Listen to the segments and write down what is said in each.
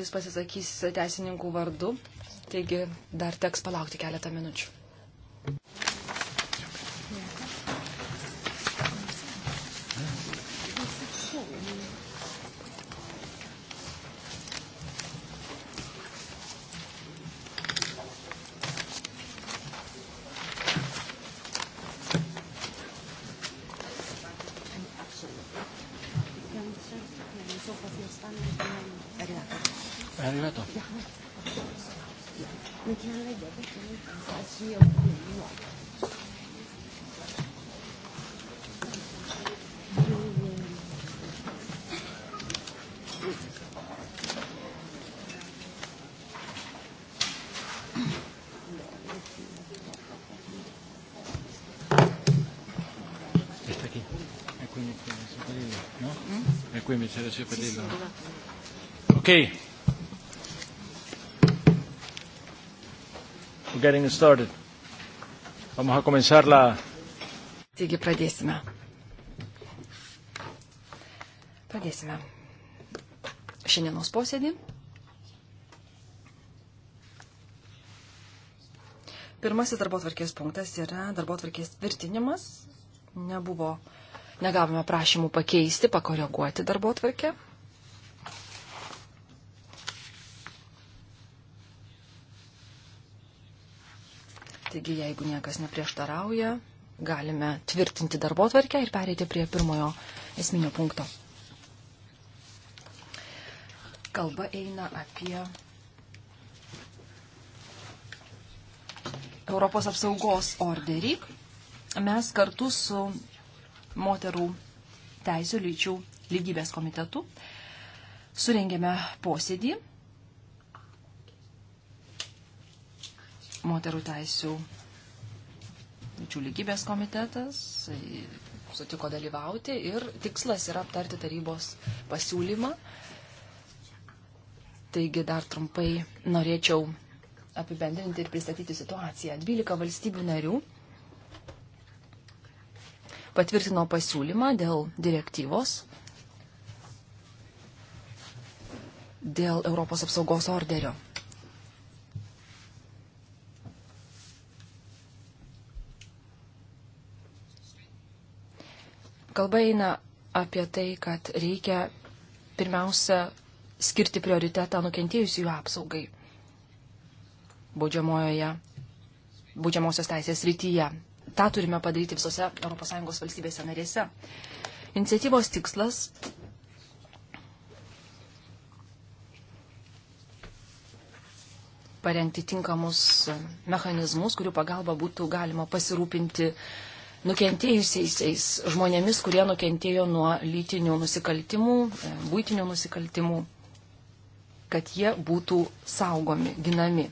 Jis pasisakys teisininkų vardu, taigi dar teks palaukti keletą minučių. qui mi c'era Cepedillo. Ok. We're getting started. Vamos a comenzar la... Taigi pradėsime. Pradėsime šiandienos posėdį. Pirmasis darbo tvarkės punktas yra darbo tvarkės tvirtinimas. Nebuvo uh, Negavome prašymų pakeisti, pakoreguoti darbo atvarkę. Taigi, jeigu niekas neprieštarauja, galime tvirtinti darbo atvarkę ir pereiti prie pirmojo esminio punkto. Kalba eina apie Europos apsaugos orderį. Mes kartu su moterų teisų lyčių lygybės komitetu. Surengėme posėdį moterų teisų lyčių lygybės komitetas sutiko dalyvauti ir tikslas yra aptarti tarybos pasiūlymą. Taigi dar trumpai norėčiau apibendrinti ir pristatyti situaciją. 12 valstybių narių patvirtino pasiūlymą dėl direktyvos, dėl Europos apsaugos orderio. Kalba eina apie tai, kad reikia pirmiausia skirti prioritetą nukentėjusiųjų apsaugai baudžiamojoje, baudžiamosios teisės rytyje tą turime padaryti visose ES valstybėse narėse. Iniciatyvos tikslas parengti tinkamus mechanizmus, kurių pagalba būtų galima pasirūpinti nukentėjusiais žmonėmis, kurie nukentėjo nuo lytinių nusikaltimų, būtinių nusikaltimų, kad jie būtų saugomi, ginami.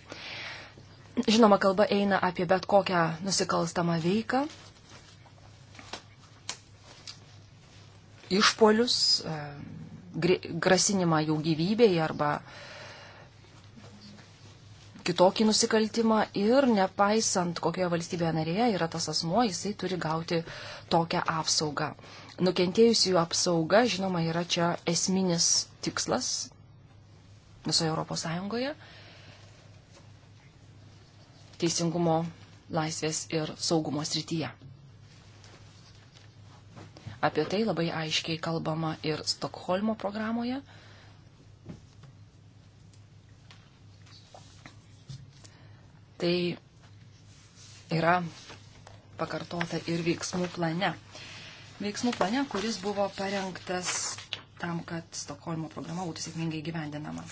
Žinoma, kalba eina apie bet kokią nusikalstamą veiką, išpolius, e, grasinimą jau gyvybei arba kitokį nusikaltimą ir nepaisant kokioje valstybėje narėje yra tas asmo, jisai turi gauti tokią apsaugą. Nukentėjusiųjų apsauga, žinoma, yra čia esminis tikslas visoje Europos Sąjungoje teisingumo, laisvės ir saugumo srityje. Apie tai labai aiškiai kalbama ir Stokholmo programoje. Tai yra pakartota ir veiksmų plane. Veiksmų plane, kuris buvo parengtas tam, kad Stokholmo programa būtų sėkmingai gyvendinama.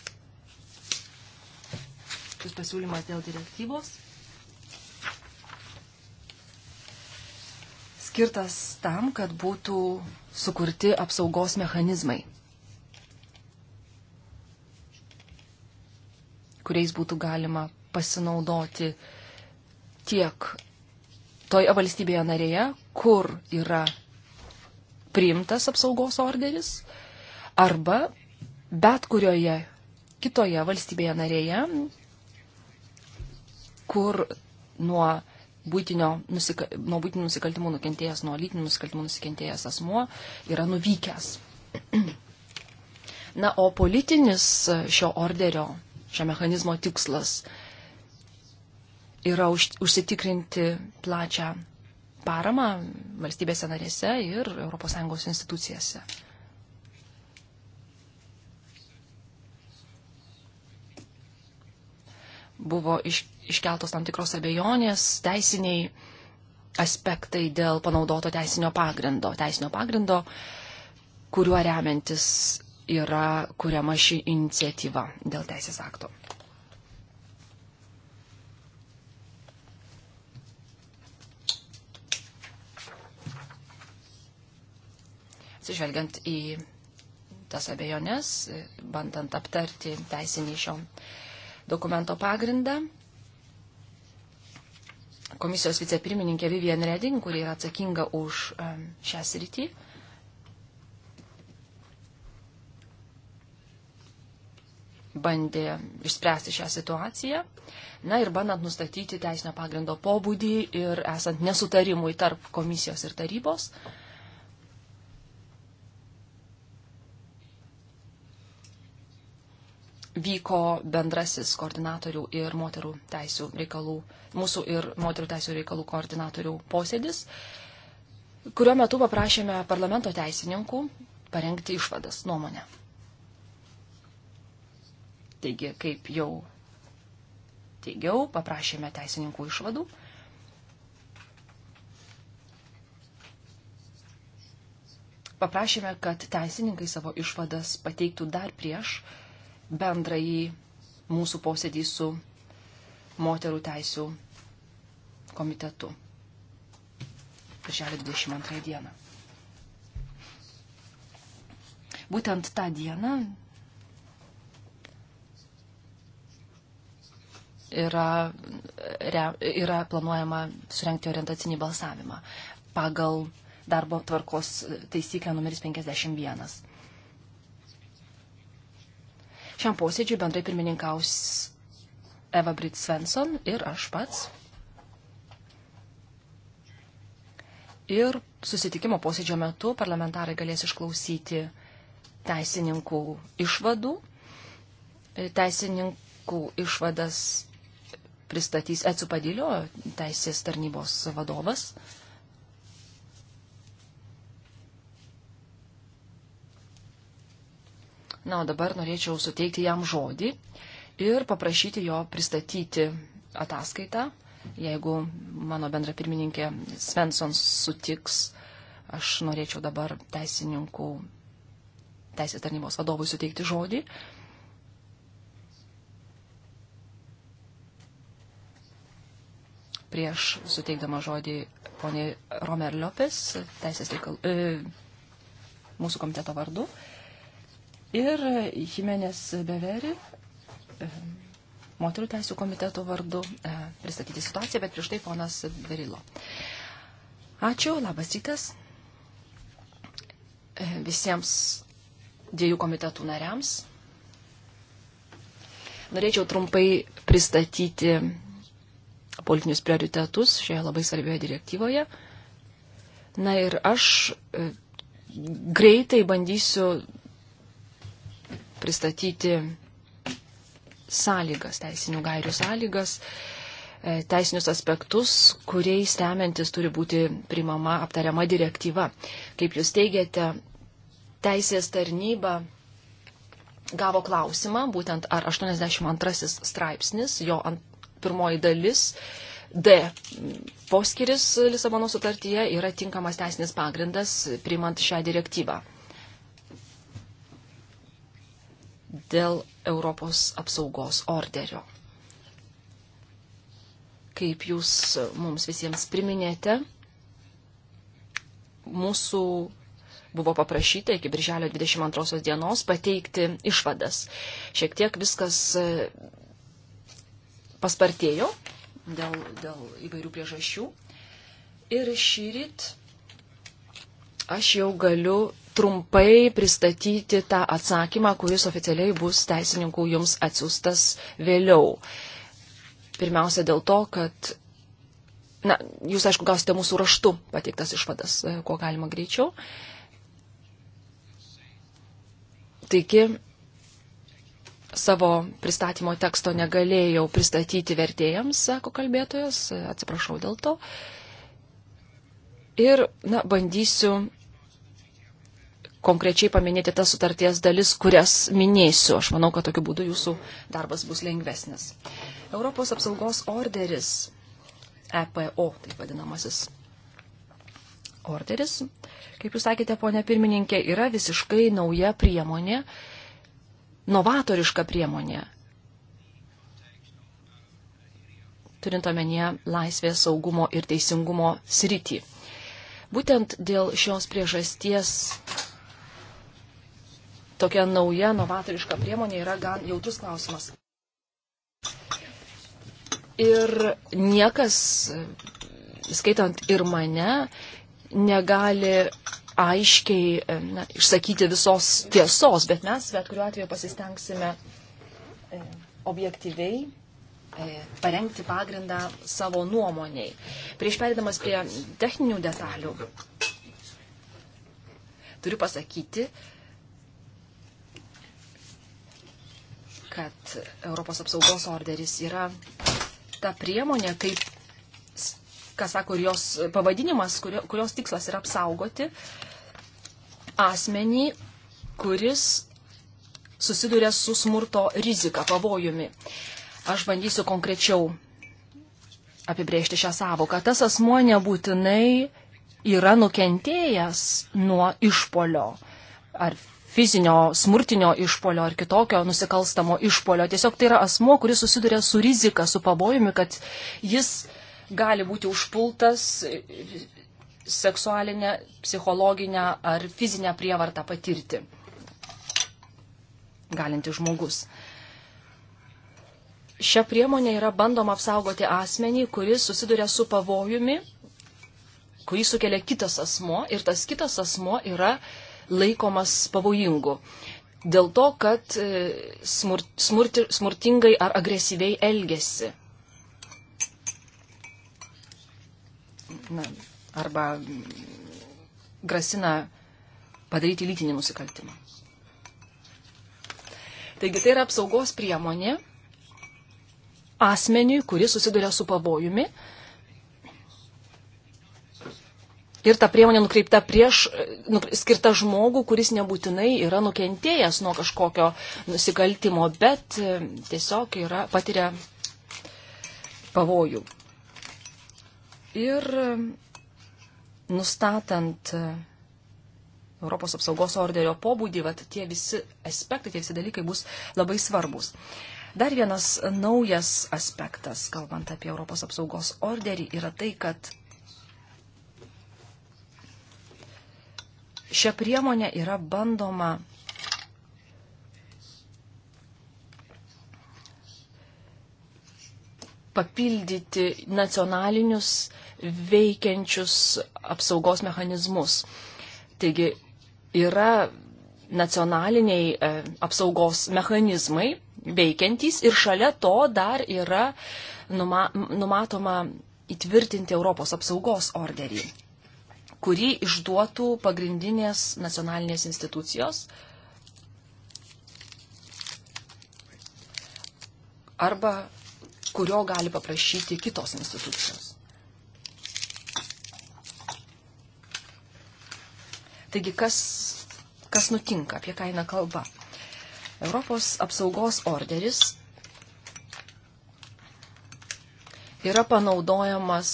Šis pasiūlymas dėl direktyvos skirtas tam, kad būtų sukurti apsaugos mechanizmai, kuriais būtų galima pasinaudoti tiek toje valstybėje narėje, kur yra priimtas apsaugos orderis, arba bet kurioje kitoje valstybėje narėje, kur nuo būtinio, nusika, nuo būtinių nusikaltimų nukentėjęs, nuo lytinių nusikaltimų nusikentėjęs asmuo yra nuvykęs. Na, o politinis šio orderio, šio mechanizmo tikslas yra už, užsitikrinti plačią paramą valstybėse narėse ir ES institucijose. Buvo iš, iškeltos tam tikros abejonės, teisiniai aspektai dėl panaudoto teisinio pagrindo, teisinio pagrindo, kuriuo remiantis yra kuriama ši iniciatyva dėl teisės akto. Atsižvelgiant į tas abejonės, bandant aptarti teisinį šio dokumento pagrindą, komisijos vicepirmininkė Vivian Reding, kuri yra atsakinga už šią sritį. bandė išspręsti šią situaciją. Na ir bandant nustatyti teisinio pagrindo pobūdį ir esant nesutarimui tarp komisijos ir tarybos, uh, vyko bendrasis koordinatorių ir moterų teisų reikalų, mūsų ir moterų teisų reikalų koordinatorių posėdis, kurio metu paprašėme parlamento teisininkų parengti išvadas nuomonę. Taigi, kaip jau teigiau, paprašėme teisininkų išvadų. Paprašėme, kad teisininkai savo išvadas pateiktų dar prieš bendrąjį mūsų posėdį su moterų teisų komitetu. Birželio 22 dieną. Būtent tą dieną yra, yra planuojama surenkti orientacinį balsavimą pagal darbo tvarkos taisyklę numeris 51. Šiam posėdžiui bendrai pirmininkaus Eva Brit Svensson ir aš pats. Ir susitikimo posėdžio metu parlamentarai galės išklausyti teisininkų išvadų. Teisininkų išvadas pristatys Etsu Padilio, teisės tarnybos vadovas. Na, o dabar norėčiau suteikti jam žodį ir paprašyti jo pristatyti ataskaitą. Jeigu mano bendra pirmininkė Svensson sutiks, aš norėčiau dabar teisininkų, teisės tarnybos vadovui suteikti žodį. Prieš suteikdama žodį poniai Romer Lopes, teisės reikalų, e, mūsų komiteto vardu. E, Ir Jimenės Beveri, moterų teisų komiteto vardu, e, pristatyti situaciją, bet prieš tai ponas Berilo. Ačiū, labas rytas e, visiems dviejų komitetų nariams. Norėčiau trumpai pristatyti politinius prioritetus šioje labai svarbioje direktyvoje. Na ir aš e, greitai bandysiu pristatyti sąlygas, teisinių gairių sąlygas, e, teisinius aspektus, kuriais remiantis turi būti primama aptariama direktyva. Kaip jūs teigiate, teisės tarnyba gavo klausimą, būtent ar 82 straipsnis, jo pirmoji dalis, D. Poskiris Lisabono sutartyje yra tinkamas teisinis pagrindas primant šią direktyvą. dėl Europos apsaugos orderio. Kaip jūs mums visiems priminėte, mūsų buvo paprašyta iki birželio 22 dienos pateikti išvadas. Šiek tiek viskas e, paspartėjo dėl, dėl įvairių priežasčių. Ir šį ryt aš jau galiu trumpai pristatyti tą atsakymą, kuris oficialiai bus teisininkų jums atsiųstas vėliau. Pirmiausia dėl to, kad na, jūs, aišku, gausite mūsų raštu pateiktas išvadas, e, kuo galima greičiau. Taigi, savo pristatymo teksto negalėjau pristatyti vertėjams, sako kalbėtojas, e, atsiprašau dėl to. Ir, na, bandysiu konkrečiai paminėti tas sutarties dalis, kurias minėsiu. Aš manau, kad tokiu būdu jūsų darbas bus lengvesnis. Europos apsaugos orderis, EPO, taip vadinamasis orderis, kaip jūs sakėte, ponė pirmininkė, yra visiškai nauja priemonė, novatoriška priemonė, turint omenyje laisvės, saugumo ir teisingumo sritį. Būtent dėl šios priežasties tokia nauja novatoriška priemonė yra gan jautrus klausimas. Ir niekas, skaitant ir mane, negali aiškiai na, išsakyti visos tiesos, bet mes bet kuriuo atveju pasistengsime e, objektyviai e, parengti pagrindą savo nuomoniai. Prieš perėdamas prie techninių detalių, turiu pasakyti, kad Europos apsaugos orderis yra ta priemonė, kaip, ką sako ir jos pavadinimas, kurio, kurios tikslas yra apsaugoti asmenį, kuris susiduria su smurto rizika, pavojumi. Aš bandysiu konkrečiau apibrėžti šią savoką. Tas asmuo nebūtinai yra nukentėjęs nuo išpolio ar fizinio, smurtinio išpolio ar kitokio nusikalstamo išpolio. Tiesiog tai yra asmo, kuris susiduria su rizika, su pavojumi, kad jis gali būti užpultas seksualinę, psichologinę ar fizinę prievartą patirti. Galinti žmogus. Šią priemonę yra bandoma apsaugoti asmenį, kuris susiduria su pavojumi, kurį sukelia kitas asmo ir tas kitas asmo yra laikomas pavojingu. Dėl to, kad e, smur, smurti, smurtingai ar agresyviai elgesi. Na, arba grasina padaryti lytinį nusikaltimą. Taigi tai yra apsaugos priemonė asmeniui, kuris susiduria su pavojumi, ir ta priemonė nukreipta prieš, nu, skirta žmogų, kuris nebūtinai yra nukentėjęs nuo kažkokio nusikaltimo, bet e, tiesiog yra patiria pavojų. Ir e, nustatant e, Europos apsaugos orderio pobūdį, vat, tie visi aspektai, tie visi dalykai bus labai svarbus. Dar vienas naujas aspektas, kalbant apie Europos apsaugos orderį, yra tai, kad šią priemonę yra bandoma papildyti nacionalinius veikiančius apsaugos mechanizmus. Taigi yra nacionaliniai e, apsaugos mechanizmai veikiantys ir šalia to dar yra numatoma įtvirtinti Europos apsaugos orderį kurį išduotų pagrindinės nacionalinės institucijos arba kurio gali paprašyti kitos institucijos. Taigi, kas, kas nutinka, apie ką eina kalba? Europos apsaugos orderis yra panaudojamas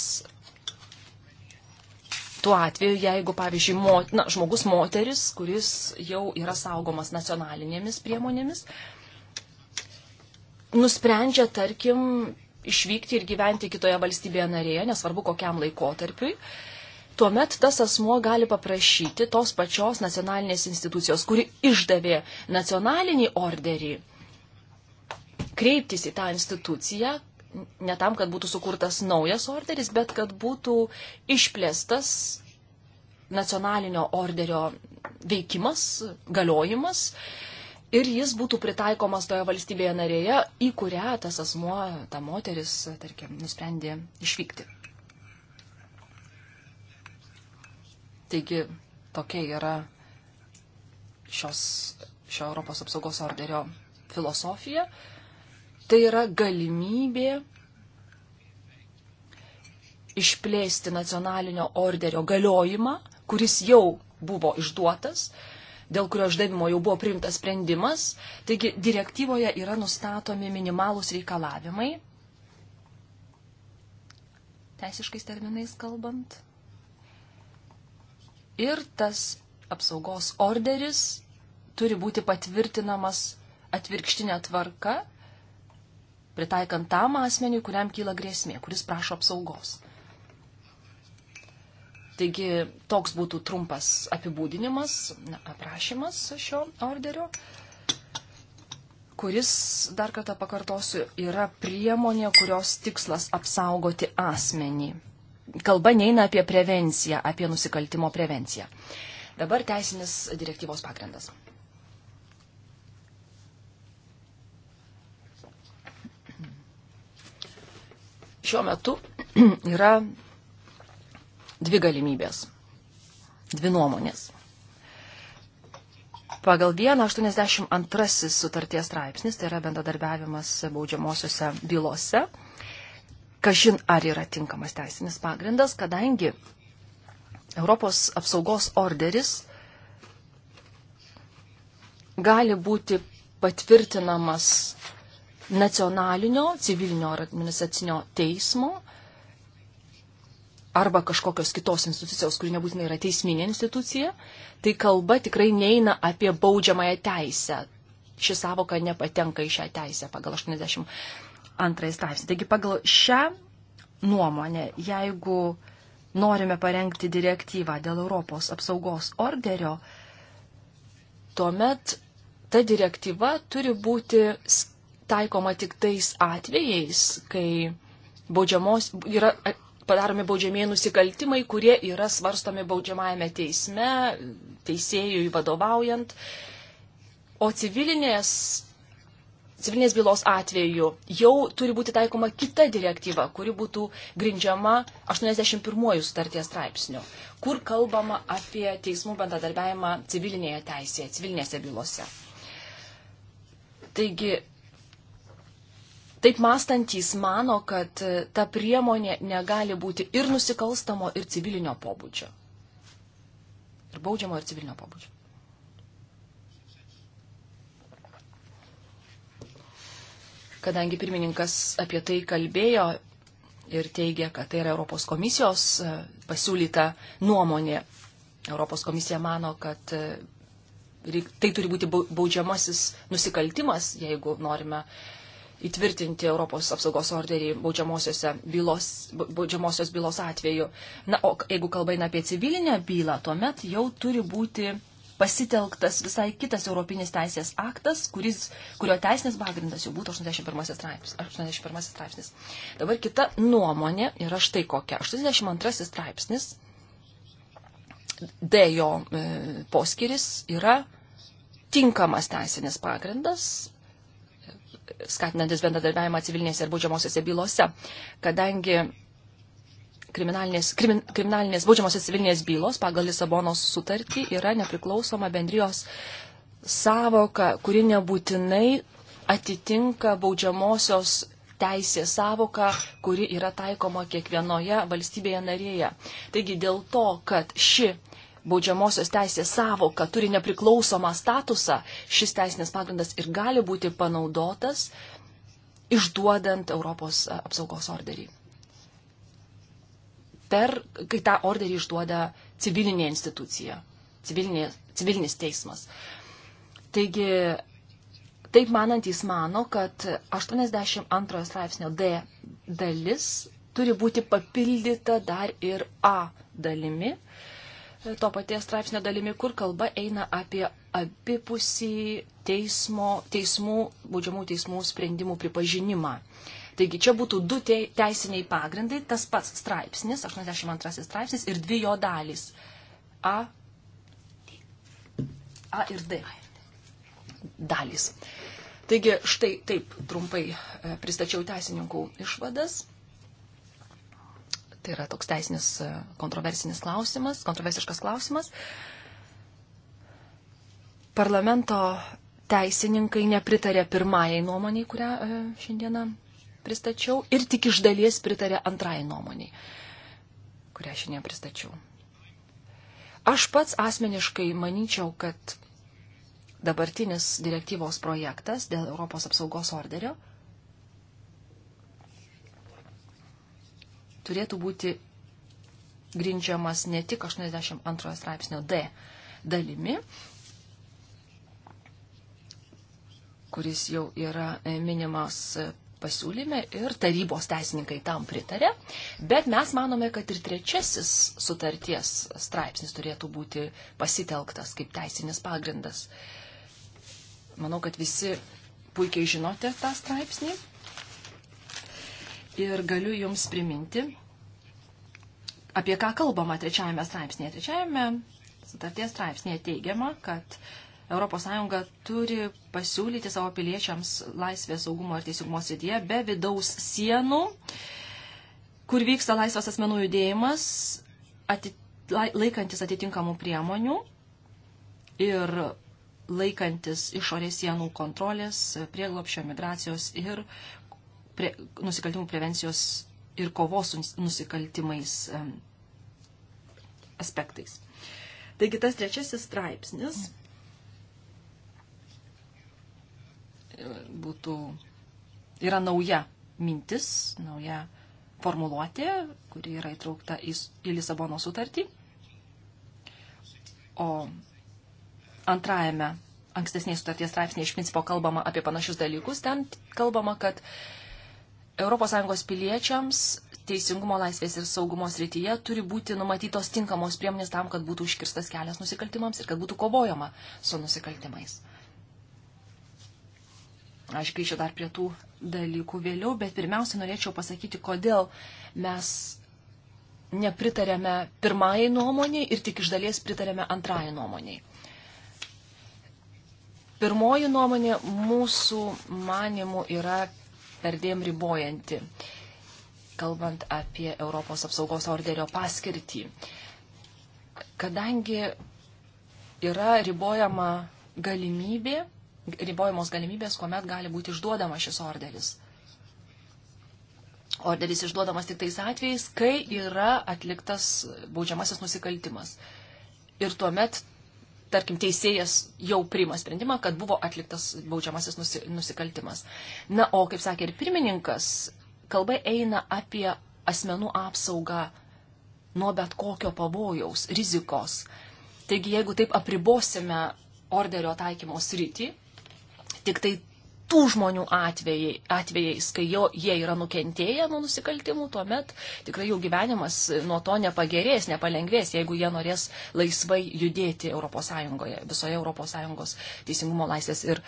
tuo atveju, jeigu, pavyzdžiui, mot, na, žmogus moteris, kuris jau yra saugomas nacionalinėmis priemonėmis, nusprendžia, tarkim, išvykti ir gyventi kitoje valstybėje narėje, nesvarbu kokiam laikotarpiui, tuomet tas asmuo gali paprašyti tos pačios nacionalinės institucijos, kuri išdavė nacionalinį orderį, kreiptis į tą instituciją, ne tam, kad būtų sukurtas naujas orderis, bet kad būtų išplėstas nacionalinio orderio veikimas, galiojimas ir jis būtų pritaikomas toje valstybėje narėje, į kurią tas asmuo, ta moteris, tarkim, nusprendė išvykti. Taigi tokia yra šios, šio Europos apsaugos orderio filosofija. Uh, Tai yra galimybė išplėsti nacionalinio orderio galiojimą, kuris jau buvo išduotas, dėl kurio išdavimo jau buvo priimtas sprendimas. Taigi direktyvoje yra nustatomi minimalūs reikalavimai, teisiškais terminais kalbant. Ir tas apsaugos orderis turi būti patvirtinamas atvirkštinė tvarka pritaikant tam asmeniui, kuriam kyla grėsmė, kuris prašo apsaugos. Taigi toks būtų trumpas apibūdinimas, na, aprašymas šio orderio, kuris, dar kartą pakartosiu, yra priemonė, kurios tikslas apsaugoti asmenį. Kalba neina apie prevenciją, apie nusikaltimo prevenciją. Dabar teisinis direktyvos pagrindas. Šiuo metu yra dvi galimybės, dvi nuomonės. Pagal 182 sutarties straipsnis, tai yra bendradarbiavimas baudžiamosiose bylose, kažin ar yra tinkamas teisinis pagrindas, kadangi Europos apsaugos orderis gali būti patvirtinamas nacionalinio civilinio ar administracinio teismo arba kažkokios kitos institucijos, kuri nebūtinai yra teisminė institucija, tai kalba tikrai neina apie baudžiamąją teisę. Ši savoka nepatenka į šią teisę pagal 82 straipsnį. Taigi pagal šią nuomonę, jeigu norime parengti direktyvą dėl Europos apsaugos orderio, tuomet ta direktyva turi būti skirta taikoma tik tais atvejais, kai baudžiamos, yra e, padaromi baudžiamieji nusikaltimai, kurie yra svarstomi baudžiamajame teisme, teisėjui vadovaujant. O civilinės, civilinės bylos atveju jau turi būti taikoma kita direktyva, kuri būtų grindžiama 81 sutarties straipsniu, kur kalbama apie teismų bendradarbiavimą civilinėje teisėje, civilinėse bylose. Taigi Taip mąstantys mano, kad e, ta priemonė negali būti ir nusikalstamo, ir civilinio pobūdžio. Ir baudžiamo, ir civilinio pobūdžio. Kadangi pirmininkas apie tai kalbėjo ir teigia, kad tai yra Europos komisijos e, pasiūlyta nuomonė, Europos komisija mano, kad e, tai turi būti baudžiamasis nusikaltimas, jeigu norime uh, įtvirtinti Europos apsaugos orderį bylos, baudžiamosios bylos atveju. Na, o jeigu kalba eina apie civilinę bylą, tuomet jau turi būti pasitelktas visai kitas europinis teisės aktas, kuris, kurio teisinės pagrindas jau būtų 81 straipsnis, 81 straipsnis. Dabar kita nuomonė yra štai kokia. 82 straipsnis, D jo e, poskiris yra tinkamas teisinis pagrindas skatinantis bendradarbiavimą civilinėse ir baudžiamosiose bylose, kadangi kriminalinės, krimin, kriminalinės baudžiamosios civilinės bylos pagal Lisabonos sutartį yra nepriklausoma bendrijos savoka, kuri nebūtinai atitinka baudžiamosios teisės savoka, kuri yra taikoma kiekvienoje valstybėje narėje. Taigi dėl to, kad ši baudžiamosios teisės savoka turi nepriklausomą statusą, šis teisinės pagrindas ir gali būti panaudotas išduodant Europos apsaugos orderį. Per, kai tą orderį išduoda civilinė institucija, civilinė, civilinis teismas. Taigi, taip manantys mano, kad 82 straipsnio D dalis turi būti papildyta dar ir A dalimi, uh, to paties straipsnio dalimi, kur kalba eina apie abipusį teismo, teismų, baudžiamų teismų sprendimų pripažinimą. Taigi čia būtų du te, teisiniai pagrindai, tas pats straipsnis, 82 straipsnis ir dvi jo dalys. A, A ir D dalys. Taigi štai taip trumpai e, pristačiau teisininkų išvadas. Tai yra toks teisinis e, kontroversinis klausimas, kontroversiškas klausimas. Parlamento teisininkai nepritarė pirmajai nuomoniai, kurią e, šiandieną pristačiau, ir tik iš dalies pritarė antrajai nuomoniai, kurią šiandien pristačiau. Aš pats asmeniškai manyčiau, kad dabartinis direktyvos projektas dėl Europos apsaugos orderio turėtų būti grindžiamas ne tik 82 straipsnio D dalimi, kuris jau yra e, minimas e, pasiūlyme ir tarybos teisininkai tam pritarė, bet mes manome, kad ir trečiasis sutarties straipsnis turėtų būti pasitelktas kaip teisinis pagrindas. Manau, kad visi puikiai žinote tą straipsnį ir galiu Jums priminti, apie ką kalbama trečiajame straipsnėje. Trečiajame sutarties straipsnėje teigiama, kad ES turi pasiūlyti savo piliečiams laisvės saugumo ir teisingumo srityje be vidaus sienų, kur vyksta laisvas asmenų judėjimas, ati, laikantis atitinkamų priemonių ir laikantis išorės sienų kontrolės, prieglopšio migracijos ir pre, nusikaltimų prevencijos ir kovos su nusikaltimais aspektais. Taigi tas trečiasis straipsnis e, būtų, yra nauja mintis, nauja formuluotė, kuri yra įtraukta į, į Lisabono sutartį. O antrajame ankstesnėje sutarties straipsnėje iš principo kalbama apie panašius dalykus. Ten kalbama, kad uh, ES piliečiams teisingumo laisvės ir saugumo srityje turi būti numatytos tinkamos priemonės tam, kad būtų užkirstas kelias nusikaltimams ir kad būtų kovojama su nusikaltimais. Aš grįšiu dar prie tų dalykų vėliau, bet pirmiausia norėčiau pasakyti, kodėl mes nepritarėme pirmajai nuomoniai ir tik iš dalies pritarėme antrajai nuomoniai. Pirmoji nuomonė mūsų manimų yra perdėm ribojanti, kalbant apie Europos apsaugos orderio paskirtį. Kadangi yra ribojama galimybė, ribojamos galimybės, kuomet gali būti išduodamas šis orderis. Orderis išduodamas tik tais atvejais, kai yra atliktas baudžiamasis nusikaltimas. Ir tuomet tarkim, teisėjas jau priima sprendimą, kad buvo atliktas baudžiamasis nusi, nusikaltimas. Na, o kaip sakė ir pirmininkas, kalba eina apie asmenų apsaugą nuo bet kokio pavojaus, rizikos. Taigi, jeigu taip apribosime orderio taikymo sritį, tik tai tų žmonių atvejai, atvejais, kai jo, jie yra nukentėję nuo nusikaltimų, tuomet tikrai jų gyvenimas nuo to nepagerės, nepalengvės, jeigu jie norės laisvai judėti ES, visoje ES teisingumo laisvės ir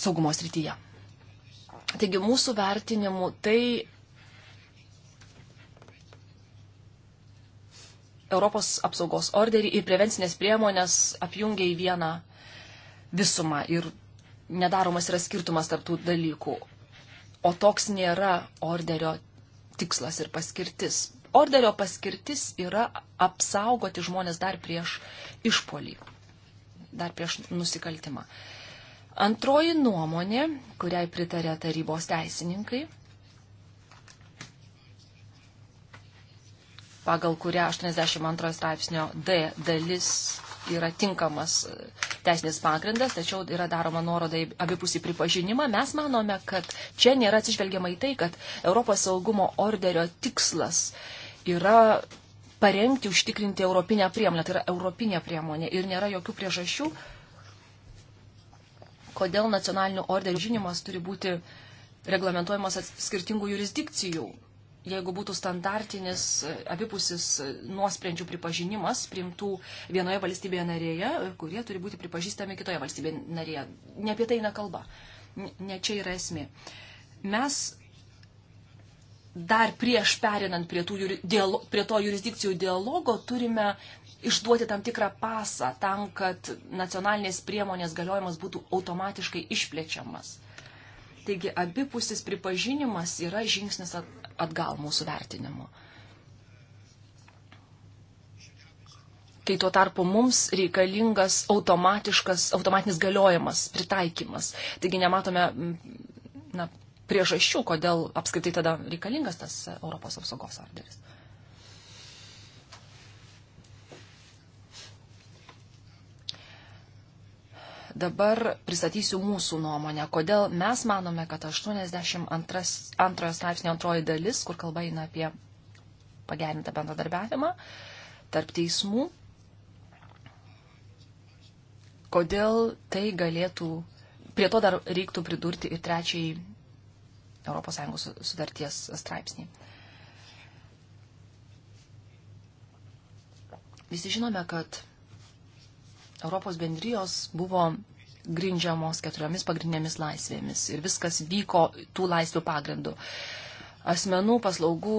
saugumo srityje. Taigi mūsų vertinimu tai Europos apsaugos orderį ir prevencinės priemonės apjungia į vieną visumą ir nedaromas yra skirtumas tarptų dalykų. O toks nėra orderio tikslas ir paskirtis. Orderio paskirtis yra apsaugoti žmonės dar prieš išpolį, dar prieš nusikaltimą. Antroji nuomonė, kuriai pritarė tarybos teisininkai, pagal kurią 82 straipsnio D dalis yra tinkamas e, teisinis pagrindas, tačiau yra daroma nuoroda į abipusį pripažinimą. Mes manome, kad čia nėra atsižvelgiama į tai, kad Europos saugumo orderio tikslas yra parengti, užtikrinti europinę priemonę. Tai yra europinė priemonė ir nėra jokių priežasčių, kodėl nacionalinių orderių žinimas turi būti reglamentuojamas skirtingų jurisdikcijų jeigu būtų standartinis e, abipusis e, nuosprendžių pripažinimas priimtų vienoje valstybėje narėje, e, kurie turi būti pripažįstami kitoje valstybėje narėje. Ne apie tai eina kalba. Ne čia yra esmė. Mes dar prieš perinant prie, tų, dialo, prie to jurisdikcijų dialogo turime išduoti tam tikrą pasą tam, kad nacionalinės priemonės galiojimas būtų automatiškai išplečiamas. Taigi abipusis pripažinimas yra žingsnis at atgal mūsų vertinimu. Kai tuo tarpu mums reikalingas automatinis galiojimas, pritaikymas. Taigi nematome mm, na, priežasčių, kodėl apskritai tada reikalingas tas Europos apsaugos orderis. Dabar pristatysiu mūsų nuomonę, kodėl mes manome, kad 82 straipsnio antroji dalis, kur kalba eina apie pagerintą bendradarbiavimą tarp teismų, kodėl tai galėtų, prie to dar reiktų pridurti ir trečiai ES sudarties straipsnį. Visi žinome, kad Europos bendrijos buvo grindžiamos keturiomis pagrindinėmis laisvėmis ir viskas vyko tų laisvių pagrindų. Asmenų, paslaugų,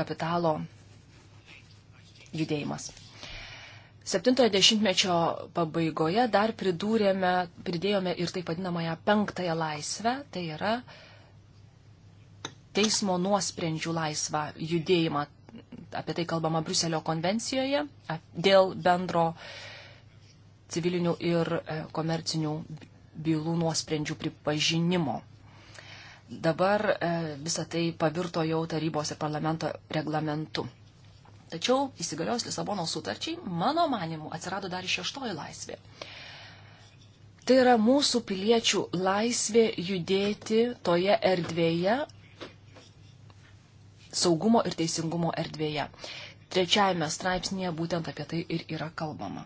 kapitalo judėjimas. 70-mečio pabaigoje dar pridūrėme, pridėjome ir taip vadinamąją penktąją laisvę, tai yra teismo nuosprendžių laisvą judėjimą apie tai kalbama Bruselio konvencijoje dėl bendro civilinių ir e, komercinių bylų nuosprendžių pripažinimo. Dabar e, visa tai pavirto jau tarybos ir parlamento reglamentu. Tačiau įsigaliojus Lisabono sutarčiai, mano manimu, atsirado dar šeštoji laisvė. Tai yra mūsų piliečių laisvė judėti toje erdvėje, saugumo ir teisingumo erdvėje. Trečiajame straipsnėje būtent apie tai ir yra kalbama.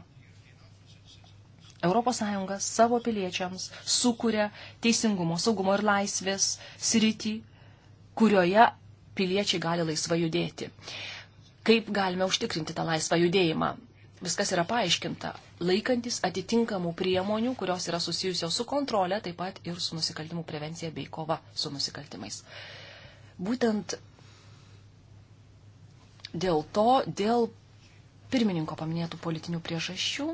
ES savo piliečiams sukuria teisingumo, saugumo ir laisvės sritį, kurioje piliečiai gali laisvai judėti. Kaip galime užtikrinti tą laisvą judėjimą? Viskas yra paaiškinta, laikantis atitinkamų priemonių, kurios yra susijusios su kontrolė, taip pat ir su nusikaltimų prevencija bei kova su nusikaltimais. Būtent dėl to, dėl pirmininko paminėtų politinių priežasčių,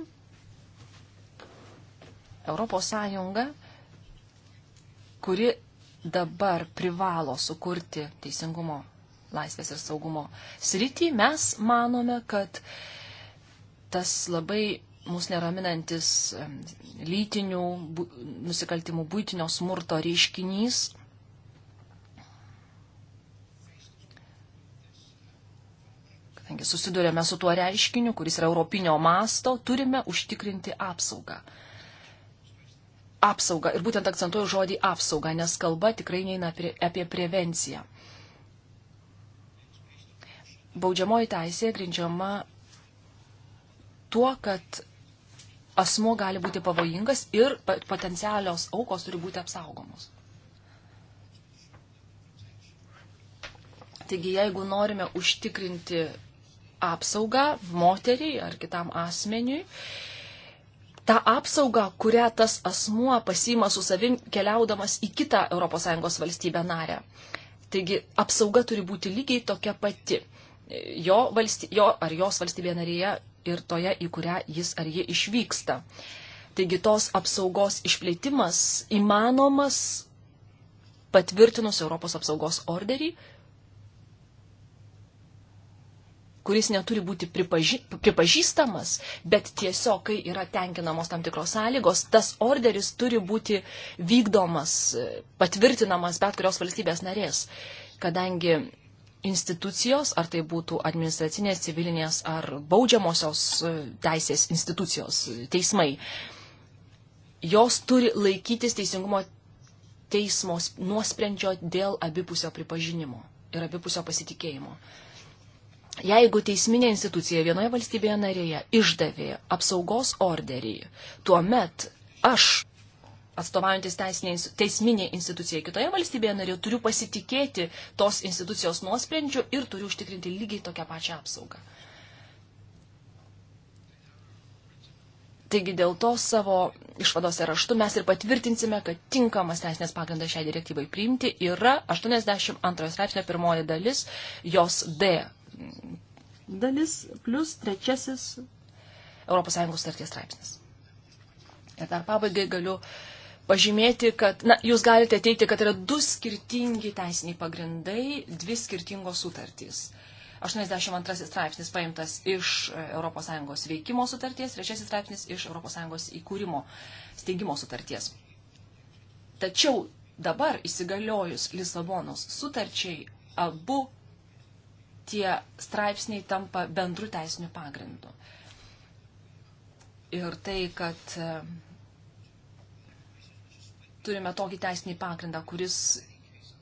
Europos Sąjunga, kuri dabar privalo sukurti teisingumo, laisvės ir saugumo srity, mes manome, kad tas labai mus neraminantis lytinių nusikaltimų būtinio smurto reiškinys kadangi susidurėme su tuo reiškiniu, kuris yra europinio masto, turime užtikrinti apsaugą. Apsauga. Ir būtent akcentuoju žodį apsauga, nes kalba tikrai neina prie, apie prevenciją. Baudžiamoji teisė grindžiama tuo, kad asmo gali būti pavojingas ir potencialios aukos turi būti apsaugomos. Taigi, jeigu norime užtikrinti apsaugą moteriai ar kitam asmeniui. Ta apsauga, kurią tas asmuo pasima su savim keliaudamas į kitą ES valstybę narę. Taigi apsauga turi būti lygiai tokia pati jo, valsty, jo ar jos valstybė narėje ir toje, į kurią jis ar ji išvyksta. Taigi tos apsaugos išplėtimas įmanomas patvirtinus Europos apsaugos orderį, kuris neturi būti pripaži, pripažįstamas, bet tiesiog, kai yra tenkinamos tam tikros sąlygos, tas orderis turi būti vykdomas, patvirtinamas bet kurios valstybės narės, kadangi institucijos, ar tai būtų administracinės, civilinės ar baudžiamosios e, teisės institucijos, teismai, jos turi laikytis teisingumo teismo nuosprendžio dėl abipusio pripažinimo ir abipusio pasitikėjimo. Jeigu teisminė institucija vienoje valstybėje narėje išdavė apsaugos orderį, tuomet aš, atstovaujantis teisminė institucija kitoje valstybėje narėje, turiu pasitikėti tos institucijos nuosprendžiu ir turiu užtikrinti lygiai tokią pačią apsaugą. Taigi dėl to savo išvadose raštu mes ir patvirtinsime, kad tinkamas teisinės pagrindas šiai direktyvai priimti yra 82 straipsnio pirmoji dalis, jos D dalis plus trečiasis ES starties straipsnis. Ir dar pabaigai galiu pažymėti, kad na, jūs galite teikti, kad yra du skirtingi teisiniai pagrindai, dvi skirtingos sutartys. 82 straipsnis paimtas iš ES veikimo sutarties, trečiasis straipsnis iš ES įkūrimo steigimo sutarties. Tačiau dabar įsigaliojus Lisabonos sutarčiai abu tie straipsniai tampa bendru teisiniu pagrindu. Ir tai, kad e, turime tokį teisinį pagrindą, kuris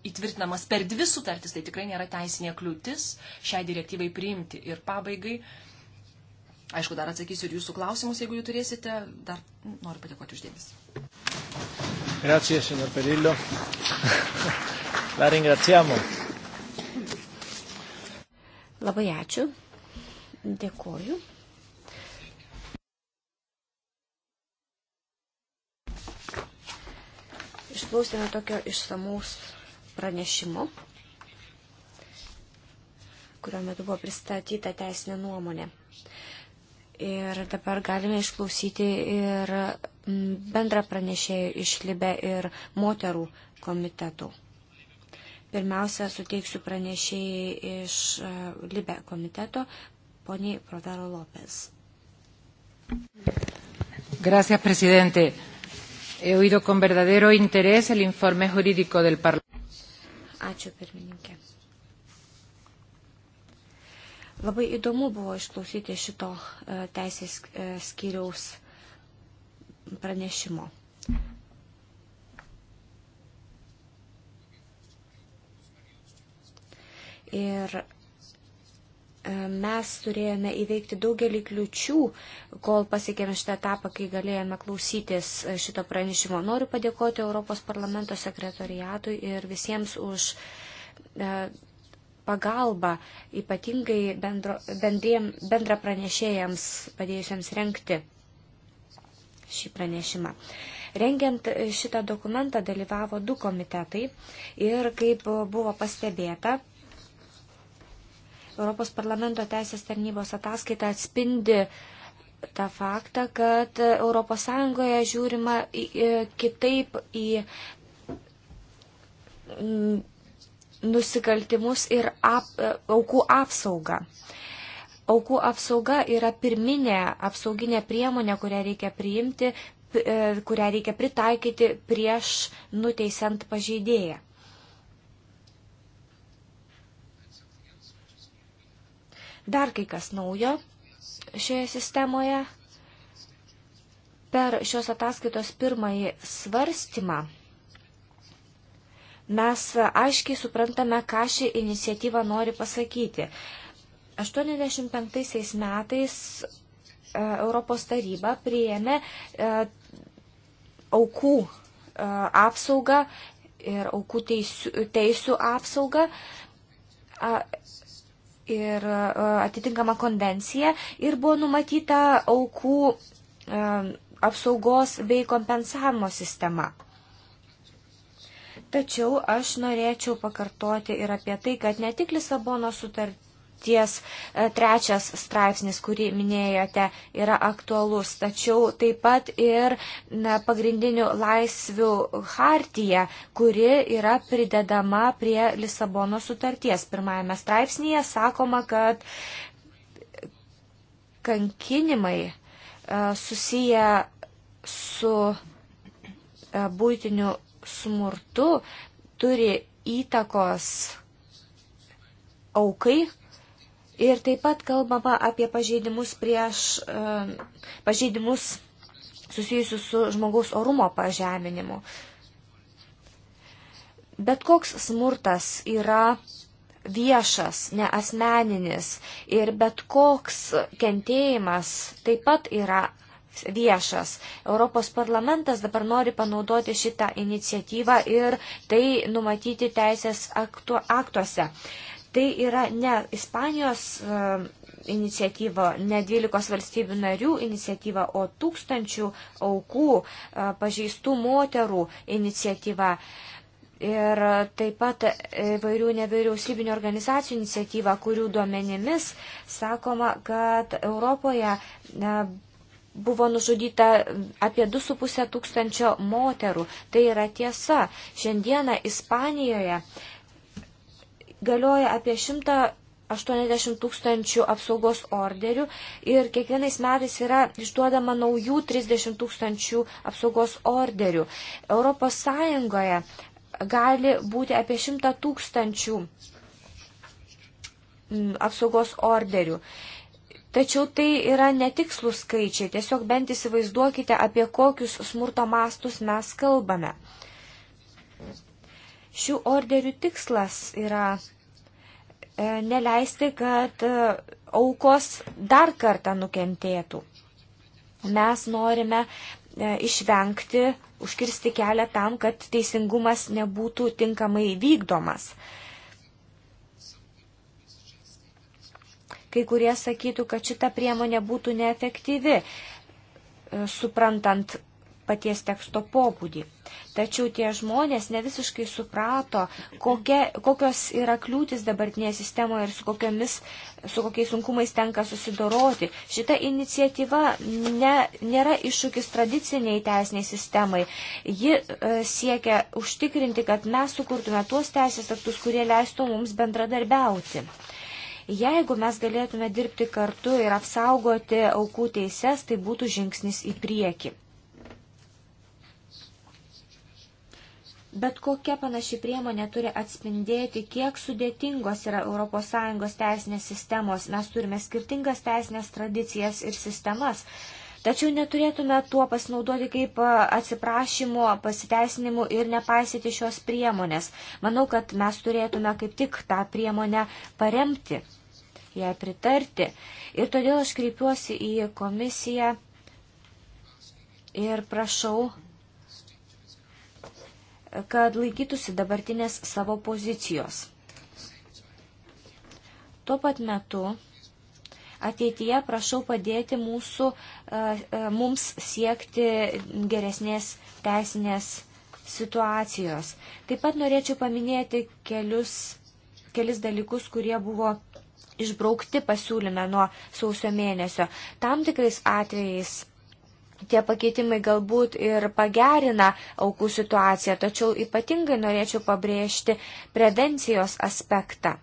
įtvirtinamas per dvi sutartis, tai tikrai nėra teisinė kliūtis šiai direktyvai priimti. Ir pabaigai, aišku, dar atsakysiu ir jūsų klausimus, jeigu jų turėsite, dar noriu padėkoti uždėmesi. Grazie, signor Perillo. La ringraziamo. Labai ačiū. Dėkoju. Išklausėme tokio išsamaus pranešimo, kurio metu buvo pristatyta teisinė nuomonė. Ir dabar galime išklausyti ir bendrą pranešėjų iš Libe ir moterų komitetų. Pirmiausia, suteiksiu pranešėjai iš e, Libe komiteto, poniai Provero Lopez. Gracias, presidente. He oído con verdadero interés el informe jurídico del Parlamento. Ačiū, pirmininkė. Labai įdomu buvo išklausyti šito e, teisės e, skyriaus pranešimo. Ir e, mes turėjome įveikti daugelį kliučių, kol pasiekėme šitą etapą, kai galėjome klausytis e, šito pranešimo. Noriu padėkoti Europos parlamento sekretoriatui ir visiems už e, pagalbą, ypatingai bendro, bendriem, bendra pranešėjams padėjusiems renkti šį pranešimą. Rengiant šitą dokumentą dalyvavo du komitetai ir kaip buvo pastebėta, Europos parlamento teisės tarnybos ataskaita atspindi tą faktą, kad ES žiūrima kitaip į mm, nusikaltimus ir ap, aukų apsaugą. Aukų apsauga yra pirminė apsauginė priemonė, kurią reikia priimti, e, kurią reikia pritaikyti prieš nuteisant pažeidėją. Dar kai kas naujo šioje sistemoje. Per šios ataskaitos pirmąjį svarstymą mes aiškiai suprantame, ką ši iniciatyva nori pasakyti. 85 metais e, Europos taryba priėmė e, aukų e, apsaugą ir aukų teisių, teisių apsaugą ir e, atitinkama konvencija ir buvo numatyta aukų e, apsaugos bei kompensavimo sistema. Tačiau aš norėčiau pakartoti ir apie tai, kad ne tik Lisabono sutartis, sutarties e, trečias straipsnis, kurį minėjote, yra aktualus, tačiau taip pat ir pagrindinių laisvių hartija, kuri yra pridedama prie Lisabono sutarties. Pirmajame straipsnėje sakoma, kad kankinimai e, susiję su e, būtiniu smurtu turi įtakos aukai, Ir taip pat kalbama apie pažeidimus prieš e, pažeidimus susijusius su žmogaus orumo pažeminimu. Bet koks smurtas yra viešas, neasmeninis ir bet koks kentėjimas taip pat yra viešas. Europos parlamentas dabar nori panaudoti šitą iniciatyvą ir tai numatyti teisės aktu, aktuose. Tai yra ne Ispanijos e, iniciatyva, ne 12 valstybių narių iniciatyva, o tūkstančių aukų e, pažeistų moterų iniciatyva. Ir taip pat vairių nevyriausybinio organizacijų iniciatyva, kurių duomenimis sakoma, kad Europoje e, buvo nužudyta apie 2,5 tūkstančio moterų. Tai yra tiesa. Šiandieną Ispanijoje galioja apie 180 tūkstančių apsaugos orderių ir kiekvienais metais yra išduodama naujų 30 tūkstančių apsaugos orderių. Europos Sąjungoje gali būti apie 100 tūkstančių apsaugos orderių. Tačiau tai yra netikslus skaičiai, tiesiog bent įsivaizduokite, apie kokius smurto mastus mes kalbame. Šių orderių tikslas yra E, neleisti, kad e, aukos dar kartą nukentėtų. Mes norime e, išvengti, užkirsti kelią tam, kad teisingumas nebūtų tinkamai vykdomas. Kai kurie sakytų, kad šita priemonė būtų neefektyvi, suprantant paties teksto pobūdį. Tačiau tie žmonės ne visiškai suprato, kokie, kokios yra kliūtis dabartinėje sistemoje ir su, kokiamis, su kokiais sunkumais tenka susidoroti. Šita iniciatyva ne, nėra iššūkis tradiciniai teisiniai sistemai. Ji e, siekia užtikrinti, kad mes sukurtume tuos teisės aktus, kurie leistų mums bendradarbiauti. Jeigu mes galėtume dirbti kartu ir apsaugoti aukų teises, tai būtų žingsnis į priekį. Bet kokia panaši priemonė turi atspindėti, kiek sudėtingos yra ES teisinės sistemos. Mes turime skirtingas teisinės tradicijas ir sistemas. Tačiau neturėtume tuo pasinaudoti kaip atsiprašymu, pasiteisinimu ir nepaisyti šios priemonės. Manau, kad mes turėtume kaip tik tą priemonę paremti, ją pritarti. Ir todėl aš kreipiuosi į komisiją ir prašau kad laikytųsi dabartinės savo pozicijos. Tuo pat metu ateityje prašau padėti mūsų, e, e, mums siekti geresnės teisinės situacijos. Taip pat norėčiau paminėti kelius, kelis dalykus, kurie buvo išbraukti pasiūlyme nuo sausio mėnesio. Tam tikrais atvejais tie pakeitimai galbūt ir pagerina aukų situaciją, tačiau ypatingai norėčiau pabrėžti prevencijos aspektą.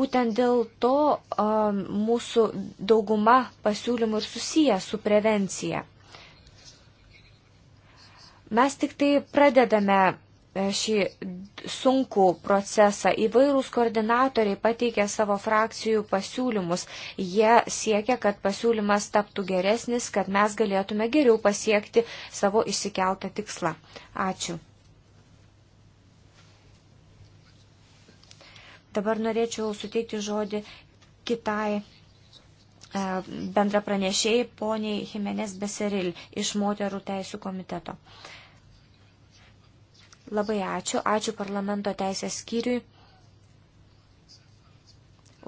Būtent dėl to um, mūsų dauguma pasiūlymų ir susiję su prevencija. Mes tik tai pradedame E, šį sunkų procesą. Įvairūs koordinatoriai pateikė savo frakcijų pasiūlymus. Jie siekia, kad pasiūlymas taptų geresnis, kad mes galėtume geriau pasiekti savo išsikeltą tikslą. Ačiū. Dabar norėčiau suteikti žodį kitai e, bendra pranešėjai poniai Jimenez Beseril iš moterų teisų komiteto. Uh, Labai ačiū. Ačiū parlamento teisės skyriui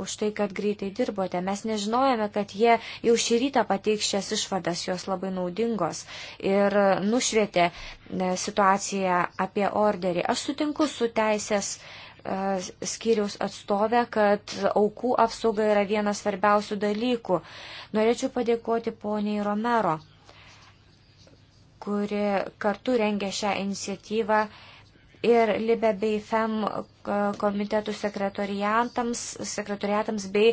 už tai, kad greitai dirbote. Mes nežinojame, kad jie jau šį rytą pateiks šias išvadas, jos labai naudingos ir nušvietė e, situaciją apie orderį. Aš sutinku su teisės e, skyriaus atstovę, kad aukų apsauga yra vienas svarbiausių dalykų. Norėčiau padėkoti poniai Romero kuri kartu rengia šią iniciatyvą ir Libe bei FEM komitetų sekretoriatams, sekretoriatams bei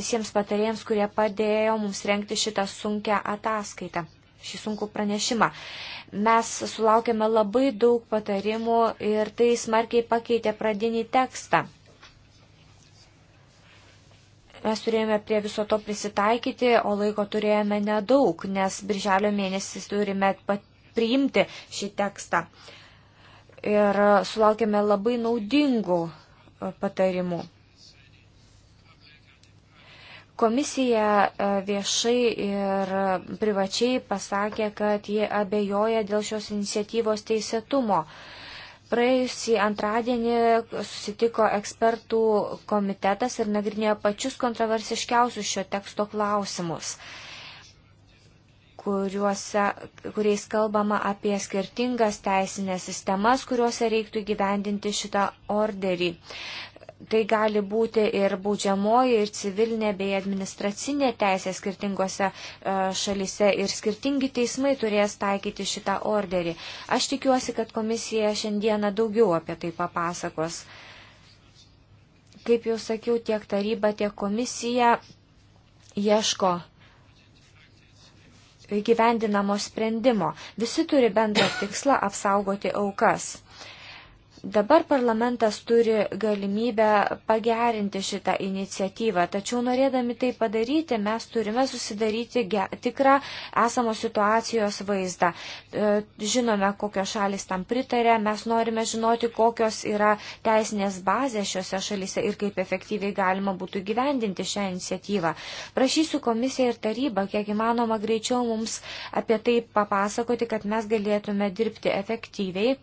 visiems patarėjams, kurie padėjo mums renkti šitą sunkę ataskaitą, šį sunkų pranešimą. Mes sulaukėme labai daug patarimų ir tai smarkiai pakeitė pradinį tekstą. Mes turėjome prie viso to prisitaikyti, o laiko turėjome nedaug, nes birželio mėnesis turime pat priimti šį tekstą. Ir sulaukėme labai naudingų e, patarimų. Komisija e, viešai ir privačiai pasakė, kad jie abejoja dėl šios iniciatyvos teisėtumo. Praėjusį antradienį susitiko ekspertų komitetas ir nagrinėjo pačius kontroversiškiausius šio teksto klausimus kuriuose, kuriais kalbama apie skirtingas teisinės sistemas, kuriuose reiktų gyvendinti šitą orderį. Tai gali būti ir būdžiamoji, ir civilinė bei administracinė teisė skirtingose e, šalise ir skirtingi teismai turės taikyti šitą orderį. Aš tikiuosi, kad komisija šiandieną daugiau apie tai papasakos. Kaip jau sakiau, tiek taryba, tiek komisija ieško gyvendinamo sprendimo. Visi turi bendrą tikslą apsaugoti aukas. Dabar parlamentas turi galimybę pagerinti šitą iniciatyvą, tačiau norėdami tai padaryti, mes turime susidaryti tikrą esamo situacijos vaizdą. E, žinome, kokios šalis tam pritarė, mes norime žinoti, kokios yra teisinės bazės šiuose šalise ir kaip efektyviai galima būtų gyvendinti šią iniciatyvą. Prašysiu komisiją ir tarybą, kiek įmanoma greičiau mums apie tai papasakoti, kad mes galėtume dirbti efektyviai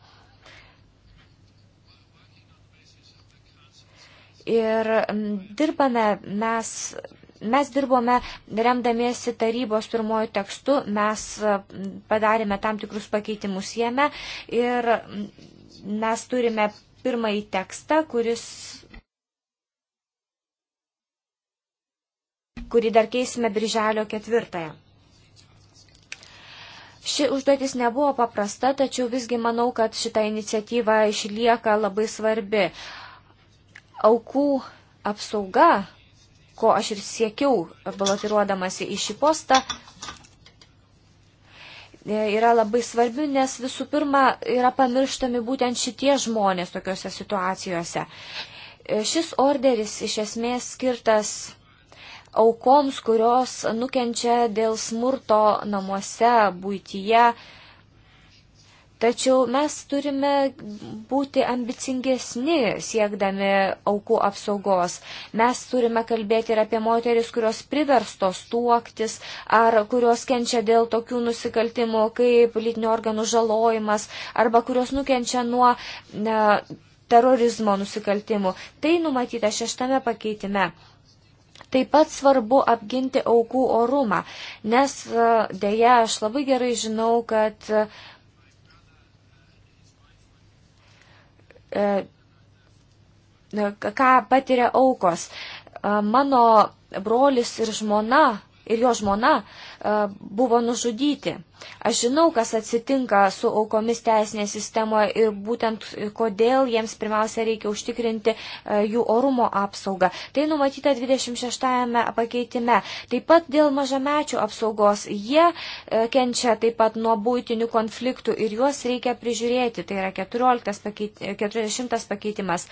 Ir mm, dirbame mes mes dirbome remdamiesi tarybos pirmojų tekstų, mes mm, padarėme tam tikrus pakeitimus jame ir mm, mes turime pirmąjį tekstą, kuris kurį dar keisime birželio ketvirtąją. Ši užduotis nebuvo paprasta, tačiau visgi manau, kad šita iniciatyva išlieka labai svarbi. Uh, aukų apsauga, ko aš ir siekiau balotiruodamasi į šį postą, e, yra labai svarbi, nes visų pirma yra pamirštami būtent šitie žmonės tokiuose situacijose. E, šis orderis iš esmės skirtas aukoms, kurios nukenčia dėl smurto namuose, būtyje, Tačiau mes turime būti ambicingesni siekdami aukų apsaugos. Mes turime kalbėti ir apie moteris, kurios priverstos tuoktis ar kurios kenčia dėl tokių nusikaltimų kaip lytinių organų žalojimas arba kurios nukenčia nuo ne, terorizmo nusikaltimų. Tai numatyta šeštame pakeitime. Taip pat svarbu apginti aukų orumą, nes dėja aš labai gerai žinau, kad E, ką patiria aukos. E, mano brolis ir žmona ir jo žmona e, buvo nužudyti. Aš žinau, kas atsitinka su aukomis teisinėje sistemoje ir būtent kodėl jiems pirmiausia reikia užtikrinti e, jų orumo apsaugą. Tai numatyta 26-ame pakeitime. Taip pat dėl mažamečių apsaugos jie e, kenčia taip pat nuo būtinių konfliktų ir juos reikia prižiūrėti. Tai yra 14 pakeit, 40 pakeitimas.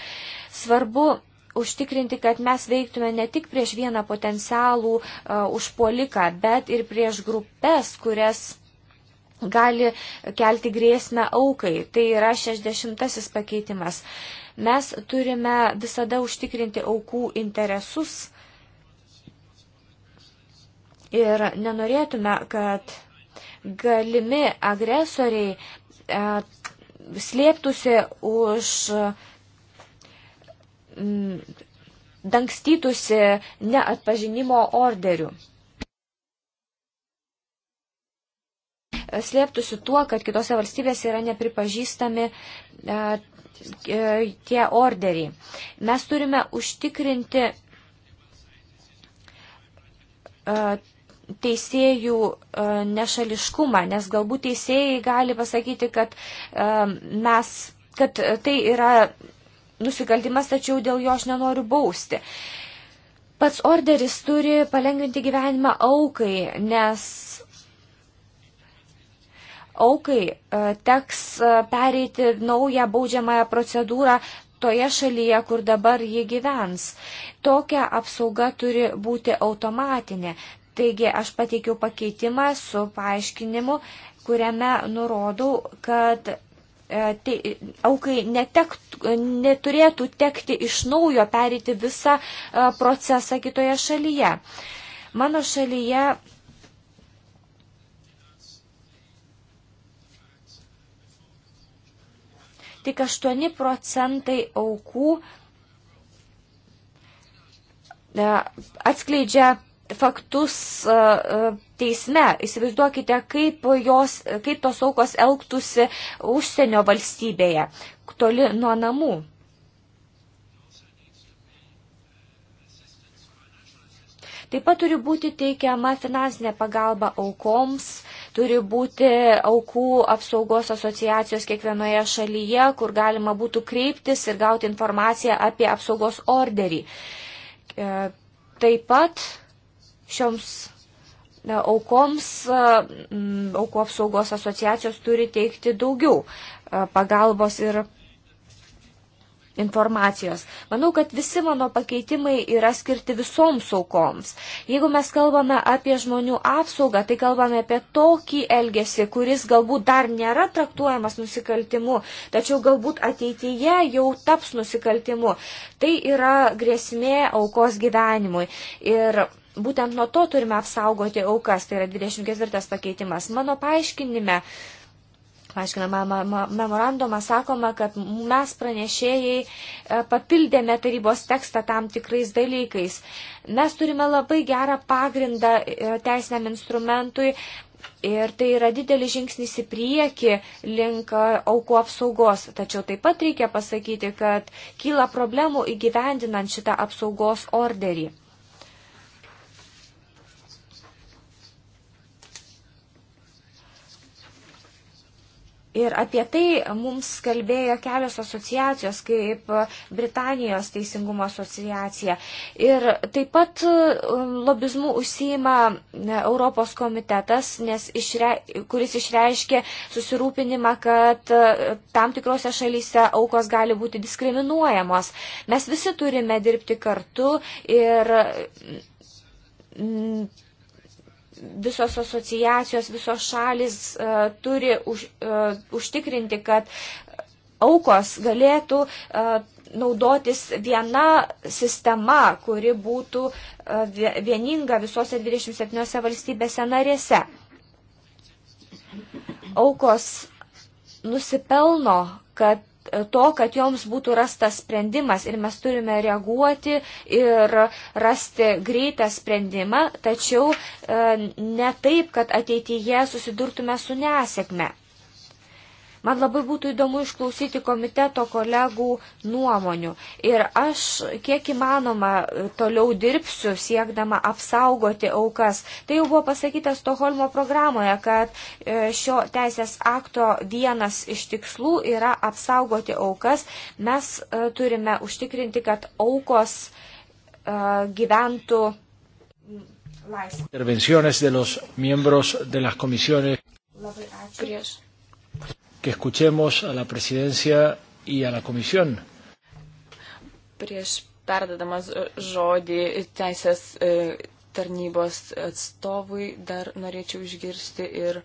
Svarbu užtikrinti, kad mes veiktume ne tik prieš vieną potencialų e, užpoliką, bet ir prieš grupės, kurias gali kelti grėsmę aukai. Tai yra 60 pakeitimas. Mes turime visada užtikrinti aukų interesus ir nenorėtume, kad galimi agresoriai e, slėptųsi už Mm, dangstytųsi neatpažinimo orderių. Slėptųsi tuo, kad kitose valstybėse yra nepripažįstami e, e, tie orderiai. Mes turime užtikrinti e, teisėjų nešališkumą, nes galbūt teisėjai gali pasakyti, kad mes, kad tai yra nusikaltimas, tačiau dėl jo aš nenoriu bausti. Pats orderis turi palengvinti gyvenimą aukai, nes aukai e, teks e, pereiti naują baudžiamąją procedūrą toje šalyje, kur dabar ji gyvens. Tokia apsauga turi būti automatinė. Taigi aš pateikiau pakeitimą su paaiškinimu, kuriame nurodau, kad te, tai aukai netekt, neturėtų tekti iš naujo perėti visą e, procesą kitoje šalyje. Mano šalyje tik 8 procentai aukų e, atskleidžia faktus e, teisme. Įsivaizduokite, kaip, jos, kaip tos aukos elgtųsi užsienio valstybėje, toli nuo namų. Taip pat turi būti teikiama finansinė pagalba aukoms, turi būti aukų apsaugos asociacijos kiekvienoje šalyje, kur galima būtų kreiptis ir gauti informaciją apie apsaugos orderį. E, taip pat šioms aukoms aukų apsaugos asociacijos turi teikti daugiau pagalbos ir informacijos. Manau, kad visi mano pakeitimai yra skirti visoms aukoms. Jeigu mes kalbame apie žmonių apsaugą, tai kalbame apie tokį elgesį, kuris galbūt dar nėra traktuojamas nusikaltimu, tačiau galbūt ateityje jau taps nusikaltimu. Tai yra grėsmė aukos gyvenimui. Ir būtent nuo to turime apsaugoti aukas, tai yra 24 pakeitimas. Mano paaiškinime, paaiškinama memorandumą, sakoma, kad mes pranešėjai e, papildėme tarybos tekstą tam tikrais dalykais. Mes turime labai gerą pagrindą e, teisiniam instrumentui. Ir tai yra didelis žingsnis į priekį link e, aukų apsaugos. Tačiau taip pat reikia pasakyti, kad kyla problemų įgyvendinant šitą apsaugos orderį. Ir apie tai mums kalbėjo kelios asociacijos, kaip Britanijos teisingumo asociacija. Ir taip pat um, lobizmų užsima e, Europos komitetas, išre, kuris išreiškė susirūpinimą, kad e, tam tikrose šalyse aukos gali būti diskriminuojamos. Mes visi turime dirbti kartu ir mm, visos asociacijos, visos šalis uh, turi už, uh, užtikrinti, kad aukos galėtų uh, naudotis viena sistema, kuri būtų uh, vieninga visose 27 valstybėse narėse. Aukos nusipelno, kad to, kad joms būtų rastas sprendimas ir mes turime reaguoti ir rasti greitą sprendimą, tačiau e, ne taip, kad ateityje susidurtume su nesėkme. Man labai būtų įdomu išklausyti komiteto kolegų nuomonių. Ir aš kiek įmanoma toliau dirbsiu, siekdama apsaugoti aukas. Tai jau buvo pasakyta Stoholmo programoje, kad e, šio teisės akto vienas iš tikslų yra apsaugoti aukas. Mes e, turime užtikrinti, kad aukos e, gyventų laisvė. Prieš que escuchemos a la presidencia y a la comisión. Prieš perdodamas žodį teisės e, tarnybos atstovui dar norėčiau išgirsti ir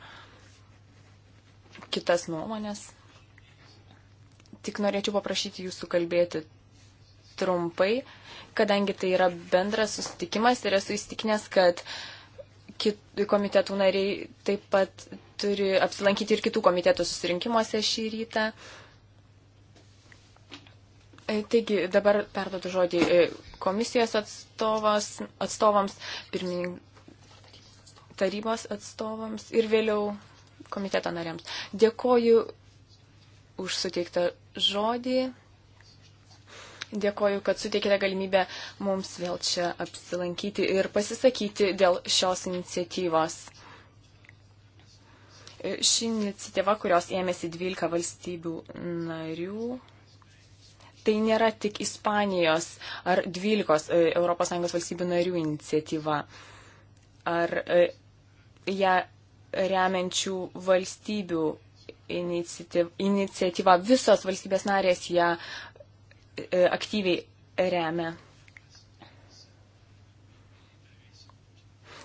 kitas nuomonės. Tik norėčiau paprašyti jūsų kalbėti trumpai, kadangi tai yra bendras susitikimas ir esu įstikinęs, kad komitetų nariai taip pat turi apsilankyti ir kitų komitetų susirinkimuose šį rytą. E, taigi dabar perduodu žodį e, komisijos atstovas, atstovams, pirmin, tarybos atstovams ir vėliau komiteto nariams. Dėkoju už suteiktą žodį. Dėkoju, kad suteikėte galimybę mums vėl čia apsilankyti ir pasisakyti dėl šios iniciatyvos. Ši iniciatyva, kurios ėmėsi 12 valstybių narių, tai nėra tik Ispanijos ar 12 ES valstybių narių iniciatyva. Ar e, ją remiančių valstybių iniciatyva. Visos valstybės narės ją e, aktyviai remia.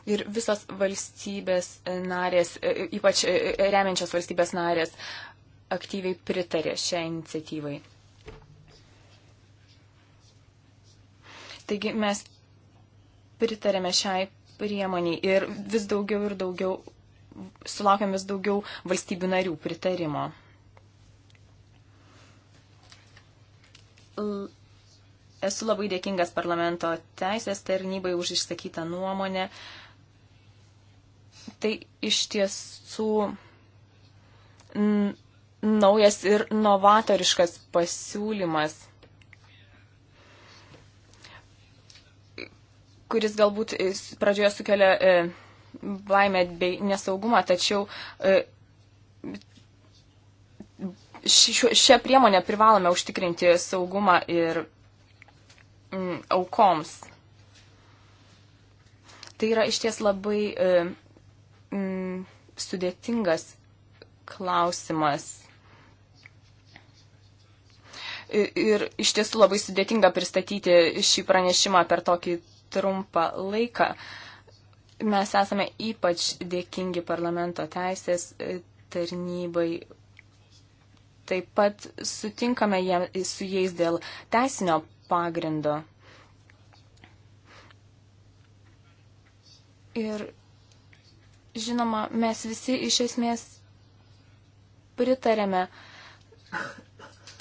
ir visos valstybės narės, e, e, ypač e, remiančios valstybės narės, aktyviai pritarė šią iniciatyvai. Taigi mes pritarėme šiai priemoniai ir vis daugiau ir daugiau sulaukėm vis daugiau valstybių narių pritarimo. Esu labai dėkingas parlamento teisės tarnybai už išsakytą nuomonę. Uh, tai iš tiesų naujas ir novatoriškas pasiūlymas, kuris galbūt pradžioje sukelia e, baimę bei nesaugumą, tačiau e, šią priemonę privalome užtikrinti saugumą ir aukoms. Tai yra iš ties labai e, mm, sudėtingas klausimas. Ir, ir iš tiesų labai sudėtinga pristatyti šį pranešimą per tokį trumpą laiką. Mes esame ypač dėkingi parlamento teisės e, tarnybai. Taip pat sutinkame jie, su jais dėl teisinio pagrindo. Ir Žinoma, mes visi iš esmės pritarėme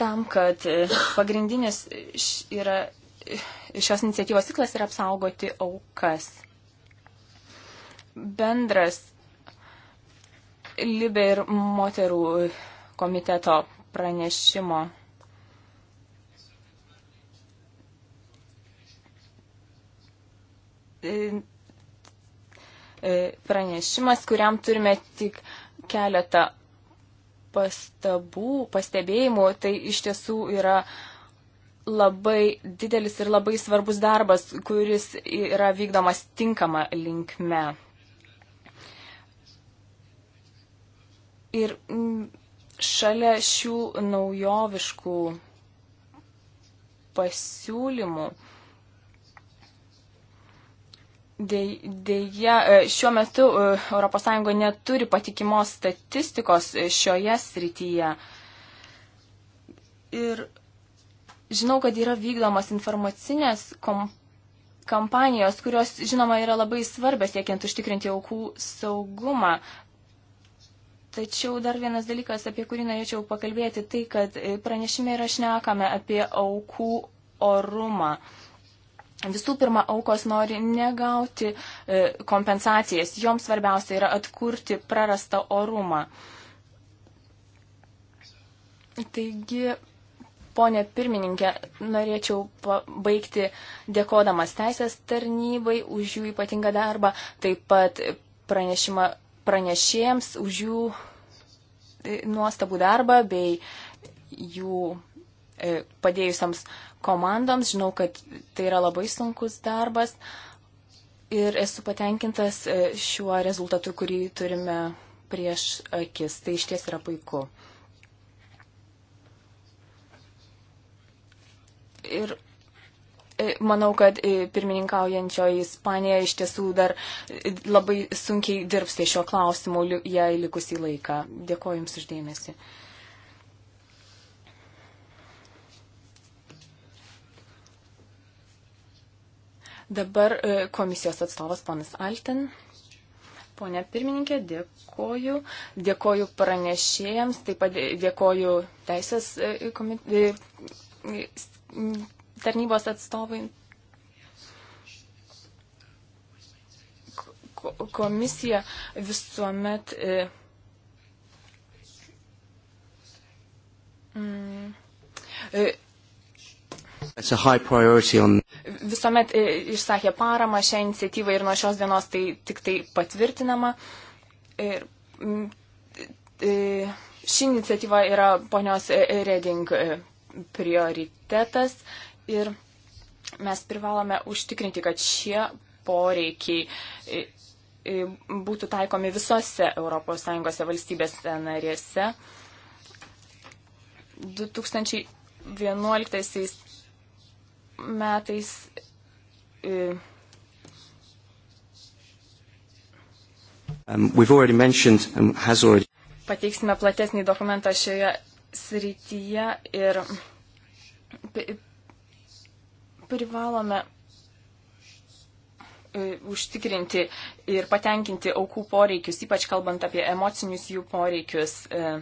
tam, kad e, pagrindinis yra, e, šios iniciatyvos tiklas yra apsaugoti aukas. Bendras Libė ir moterų komiteto pranešimo e, E, pranešimas, kuriam turime tik keletą pastabų, pastebėjimų. Tai iš tiesų yra labai didelis ir labai svarbus darbas, kuris yra vykdomas tinkama linkme. Ir mm, šalia šių naujoviškų pasiūlymų, Deja, e, šiuo metu ES neturi patikimos statistikos e, šioje srityje. Ir žinau, kad yra vykdomas informacinės kom kampanijos, kurios, žinoma, yra labai svarbios siekiant užtikrinti aukų saugumą. Tačiau dar vienas dalykas, apie kurį norėčiau pakalbėti, tai, kad e, pranešime yra šnekame apie aukų orumą. Uh, Visų pirma, aukos nori negauti e, kompensacijas. Joms svarbiausia yra atkurti prarastą orumą. Taigi, ponė pirmininkė, norėčiau baigti dėkodamas teisės tarnybai už jų ypatingą darbą, taip pat pranešėjams už jų e, nuostabų darbą bei jų E, padėjusiems komandoms. Žinau, kad tai yra labai sunkus darbas ir esu patenkintas e, šiuo rezultatu, kurį turime prieš akis. Tai iš ties yra puiku. Ir e, manau, kad pirmininkaujančioji Ispanija iš tiesų dar labai sunkiai dirbs ties šio klausimu, jei likusį laiką. Dėkuoju Jums uždėmesi. Dabar e, komisijos atstovas ponas Alten. Pone pirmininkė, dėkoju. Dėkoju pranešėjams, taip pat dėkoju teisės e, e, tarnybos atstovai. Komisija visuomet. Mm, On... Visuomet e, išsakė paramą šią iniciatyvą ir nuo šios dienos tai tik tai patvirtinama. Ir, e, ši iniciatyva yra ponios e, Reding prioritetas ir mes privalome užtikrinti, kad šie poreikiai būtų taikomi visose ES valstybėse narėse. 2011 metais e, Um, mentioned, um, already... Pateiksime platesnį dokumentą šioje srityje ir privalome e, užtikrinti ir patenkinti aukų poreikius, ypač kalbant apie emocinius jų poreikius. E,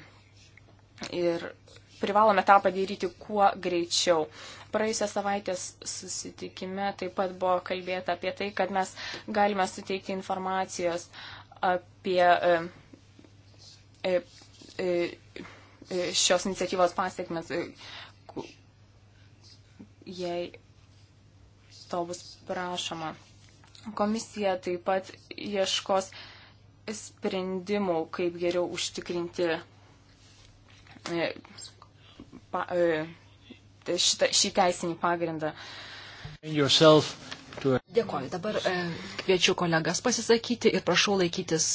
ir privalome tą padaryti kuo greičiau. Praėjusią savaitę susitikime taip pat buvo kalbėta apie tai, kad mes galime suteikti informacijos apie e, e, e, e šios iniciatyvos pasiekmes, e, jei to bus prašoma. Komisija taip pat ieškos sprendimų, kaip geriau užtikrinti e, pa, e, tai šitą, šį teisinį pagrindą. Dėkoju. Dabar e, kviečiu kolegas pasisakyti ir prašau laikytis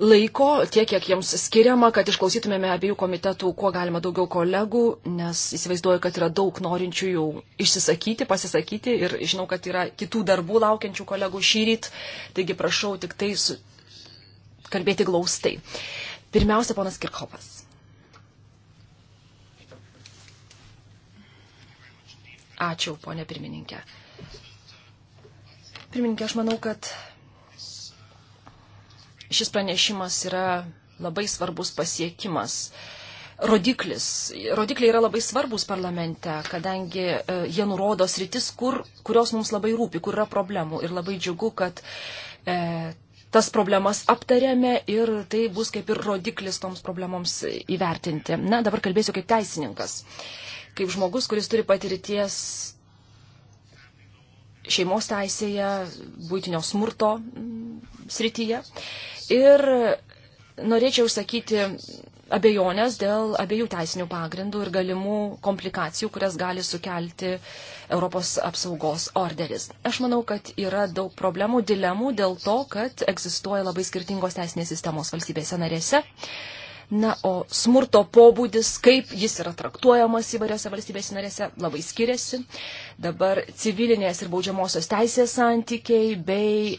laiko tiek, kiek jiems skiriama, kad išklausytumėme abiejų komitetų, kuo galima daugiau kolegų, nes įsivaizduoju, kad yra daug norinčių jau išsisakyti, pasisakyti ir žinau, kad yra kitų darbų laukiančių kolegų šį rytą, taigi prašau tik tai su... kalbėti glaustai. Pirmiausia, ponas Kirchhopas. Ačiū, ponė pirmininkė. Pirmininkė, aš manau, kad šis pranešimas yra labai svarbus pasiekimas. Rodiklis. Rodikliai yra labai svarbus parlamente, kadangi e, jie nurodo sritis, kur, kurios mums labai rūpi, kur yra problemų. Ir labai džiugu, kad e, tas problemas aptarėme ir tai bus kaip ir rodiklis toms problemoms įvertinti. Na, dabar kalbėsiu kaip teisininkas kaip žmogus, kuris turi patirties šeimos teisėje, būtinio smurto mm, srityje. Ir norėčiau užsakyti abejonės dėl abiejų teisinių pagrindų ir galimų komplikacijų, kurias gali sukelti Europos apsaugos orderis. Aš manau, kad yra daug problemų, dilemų dėl to, kad egzistuoja labai skirtingos teisinės sistemos valstybėse narėse. Na, o smurto pobūdis, kaip jis yra traktuojamas įvairiose valstybės narėse, labai skiriasi. Dabar civilinės ir baudžiamosios teisės santykiai bei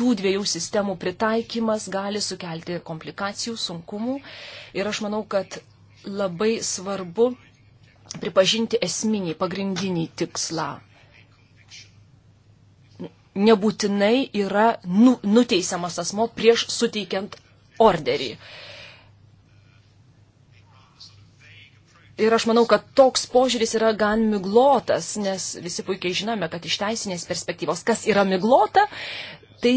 tų dviejų sistemų pritaikymas gali sukelti komplikacijų, sunkumų. Ir aš manau, kad labai svarbu pripažinti esminį, pagrindinį tikslą nebūtinai yra nu, nuteisiamas asmo prieš suteikiant orderį. Ir aš manau, kad toks požiūris yra gan miglotas, nes visi puikiai žinome, kad iš teisinės perspektyvos, kas yra miglota, tai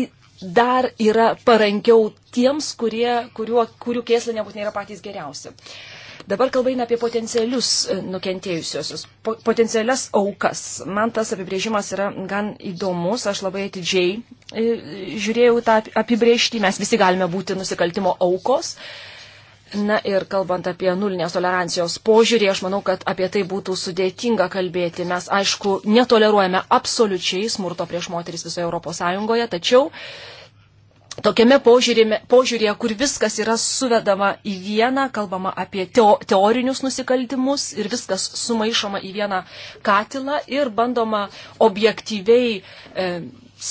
dar yra parankiau tiems, kurie, kuriuo, kurių kėslai nebūtinai yra patys geriausi. Dabar kalbame apie potencialius e, nukentėjusiosius, po, potencialias aukas. Man tas apibrėžimas yra gan įdomus, aš labai atidžiai e, žiūrėjau tą apibrėžtį, mes visi galime būti nusikaltimo aukos. Uh, Na ir kalbant apie nulinės tolerancijos požiūrį, aš manau, kad apie tai būtų sudėtinga kalbėti. Mes, aišku, netoleruojame absoliučiai smurto prieš moteris visoje Europos Sąjungoje, tačiau tokiame požiūrėme, požiūrėje, kur viskas yra suvedama į vieną, kalbama apie teo, teorinius nusikaltimus ir viskas sumaišoma į vieną katilą ir bandoma objektyviai e,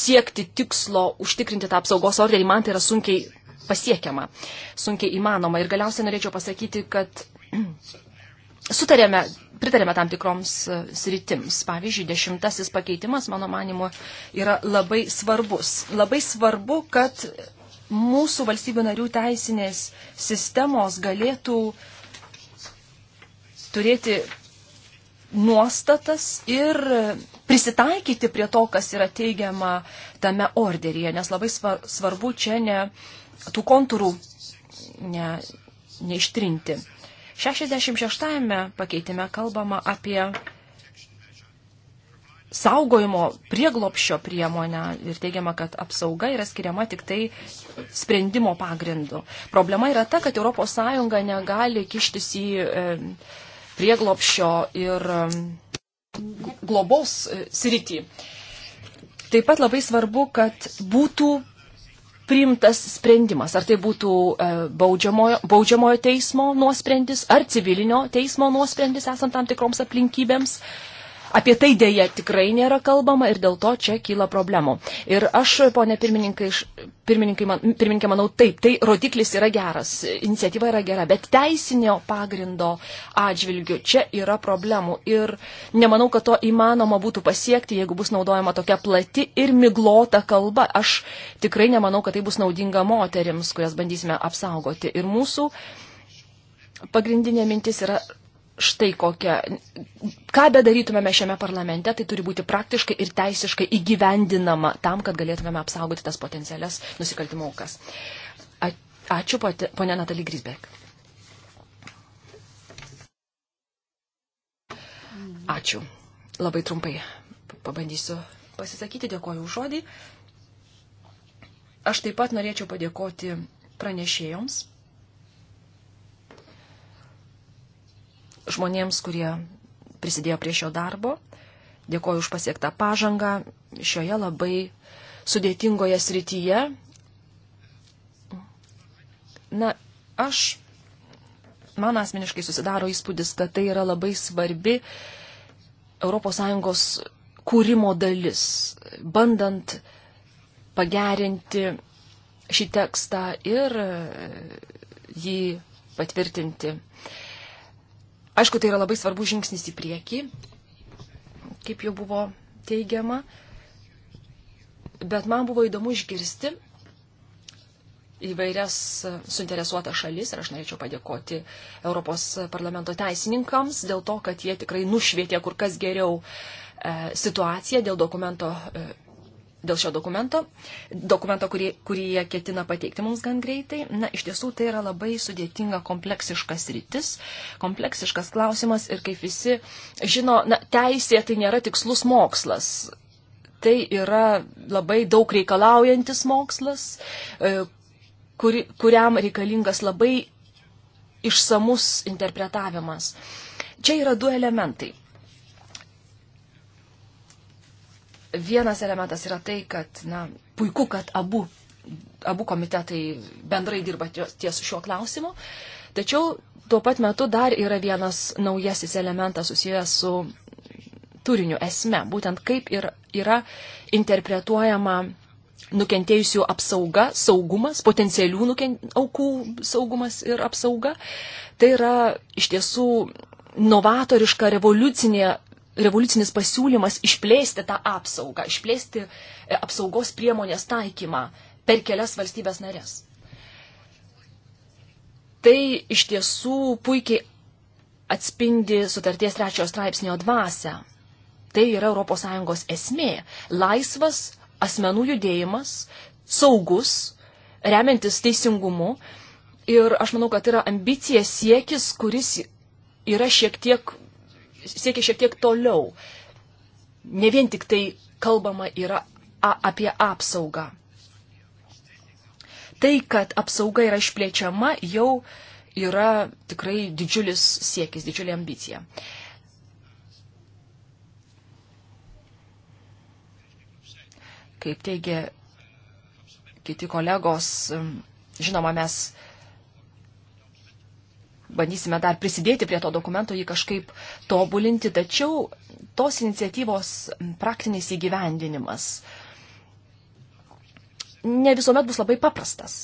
siekti tikslo užtikrinti tą apsaugos orderį, man tai yra sunkiai nepasiekiama, sunkiai įmanoma. Ir galiausiai norėčiau pasakyti, kad sutarėme, pritarėme tam tikroms e, sritims. Pavyzdžiui, dešimtasis pakeitimas, mano manimu, yra labai svarbus. Labai svarbu, kad mūsų valstybių narių teisinės sistemos galėtų turėti nuostatas ir prisitaikyti prie to, kas yra teigiama tame orderyje, nes labai svarbu čia ne tų kontūrų ne, neištrinti. 66 pakeitime kalbama apie saugojimo prieglopščio priemonę ir teigiama, kad apsauga yra skiriama tik tai sprendimo pagrindu. Problema yra ta, kad ES negali kištis į e, prieglopščio ir e, globos e, sritį. Taip pat labai svarbu, kad būtų priimtas sprendimas, ar tai būtų e, baudžiamojo, baudžiamojo teismo nuosprendis, ar civilinio teismo nuosprendis esant tam tikroms aplinkybėms. Uh, Apie tai dėja tikrai nėra kalbama ir dėl to čia kyla problemų. Ir aš, ponė pirmininkai, pirmininkai, man, pirmininkė, manau, taip, tai rodiklis yra geras, iniciatyva yra gera, bet teisinio pagrindo atžvilgiu čia yra problemų. Ir nemanau, kad to įmanoma būtų pasiekti, jeigu bus naudojama tokia plati ir miglota kalba. Aš tikrai nemanau, kad tai bus naudinga moterims, kurias bandysime apsaugoti. Ir mūsų pagrindinė mintis yra štai kokia. Ką bedarytumėme šiame parlamente, tai turi būti praktiškai ir teisiškai įgyvendinama tam, kad galėtumėme apsaugoti tas potencialias nusikaltimo aukas. Ačiū, ponė Natalie Grisbek. Ačiū. Labai trumpai pabandysiu pasisakyti. Dėkoju už žodį. Aš taip pat norėčiau padėkoti pranešėjoms žmonėms, kurie prisidėjo prie šio darbo. Dėkoju už pasiektą pažangą šioje labai sudėtingoje srityje. Na, aš, man asmeniškai susidaro įspūdis, kad tai yra labai svarbi ES kūrimo dalis, bandant pagerinti šį tekstą ir jį patvirtinti. Uh, Aišku, tai yra labai svarbus žingsnis į priekį, kaip jau buvo teigiama, bet man buvo įdomu išgirsti įvairias suinteresuotas šalis ir aš norėčiau padėkoti Europos parlamento teisininkams dėl to, kad jie tikrai nušvietė kur kas geriau e, situaciją dėl dokumento e, dėl šio dokumento, dokumento, kurį, kurį jie ketina pateikti mums gan greitai. Na, iš tiesų tai yra labai sudėtinga, kompleksiškas rytis, kompleksiškas klausimas ir kaip visi žino, na, teisė tai nėra tikslus mokslas. Tai yra labai daug reikalaujantis mokslas, e, kur, kuriam reikalingas labai išsamus interpretavimas. Čia yra du elementai. Vienas elementas yra tai, kad na, puiku, kad abu, abu komitetai bendrai dirba ties šiuo klausimu, tačiau tuo pat metu dar yra vienas naujasis elementas susijęs su turiniu esme, būtent kaip ir yra interpretuojama nukentėjusių apsauga, saugumas, potencialių nuken... aukų saugumas ir apsauga. Tai yra iš tiesų novatoriška revoliucinė revoliucinis pasiūlymas išplėsti tą apsaugą, išplėsti e, apsaugos priemonės taikymą per kelias valstybės narės. Tai iš tiesų puikiai atspindi sutarties trečiojo straipsnio dvasę. Tai yra ES esmė - laisvas asmenų judėjimas, saugus, remiantis teisingumu. Ir aš manau, kad tai yra ambicija siekis, kuris yra šiek tiek siekia šiek tiek toliau. Ne vien tik tai kalbama yra a, apie apsaugą. Tai, kad apsauga yra išplėčiama, jau yra tikrai didžiulis siekis, didžiulė ambicija. Kaip teigia kiti kolegos, žinoma, mes bandysime dar prisidėti prie to dokumento, jį kažkaip tobulinti, tačiau tos iniciatyvos praktinis įgyvendinimas ne visuomet bus labai paprastas.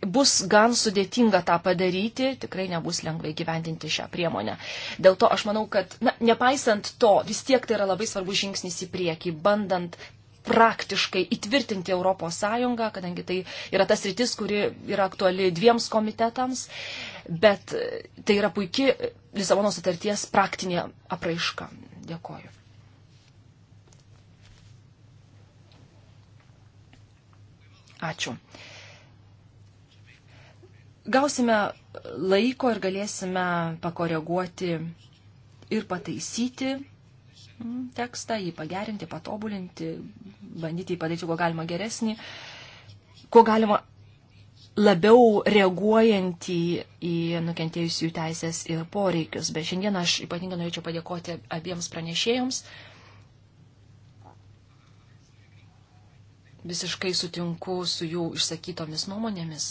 Bus gan sudėtinga tą padaryti, tikrai nebus lengvai gyvendinti šią priemonę. Dėl to aš manau, kad, na, nepaisant to, vis tiek tai yra labai svarbus žingsnis į priekį, bandant praktiškai įtvirtinti ES, kadangi tai yra tas rytis, kuri yra aktuali dviems komitetams, bet tai yra puikia Lisabono sutarties praktinė apraiška. Dėkoju. Ačiū. Gausime laiko ir galėsime pakoreguoti ir pataisyti tekstą, jį pagerinti, patobulinti, bandyti jį padaryti, kuo galima geresnį, kuo galima labiau reaguojantį į nukentėjusių teisės ir poreikius. Bet šiandien aš ypatingai norėčiau padėkoti abiems pranešėjams. Visiškai sutinku su jų išsakytomis nuomonėmis.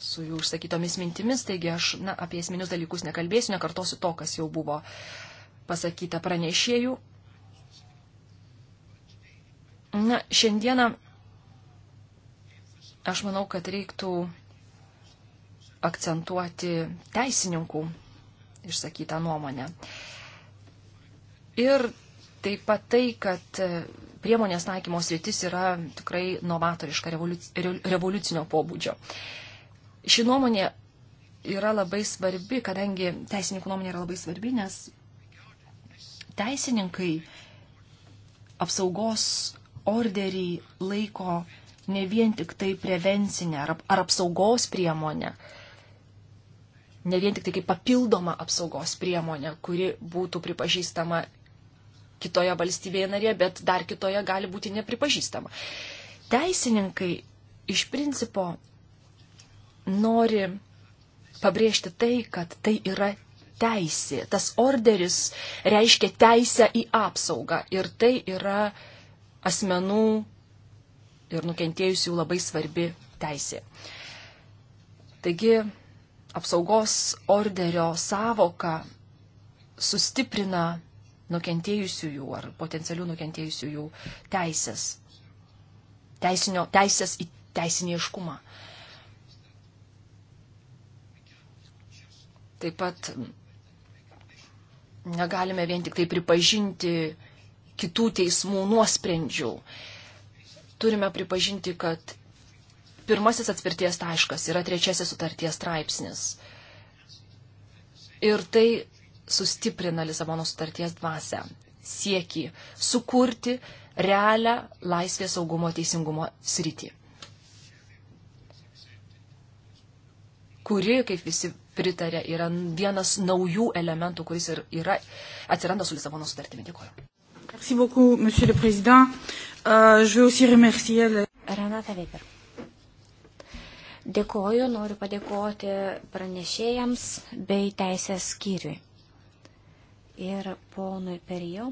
su jų užsakytomis mintimis, taigi aš na, apie esminius dalykus nekalbėsiu, nekartosiu to, kas jau buvo pasakyta pranešėjų. Na, šiandieną aš manau, kad reiktų akcentuoti teisininkų išsakytą nuomonę. Ir taip pat tai, kad priemonės taikymo sritis yra tikrai novatoriška revoliuc, revoliucinio pobūdžio. Uh, Ši nuomonė yra labai svarbi, kadangi teisininkų nuomonė yra labai svarbi, nes teisininkai apsaugos orderį laiko ne vien tik tai prevencinę ar, ar apsaugos priemonę, ne vien tik tai kaip papildoma apsaugos priemonė, kuri būtų pripažįstama kitoje valstybėje narėje, bet dar kitoje gali būti nepripažįstama. Teisininkai iš principo nori pabrėžti tai, kad tai yra teisė. Tas orderis reiškia teisę į apsaugą ir tai yra asmenų ir nukentėjusių labai svarbi teisė. Taigi apsaugos orderio savoka sustiprina nukentėjusiųjų ar potencialių nukentėjusiųjų teisės, teisinio, teisės į teisinį iškumą. Uh, Taip pat negalime vien tik tai pripažinti kitų teismų nuosprendžių. Turime pripažinti, kad pirmasis atspirties taškas yra trečiasis sutarties straipsnis. Ir tai sustiprina Lisabono sutarties dvasę sieki sukurti realią laisvės saugumo teisingumo sritį, kuri, kaip visi pritarė, yra vienas naujų elementų, kuris ir yra, atsiranda su Lisabono sutartimi. Dėkuoju. Merci beaucoup, monsieur le président. Uh, je veux aussi remercier. Le... Renata Weber. Dėkoju, noriu padėkoti pranešėjams bei teisės skyriui ir ponui Perijo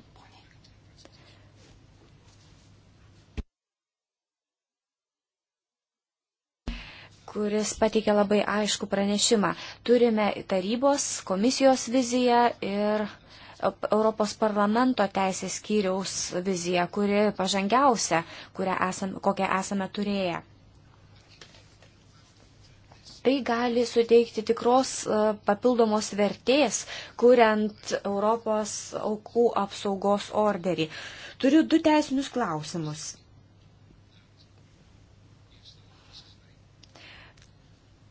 kuris pateikė labai aišku pranešimą. Turime tarybos, komisijos viziją ir Europos parlamento teisės skyriaus viziją, kuri pažangiausia, esam, kokią esame turėję. Tai gali suteikti tikros e, papildomos vertės, kuriant Europos aukų apsaugos orderį. Turiu du teisinius klausimus.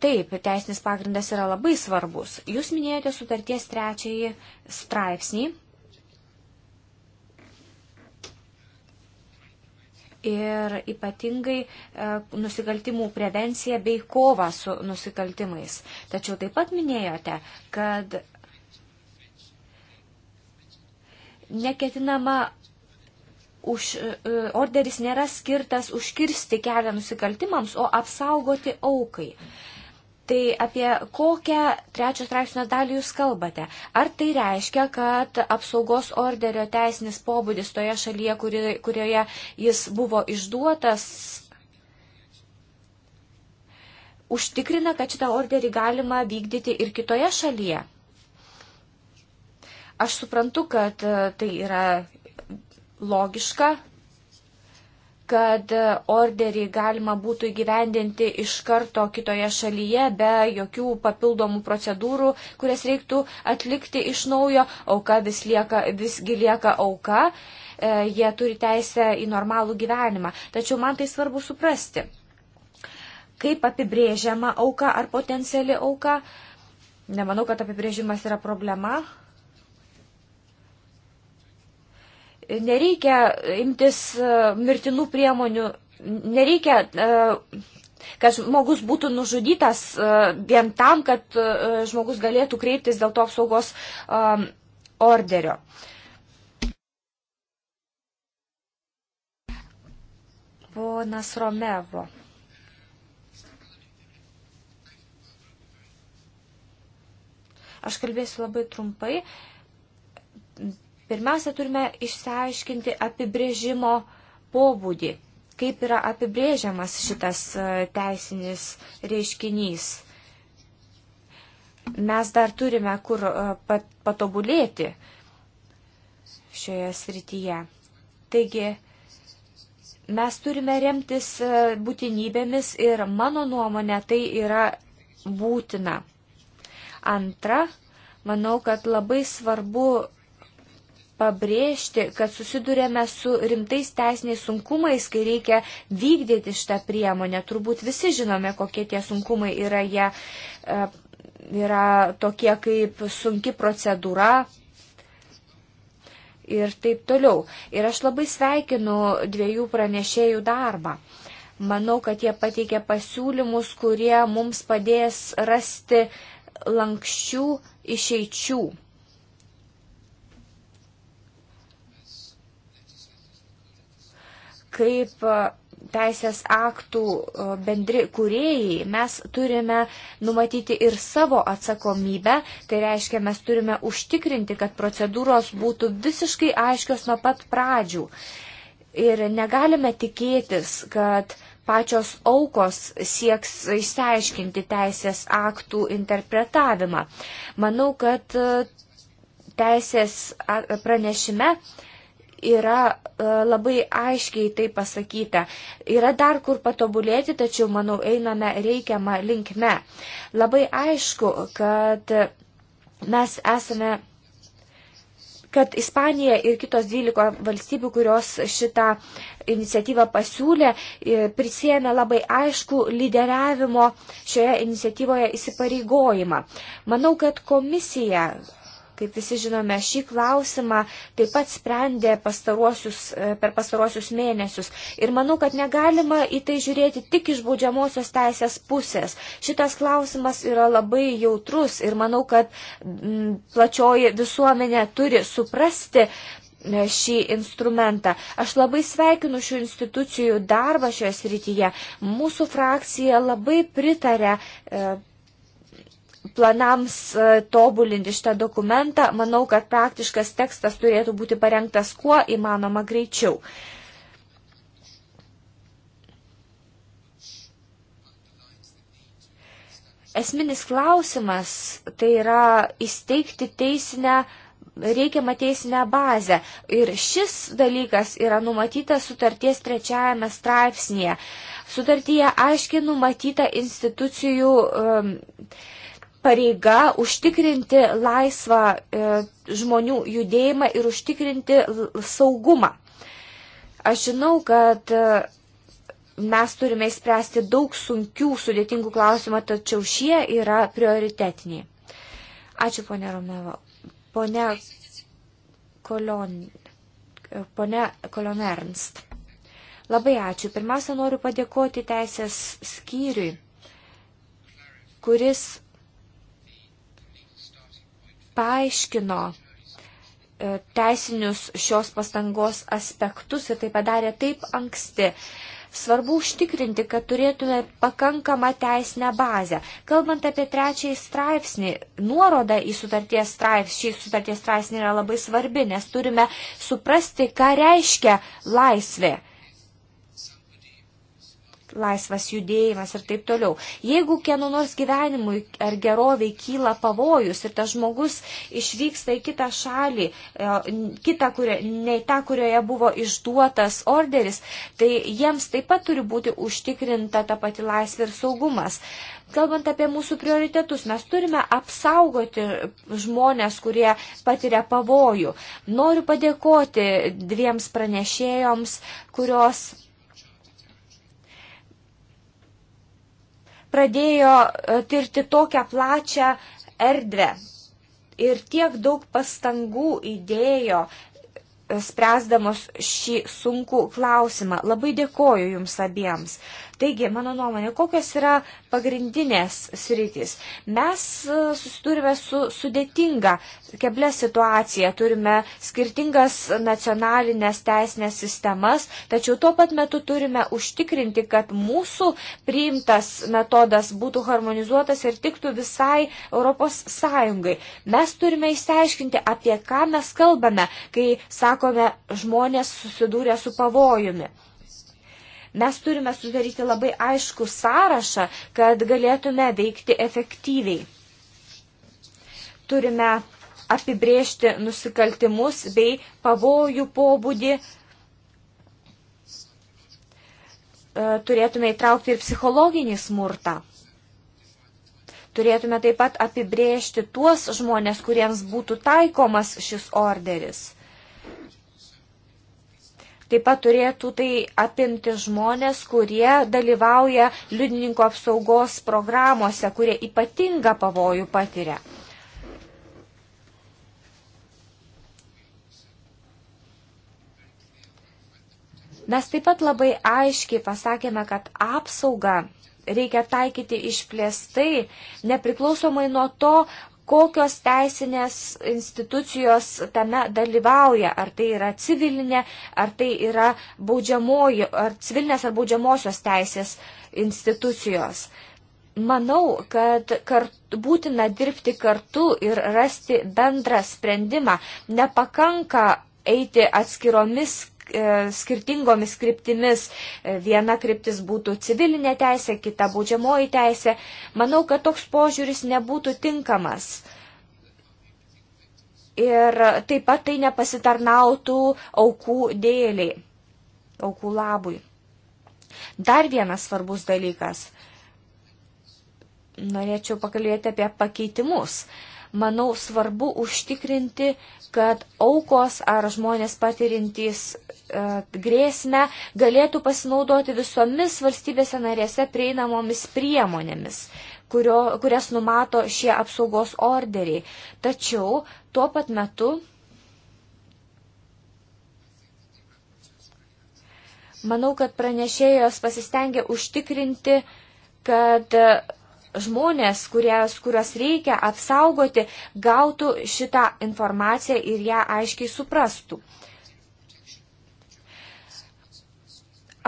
Taip, teisinis pagrindas yra labai svarbus. Jūs minėjote sutarties trečiąjį straipsnį. Ir ypatingai e, nusikaltimų prevencija bei kova su nusikaltimais. Tačiau taip pat minėjote, kad neketinama už, e, e, orderis nėra skirtas užkirsti kelią nusikaltimams, o apsaugoti aukai. E, Tai apie kokią trečio straipsnio dalį jūs kalbate? Ar tai reiškia, kad apsaugos orderio teisinis pobūdis toje šalyje, kuri, kurioje jis buvo išduotas, užtikrina, kad šitą orderį galima vykdyti ir kitoje šalyje? Aš suprantu, kad tai yra logiška, kad e, orderį galima būtų įgyvendinti iš karto kitoje šalyje be jokių papildomų procedūrų, kurias reiktų atlikti iš naujo. Auka vis lieka, visgi lieka auka, e, jie turi teisę į normalų gyvenimą. Tačiau man tai svarbu suprasti, kaip apibrėžiama auka ar potenciali auka. Nemanau, kad apibrėžimas yra problema. Nereikia imtis e, mirtinų priemonių, nereikia, e, kad žmogus būtų nužudytas e, vien tam, kad žmogus galėtų kreiptis dėl to apsaugos orderio. Ponas Romevo. Aš kalbėsiu labai trumpai. Pirmiausia, turime išsiaiškinti apibrėžimo pobūdį, kaip yra apibrėžiamas šitas e, teisinis reiškinys. Mes dar turime kur e, patobulėti šioje srityje. Taigi, mes turime remtis e, būtinybėmis ir mano nuomonė tai yra būtina. Antra, manau, kad labai svarbu pabrėžti, kad susidurėme su rimtais teisiniais sunkumais, kai reikia vykdyti šitą priemonę. Turbūt visi žinome, kokie tie sunkumai yra. Jie e, yra tokie kaip sunki procedūra. Ir taip toliau. Ir aš labai sveikinu dviejų pranešėjų darbą. Manau, kad jie pateikė pasiūlymus, kurie mums padės rasti lankščių išeičių kaip teisės aktų bendri kūrėjai, mes turime numatyti ir savo atsakomybę, tai reiškia, mes turime užtikrinti, kad procedūros būtų visiškai aiškios nuo pat pradžių. Ir negalime tikėtis, kad pačios aukos sieks išsiaiškinti teisės aktų interpretavimą. Manau, kad teisės pranešime yra e, labai aiškiai tai pasakyta. Yra dar kur patobulėti, tačiau, manau, einame reikiamą linkme. Labai aišku, kad mes esame kad Ispanija ir kitos 12 valstybių, kurios šitą iniciatyvą pasiūlė, e, prisėmė labai aišku lyderiavimo šioje iniciatyvoje įsipareigojimą. Manau, kad komisija Kaip visi žinome, šį klausimą taip pat sprendė pastaruosius, e, per pastaruosius mėnesius. Ir manau, kad negalima į tai žiūrėti tik iš baudžiamosios teisės pusės. Šitas klausimas yra labai jautrus ir manau, kad m, plačioji visuomenė turi suprasti, e, šį instrumentą. Aš labai sveikinu šių institucijų darbą šioje srityje. Mūsų frakcija labai pritarė e, planams e, tobulinti šitą dokumentą, manau, kad praktiškas tekstas turėtų būti parengtas kuo įmanoma greičiau. Esminis klausimas tai yra įsteigti teisinę reikiamą teisinę bazę. Ir šis dalykas yra numatytas sutarties trečiajame straipsnėje. Sutartyje aiškiai numatyta institucijų um, pareiga užtikrinti laisvą e, žmonių judėjimą ir užtikrinti saugumą. Aš žinau, kad e, mes turime įspręsti daug sunkių, sudėtingų klausimų, tačiau šie yra prioritetiniai. Ačiū, ponė Romeva. Pone, Kolion, e, pone Kolionernst. Labai ačiū. Pirmiausia, noriu padėkoti teisės skyriui, kuris paaiškino e, teisinius šios pastangos aspektus ir tai padarė taip anksti. Svarbu užtikrinti, kad turėtume pakankamą teisinę bazę. Kalbant apie trečiąjį straipsnį, nuoroda į sutarties straipsnį, šį sutarties straipsnį yra labai svarbi, nes turime suprasti, ką reiškia laisvė laisvas judėjimas ir taip toliau. Jeigu kieno nors gyvenimui ar geroviai kyla pavojus ir tas žmogus išvyksta į kitą šalį, e, kitą, kurio, ne tą, kurioje buvo išduotas orderis, tai jiems taip pat turi būti užtikrinta ta pati laisvė ir saugumas. Kalbant apie mūsų prioritetus, mes turime apsaugoti žmonės, kurie patiria pavojų. Noriu padėkoti dviems pranešėjoms, kurios pradėjo e, tirti tokią plačią erdvę ir tiek daug pastangų įdėjo e, spręsdamos šį sunkų klausimą. Labai dėkoju Jums abiems. Taigi, mano nuomonė, kokios yra pagrindinės sritys? Mes e, susidūrime su sudėtinga, keblė situacija, turime skirtingas nacionalinės teisinės sistemas, tačiau tuo pat metu turime užtikrinti, kad mūsų priimtas metodas būtų harmonizuotas ir tiktų visai Europos Sąjungai. Mes turime įsiaiškinti, apie ką mes kalbame, kai sakome žmonės susidūrė su pavojumi. Mes turime sudaryti labai aišku sąrašą, kad galėtume veikti efektyviai. Turime apibriežti nusikaltimus bei pavojų pobūdį. E, turėtume įtraukti ir psichologinį smurtą. Turėtume taip pat apibriežti tuos žmonės, kuriems būtų taikomas šis orderis. Taip pat turėtų tai apimti žmonės, kurie dalyvauja liudininko apsaugos programuose, kurie ypatingą pavojų patiria. Mes taip pat labai aiškiai pasakėme, kad apsaugą reikia taikyti išplėstai, nepriklausomai nuo to, kokios teisinės institucijos tame dalyvauja, ar tai yra civilinė, ar tai yra baudžiamoji, ar civilinės ar baudžiamosios teisės institucijos. Manau, kad kart, būtina dirbti kartu ir rasti bendrą sprendimą. Nepakanka eiti atskiromis E, skirtingomis kryptimis. E, viena kryptis būtų civilinė teisė, kita baudžiamoji teisė. Manau, kad toks požiūris nebūtų tinkamas. Ir taip pat tai nepasitarnautų aukų dėliai, aukų labui. Dar vienas svarbus dalykas. Norėčiau pakalbėti apie pakeitimus. Uh, manau, svarbu užtikrinti, kad aukos ar žmonės patirintys e, grėsmę galėtų pasinaudoti visomis valstybėse narėse prieinamomis priemonėmis, kurio, kurias numato šie apsaugos orderiai. Tačiau tuo pat metu manau, kad pranešėjos pasistengė užtikrinti, kad žmonės, kurias, kurios reikia apsaugoti, gautų šitą informaciją ir ją aiškiai suprastų.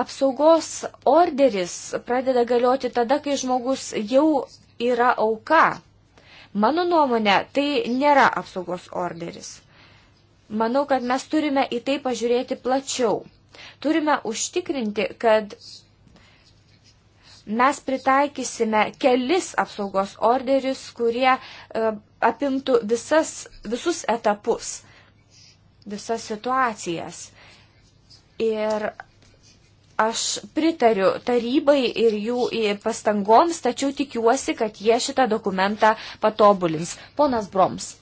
Apsaugos orderis pradeda galioti tada, kai žmogus jau yra auka. Mano nuomonė, tai nėra apsaugos orderis. Manau, kad mes turime į tai pažiūrėti plačiau. Turime užtikrinti, kad Mes pritaikysime kelis apsaugos orderius, kurie e, apimtų visas, visus etapus, visas situacijas. Ir aš pritariu tarybai ir jų pastangoms, tačiau tikiuosi, kad jie šitą dokumentą patobulins. Ponas Broms.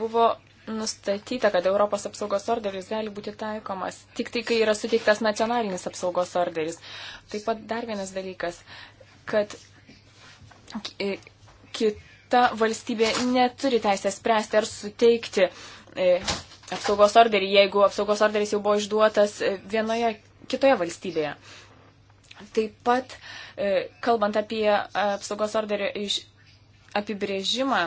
Buvo nustatyta, kad Europos apsaugos orderis gali būti taikomas tik tai, kai yra suteiktas nacionalinis apsaugos orderis. Taip pat dar vienas dalykas, kad e, kita valstybė neturi teisės spręsti ar suteikti e, apsaugos orderį, jeigu apsaugos orderis jau buvo išduotas e, vienoje kitoje valstybėje. Taip pat, kalbant apie apsaugos orderio apibrėžimą,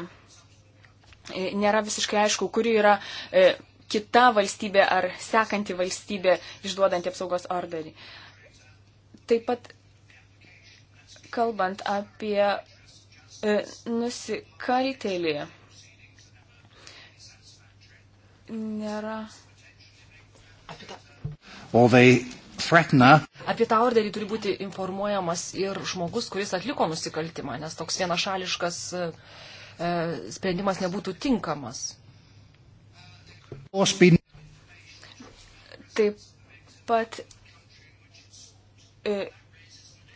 E, nėra visiškai aišku, kuri yra e, kita valstybė ar sekanti valstybė išduodanti apsaugos orderį. Taip pat kalbant apie e, nusikaltėlį, nėra. Apie tą. Apie tą orderį turi būti informuojamas ir žmogus, kuris atliko nusikaltimą, nes toks vienašališkas uh, E, sprendimas nebūtų tinkamas. Taip pat e,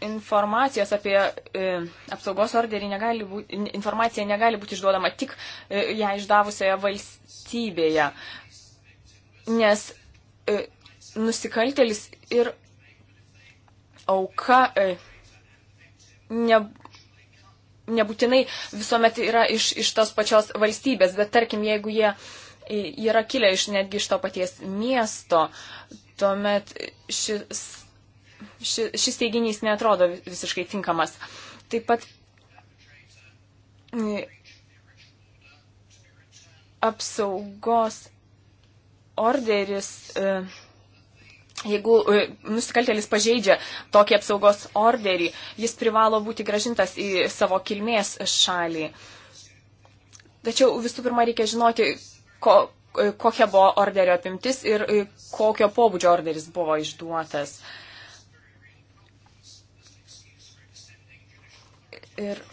informacijos apie e, apsaugos orderį negali būti, informacija negali būti išduodama tik ją išdavusioje valstybėje, nes nusikaltelis ir auka ne, nebūtinai visuomet yra iš, iš tos pačios valstybės, bet tarkim, jeigu jie yra kilę iš netgi iš to paties miesto, tuomet šis, ši, šis teiginys netrodo visiškai tinkamas. Taip pat apsaugos orderis. E, Jeigu e, nusikaltėlis pažeidžia tokį apsaugos orderį, jis privalo būti gražintas į savo kilmės šalį. Tačiau visų pirma reikia žinoti, ko, e, kokia buvo orderio apimtis ir e, kokio pobūdžio orderis buvo išduotas. Ir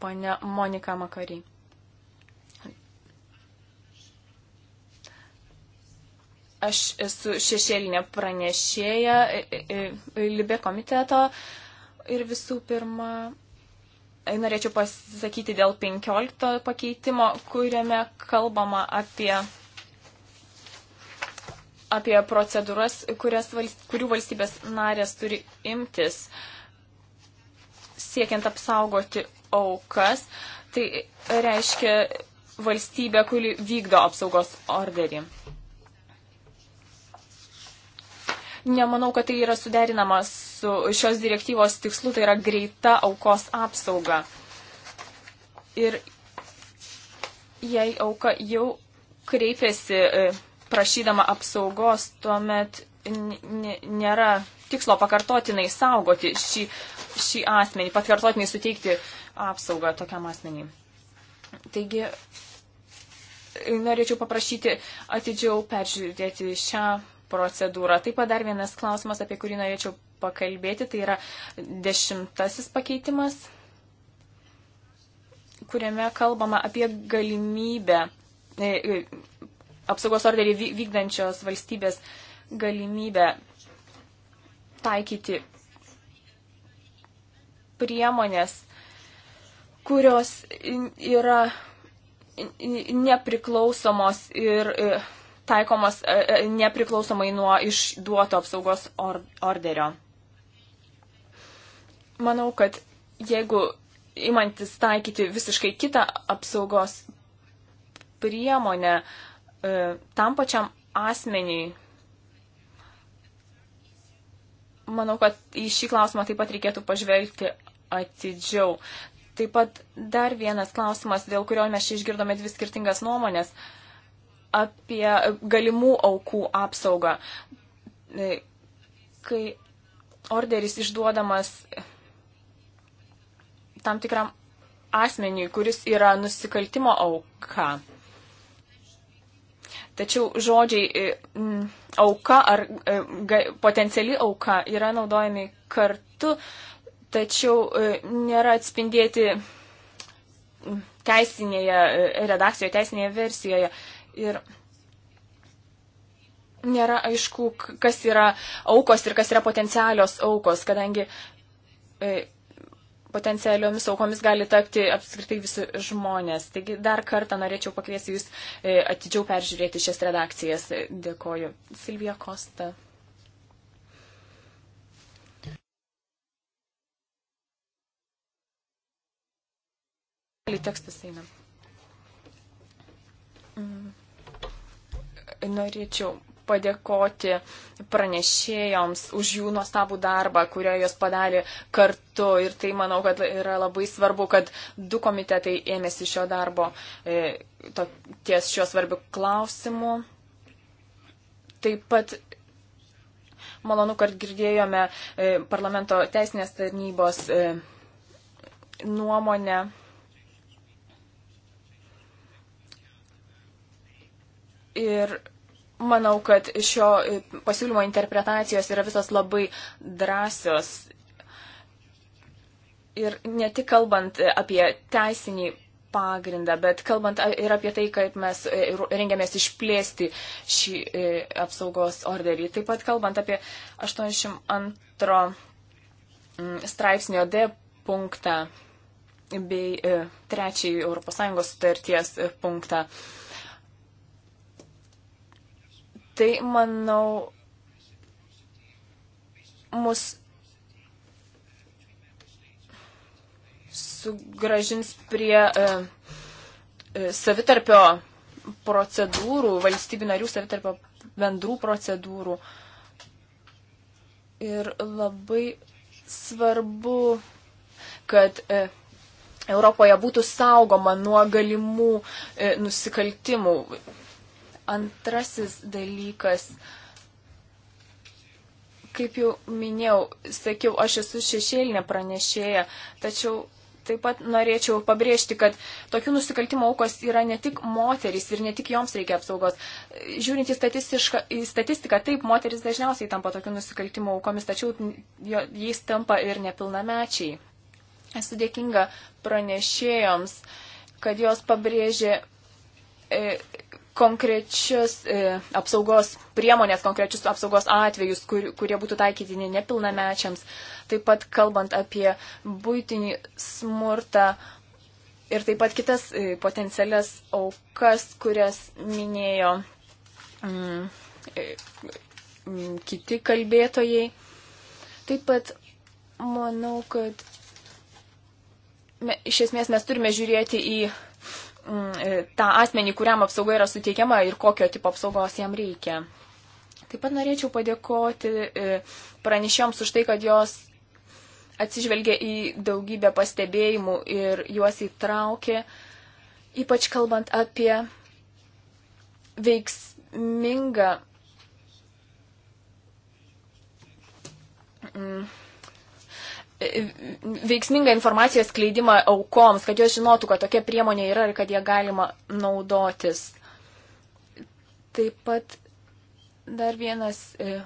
Pane Monika Makary. Aš esu šešėlinė pranešėja e, e, e, Libė komiteto ir visų pirma norėčiau pasisakyti dėl 15 pakeitimo, kuriame kalbama apie, apie procedūras, kurias, kurių valstybės narės turi imtis siekiant apsaugoti aukas. Tai reiškia valstybė, kuri vykdo apsaugos orderį. Nemanau, kad tai yra suderinama su šios direktyvos tikslu, tai yra greita aukos apsauga. Ir jei auka jau kreipiasi e, prašydama apsaugos, tuomet nėra tikslo pakartotinai saugoti šį, šį asmenį, pakartotinai suteikti apsaugą tokiam asmeniai. Taigi, e, norėčiau paprašyti atidžiau peržiūrėti šią procedūrą. Taip pat dar vienas klausimas, apie kurį norėčiau pakalbėti, tai yra dešimtasis pakeitimas, kuriame kalbama apie galimybę e, e, apsaugos orderį vykdančios valstybės galimybę taikyti priemonės, kurios yra nepriklausomos ir e, taikomos e, e, nepriklausomai nuo išduoto apsaugos orderio. Manau, kad jeigu imantis taikyti visiškai kitą apsaugos priemonę e, tam pačiam asmeniui, manau, kad į šį klausimą taip pat reikėtų pažvelgti atidžiau. Taip pat dar vienas klausimas, dėl kurio mes čia išgirdome dvi skirtingas nuomonės. Uh, apie galimų aukų apsaugą. E, kai orderis išduodamas tam tikram asmeniui, kuris yra nusikaltimo auka. Tačiau žodžiai e, auka ar e, potenciali auka yra naudojami kartu, tačiau nėra atspindėti teisinėje redakcijoje, teisinėje versijoje. Ir nėra aišku, kas yra aukos ir kas yra potencialios aukos, kadangi e, potencialiomis aukomis gali tapti apskritai visi žmonės. Taigi dar kartą norėčiau pakviesti Jūs e, atidžiau peržiūrėti šias redakcijas. Dėkoju. Silvija Kosta. Tekstas eina. Mm norėčiau padėkoti pranešėjoms už jų nuostabų darbą, kurio jos padarė kartu. Ir tai manau, kad yra labai svarbu, kad du komitetai ėmėsi šio darbo e, to, ties šiuo svarbiu klausimu. Taip pat malonu, kad girdėjome e, parlamento teisinės tarnybos e, nuomonę Ir manau, kad šio pasiūlymo interpretacijos yra visos labai drąsios. Ir ne tik kalbant apie teisinį pagrindą, bet kalbant ir apie tai, kaip mes rengiamės išplėsti šį e, apsaugos orderį. Taip pat kalbant apie 82 mm, straipsnio D punktą bei e, trečiąjį ES sutarties e, punktą tai, manau, mus sugražins prie e, e, savitarpio procedūrų, valstybių narių savitarpio bendrų procedūrų. Ir labai svarbu, kad e, Europoje būtų saugoma nuo galimų e, nusikaltimų Antrasis dalykas. Kaip jau minėjau, sakiau, aš esu šešėlinė pranešėja, tačiau taip pat norėčiau pabrėžti, kad tokių nusikaltimo aukos yra ne tik moteris ir ne tik joms reikia apsaugos. Žiūrint į, į statistiką, taip, moteris dažniausiai tampa tokių nusikaltimo aukomis, tačiau jais tampa ir nepilnamečiai. Esu dėkinga pranešėjoms, kad jos pabrėžė e, konkrečius e, apsaugos priemonės, konkrečius apsaugos atvejus, kur, kurie būtų taikytini nepilnamečiams. Taip pat kalbant apie būtinį smurtą ir taip pat kitas e, potencialias aukas, kurias minėjo mm, e, mm, kiti kalbėtojai. Taip pat manau, kad me, iš esmės mes turime žiūrėti į tą asmenį, kuriam apsauga yra suteikiama ir kokio tipo apsaugos jam reikia. Taip pat norėčiau padėkoti e, pranešėjoms už tai, kad jos atsižvelgia į daugybę pastebėjimų ir juos įtraukė, ypač kalbant apie veiksmingą. Mm veiksmingą informacijos kleidimą aukoms, kad jos žinotų, kad tokia priemonė yra ir kad jie galima naudotis. Taip pat dar vienas e,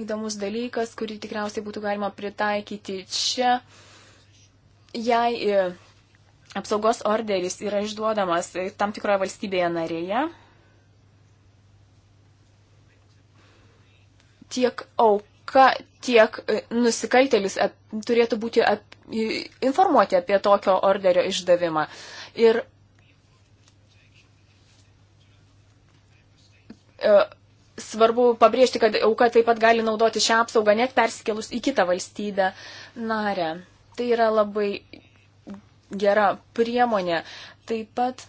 įdomus dalykas, kurį tikriausiai būtų galima pritaikyti čia, jei e, apsaugos orderis yra išduodamas e, tam tikroje valstybėje narėje. Tiek auka, tiek e, nusikaltėlis ap, turėtų būti ap, informuoti apie tokio orderio išdavimą. Ir e, svarbu pabrėžti, kad auka taip pat gali naudoti šią apsaugą net persikėlus į kitą valstybę narę. Tai yra labai gera priemonė. Taip pat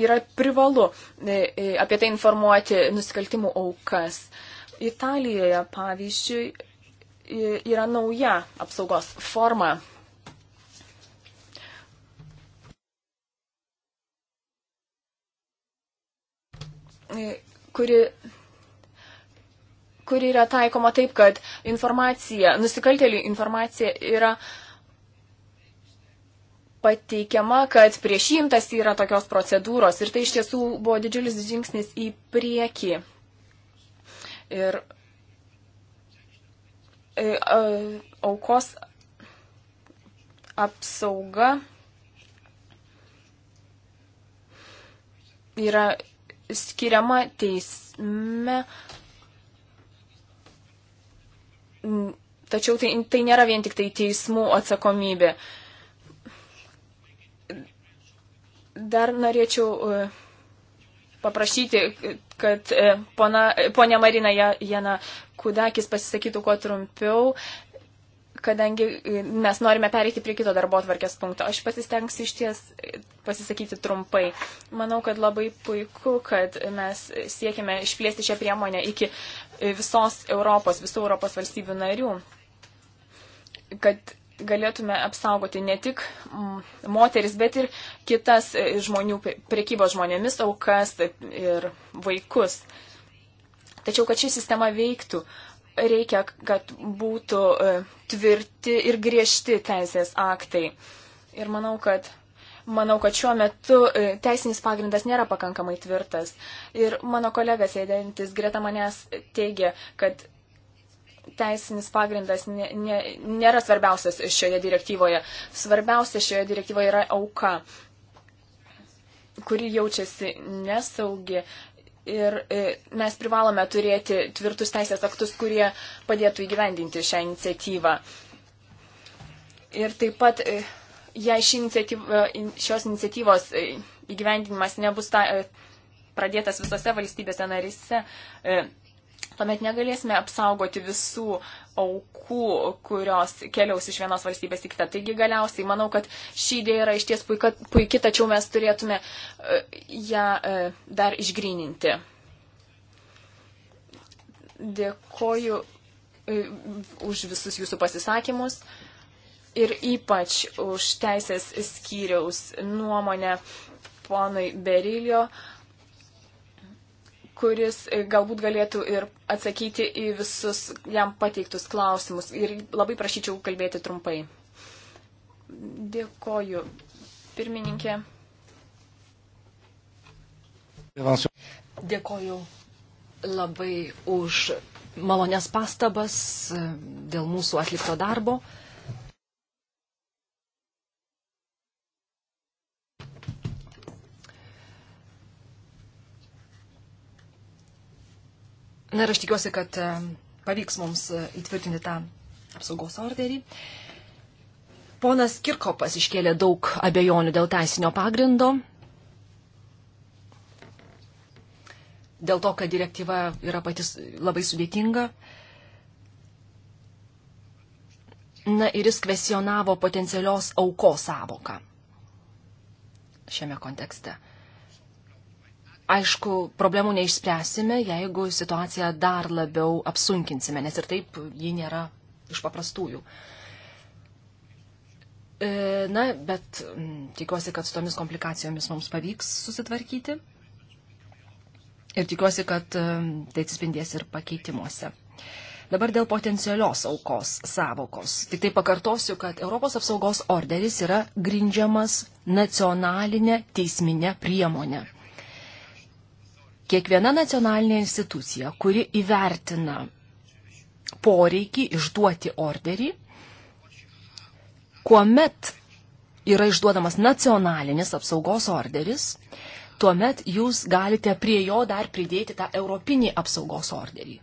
yra privalu e, e, apie tai informuoti nusikaltimų aukas. E, Italijoje, pavyzdžiui, yra nauja apsaugos forma. kuri kuri yra taikoma taip, kad informacija, nusikaltėlių informacija yra pateikiama, kad prieš imtas yra tokios procedūros ir tai iš tiesų buvo didžiulis žingsnis į priekį. Ir e, aukos apsauga yra skiriama teisme, tačiau tai, tai nėra vien tik tai teismų atsakomybė. Dar norėčiau uh, paprašyti, kad e, pona, e, ponia Marina Jana Kudakis pasisakytų kuo trumpiau, kadangi e, mes norime pereiti prie kito darbo atvarkės punkto. Aš pasistengsiu iš ties pasisakyti trumpai. Manau, kad labai puiku, kad mes siekime išplėsti šią priemonę iki visos Europos, visų Europos valstybių narių kad galėtume apsaugoti ne tik mm, moteris, bet ir kitas e, žmonių priekybos žmonėmis aukas ir vaikus. Tačiau, kad ši sistema veiktų, reikia, kad būtų e, tvirti ir griežti teisės aktai. Ir manau, kad manau, kad šiuo metu e, teisinis pagrindas nėra pakankamai tvirtas. Ir mano kolega sėdintis greta manęs teigia, kad teisinis pagrindas nė, nė, nėra svarbiausias šioje direktyvoje. Svarbiausia šioje direktyvoje yra auka, kuri jaučiasi nesaugi. Ir e, mes privalome turėti tvirtus teisės aktus, kurie padėtų įgyvendinti šią iniciatyvą. Ir taip pat, e, jei ši iniciatyva, e, šios iniciatyvos įgyvendinimas nebus ta, pradėtas visose valstybėse narise, tuomet negalėsime apsaugoti visų aukų, kurios keliaus iš vienos valstybės į kitą. Taigi galiausiai manau, kad ši idėja yra iš ties puikia, tačiau mes turėtume e, ją e, dar išgryninti. Dėkoju e, už visus jūsų pasisakymus ir ypač už teisės skyriaus nuomonę ponui Berilio. Uh, kuris e, galbūt galėtų ir atsakyti į visus jam pateiktus klausimus. Ir labai prašyčiau kalbėti trumpai. Dėkoju, pirmininkė. Dėkoju labai už malonės pastabas e, dėl mūsų atlikto darbo. Na ir aš tikiuosi, kad e, pavyks mums e, įtvirtinti tą apsaugos orderį. Ponas Kirkopas iškėlė daug abejonių dėl teisinio pagrindo, dėl to, kad direktyva yra patys labai sudėtinga. Na ir jis kvesionavo potencialios aukos savoką šiame kontekste. Aišku, problemų neišspręsime, jeigu situaciją dar labiau apsunkinsime, nes ir taip ji nėra iš paprastųjų. E, na, bet tikiuosi, kad su tomis komplikacijomis mums pavyks susitvarkyti. Ir tikiuosi, kad e, tai atsispindės ir pakeitimuose. Dabar dėl potencialios aukos savokos. Tik tai pakartosiu, kad Europos apsaugos orderis yra grindžiamas nacionalinė teisminė priemonė kiekviena nacionalinė institucija, kuri įvertina poreikį išduoti orderį, kuomet yra išduodamas nacionalinis apsaugos orderis, tuomet jūs galite prie jo dar pridėti tą europinį apsaugos orderį,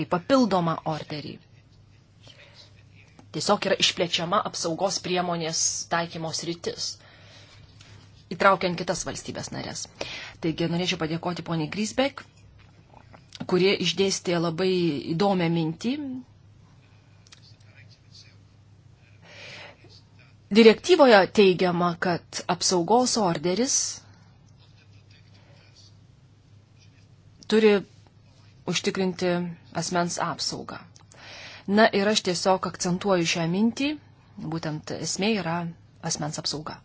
kaip papildomą orderį. Tiesiog yra išplečiama apsaugos priemonės taikymos rytis įtraukiant kitas valstybės narės. Taigi norėčiau padėkoti poniai Grisbek, kurie išdėstė labai įdomią mintį. Direktyvoje teigiama, kad apsaugos orderis turi užtikrinti asmens apsaugą. Na ir aš tiesiog akcentuoju šią mintį, būtent esmė yra asmens apsauga.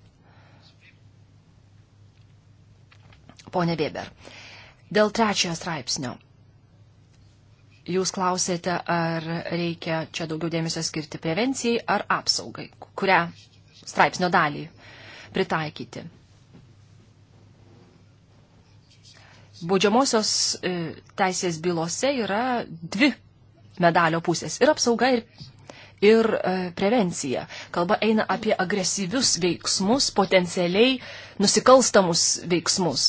ponė Weber. Dėl trečiojo straipsnio. Jūs klausėte, ar reikia čia daugiau dėmesio skirti prevencijai ar apsaugai, kurią straipsnio dalį pritaikyti. Baudžiamosios e, teisės bylose yra dvi medalio pusės - ir apsauga, ir, ir e, prevencija. Kalba eina apie agresyvius veiksmus, potencialiai nusikalstamus veiksmus.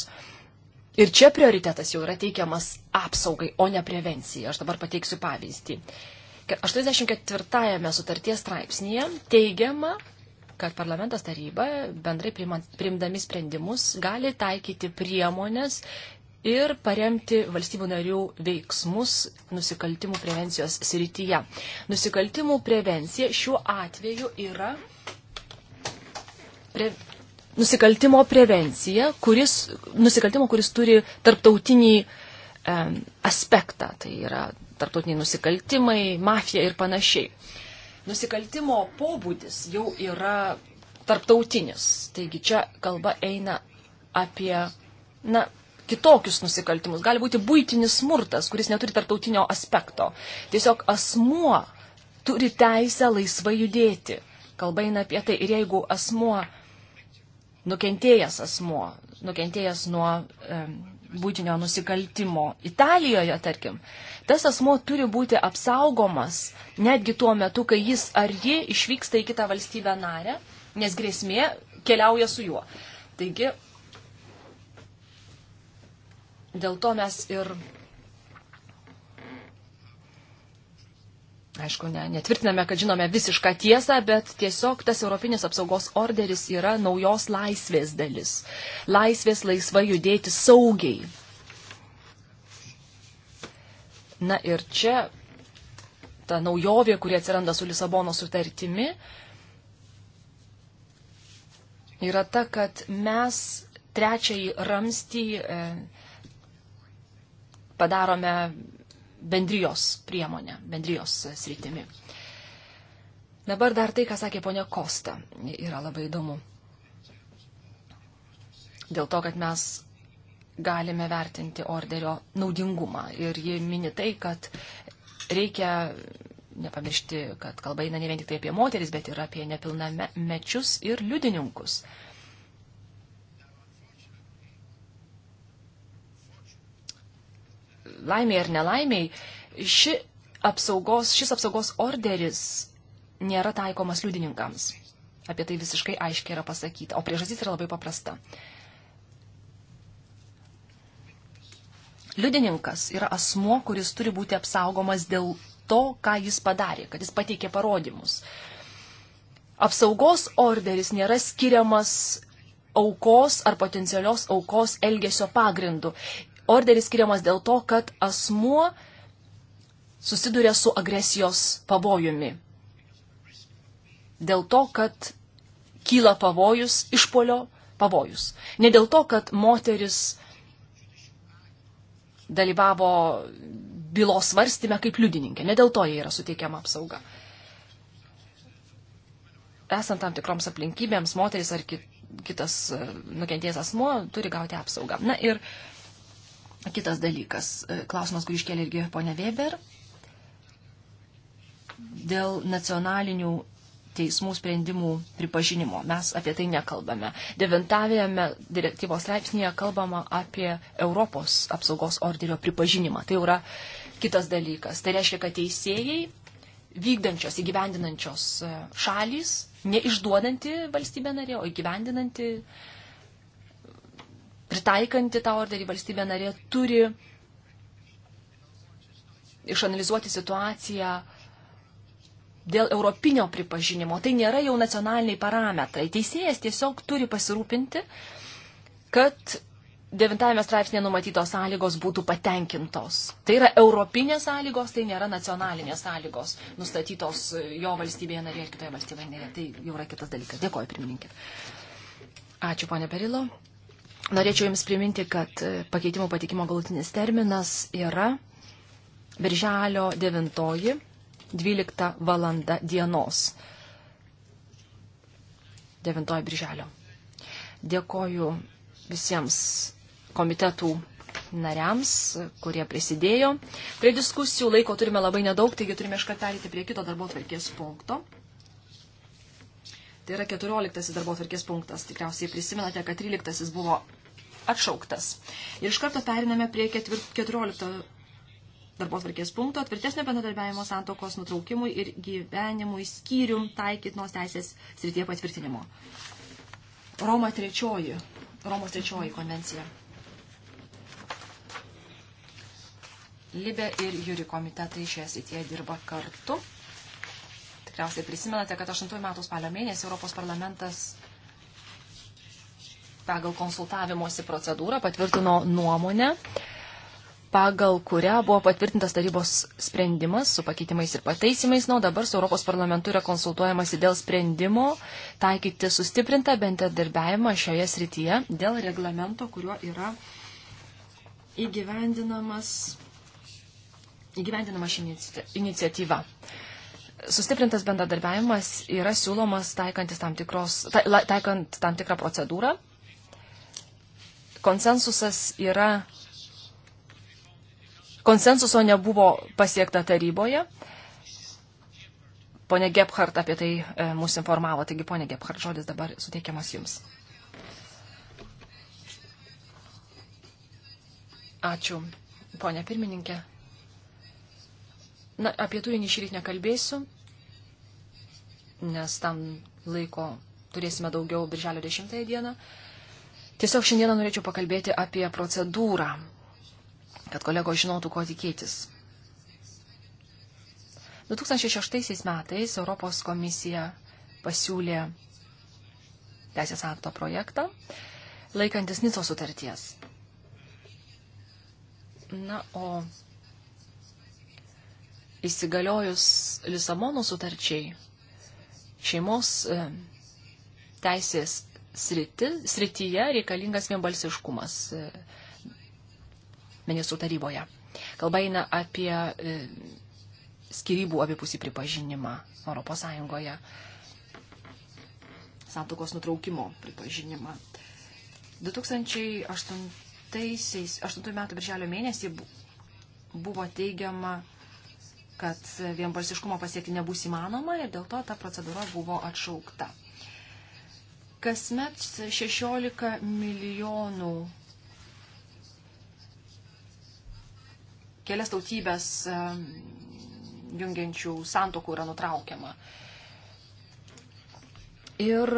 Ir čia prioritetas jau yra teikiamas apsaugai, o ne prevencijai. Aš dabar pateiksiu pavyzdį. 84 sutarties straipsnėje teigiama, kad parlamentas taryba bendrai priimdami sprendimus gali taikyti priemonės ir paremti valstybių narių veiksmus nusikaltimų prevencijos srityje. Nusikaltimų prevencija šiuo atveju yra pre nusikaltimo prevencija, kuris, nusikaltimo, kuris turi tarptautinį e, aspektą, tai yra tarptautiniai nusikaltimai, mafija ir panašiai. Nusikaltimo pobūdis jau yra tarptautinis, taigi čia kalba eina apie, na, kitokius nusikaltimus. Gali būti būtinis smurtas, kuris neturi tarptautinio aspekto. Tiesiog asmuo turi teisę laisvai judėti. Kalba eina apie tai. Ir jeigu asmuo nukentėjęs asmo, nukentėjęs nuo e, būtinio nusikaltimo Italijoje, tarkim, tas asmo turi būti apsaugomas netgi tuo metu, kai jis ar ji išvyksta į kitą valstybę narę, nes grėsmė keliauja su juo. Taigi, dėl to mes ir Aišku, ne, netvirtiname, kad žinome visišką tiesą, bet tiesiog tas Europinis apsaugos orderis yra naujos laisvės dalis. Laisvės laisva judėti saugiai. Na ir čia ta naujovė, kurie atsiranda su Lisabono sutartimi, yra ta, kad mes trečiąjį ramstį e, padarome bendrijos priemonę, bendrijos sritimi. Dabar dar tai, ką sakė ponia Kosta, yra labai įdomu. Dėl to, kad mes galime vertinti orderio naudingumą. Ir ji mini tai, kad reikia nepamiršti, kad kalba eina ne vien tik tai apie moteris, bet ir apie nepilnamečius ir liudininkus. Me laimiai ar nelaimiai, ši apsaugos, šis apsaugos orderis nėra taikomas liudininkams. Apie tai visiškai aiškiai yra pasakyta, o priežastis yra labai paprasta. Liudininkas yra asmo, kuris turi būti apsaugomas dėl to, ką jis padarė, kad jis pateikė parodymus. Apsaugos orderis nėra skiriamas aukos ar potencialios aukos elgesio pagrindu orderis skiriamas dėl to, kad asmuo susiduria su agresijos pavojumi. Dėl to, kad kyla pavojus, išpolio pavojus. Ne dėl to, kad moteris dalyvavo bylos svarstymę kaip liudininkė. Ne dėl to jie yra suteikiama apsauga. Esant tam tikroms aplinkybėms, moteris ar kitas e, nukentėjęs asmo turi gauti apsaugą. Na ir uh, Kitas dalykas, e, klausimas, kurį iškėlė irgi ponia Weber, dėl nacionalinių teismų sprendimų pripažinimo. Mes apie tai nekalbame. Devintavėjame direktyvos straipsnėje kalbama apie Europos apsaugos orderio pripažinimą. Tai jau yra kitas dalykas. Tai reiškia, kad teisėjai vykdančios, įgyvendinančios e, šalys, neišduodanti valstybė narė, o įgyvendinanti uh, pritaikanti tą orderį valstybė narė turi išanalizuoti situaciją dėl europinio pripažinimo. Tai nėra jau nacionaliniai parametrai. Teisėjas tiesiog turi pasirūpinti, kad devintajame straipsnėje numatytos sąlygos būtų patenkintos. Tai yra europinės sąlygos, tai nėra nacionalinės sąlygos nustatytos jo valstybėje narėje ir kitoje valstybėje narėje. Tai jau yra kitas dalykas. Dėkoju, pirmininkė. Ačiū, ponė Perilo. Norėčiau Jums priminti, kad e, pakeitimo patikimo galutinis terminas yra Birželio 9, 12 valanda dienos. 9 birželio. Dėkoju visiems komitetų nariams, kurie prisidėjo. Prie diskusijų laiko turime labai nedaug, taigi turime iškart perėti prie kito darbo tvarkės punkto. Tai yra 14 darbo tvarkės punktas. Tikriausiai prisimenate, kad 13 buvo atšauktas. Ir iš karto periname prie 14 darbo tvarkės punkto tvirtesnio bendradarbiavimo santokos nutraukimui ir gyvenimui skyrium taikytinos teisės srityje patvirtinimo. Roma trečioji, Romos trečioji konvencija. Libė ir Jūri komitetai šioje srityje dirba kartu tikriausiai prisimenate, kad 8 metų spalio mėnesį Europos parlamentas pagal konsultavimosi procedūrą patvirtino nuomonę, pagal kurią buvo patvirtintas tarybos sprendimas su pakeitimais ir pataisimais. Na, dabar su Europos parlamentu yra konsultuojamasi dėl sprendimo taikyti sustiprintą bendradarbiavimą šioje srityje dėl reglamento, kuriuo yra įgyvendinamas įgyvendinama ši iniciatyva. Sustiprintas bendradarbiavimas yra siūlomas taikantis tam, tikros, ta, taikant tam tikrą procedūrą. Konsensusas yra. Konsensuso nebuvo pasiekta taryboje. Pone Gebhardt apie tai e, mūsų informavo. Taigi, pone Gebhardt, žodis dabar suteikiamas jums. Ačiū, ponė pirmininkė. Na, apie turinį šį rytį nekalbėsiu, nes tam laiko turėsime daugiau birželio 10 dieną. Tiesiog šiandieną norėčiau pakalbėti apie procedūrą, kad kolegos žinotų, ko tikėtis. 2006 metais Europos komisija pasiūlė teisės akto projektą, laikantis Nico sutarties. Na, o įsigaliojus Lisabono sutarčiai šeimos e, teisės sriti, srityje reikalingas vienbalsiškumas e, ministrų taryboje. Kalba eina apie e, skirybų abipusį pripažinimą Europos Sąjungoje, santokos nutraukimo pripažinimą. 2008 metų birželio mėnesį buvo teigiama kad vienbalsiškumo pasiekti nebus įmanoma ir dėl to ta procedūra buvo atšaukta. Kasmet 16 milijonų kelias tautybės jungiančių santokų yra nutraukiama. Ir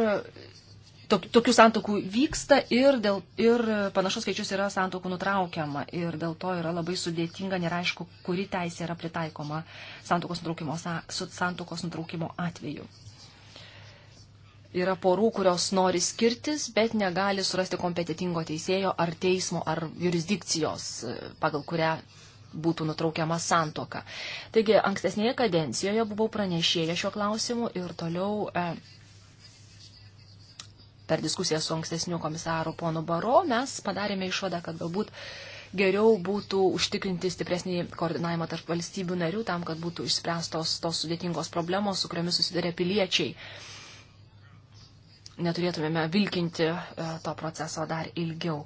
tok, tokių santokų vyksta ir, dėl, ir panašus skaičius yra santokų nutraukiama. Ir dėl to yra labai sudėtinga, nėra aišku, kuri teisė yra pritaikoma santokos nutraukimo, santokos nutraukimo atveju. Yra porų, kurios nori skirtis, bet negali surasti kompetitingo teisėjo ar teismo ar jurisdikcijos, e, pagal kurią būtų nutraukiama santoka. Taigi, ankstesnėje kadencijoje buvau pranešėję šiuo klausimu ir toliau e, per diskusiją su ankstesniu komisaru ponu Baro mes padarėme išvadą, kad galbūt geriau būtų užtikrinti stipresnį koordinavimą tarp valstybių narių tam, kad būtų išspręstos tos sudėtingos problemos, su kuriamis susidarė piliečiai. Neturėtumėme vilkinti e, to proceso dar ilgiau.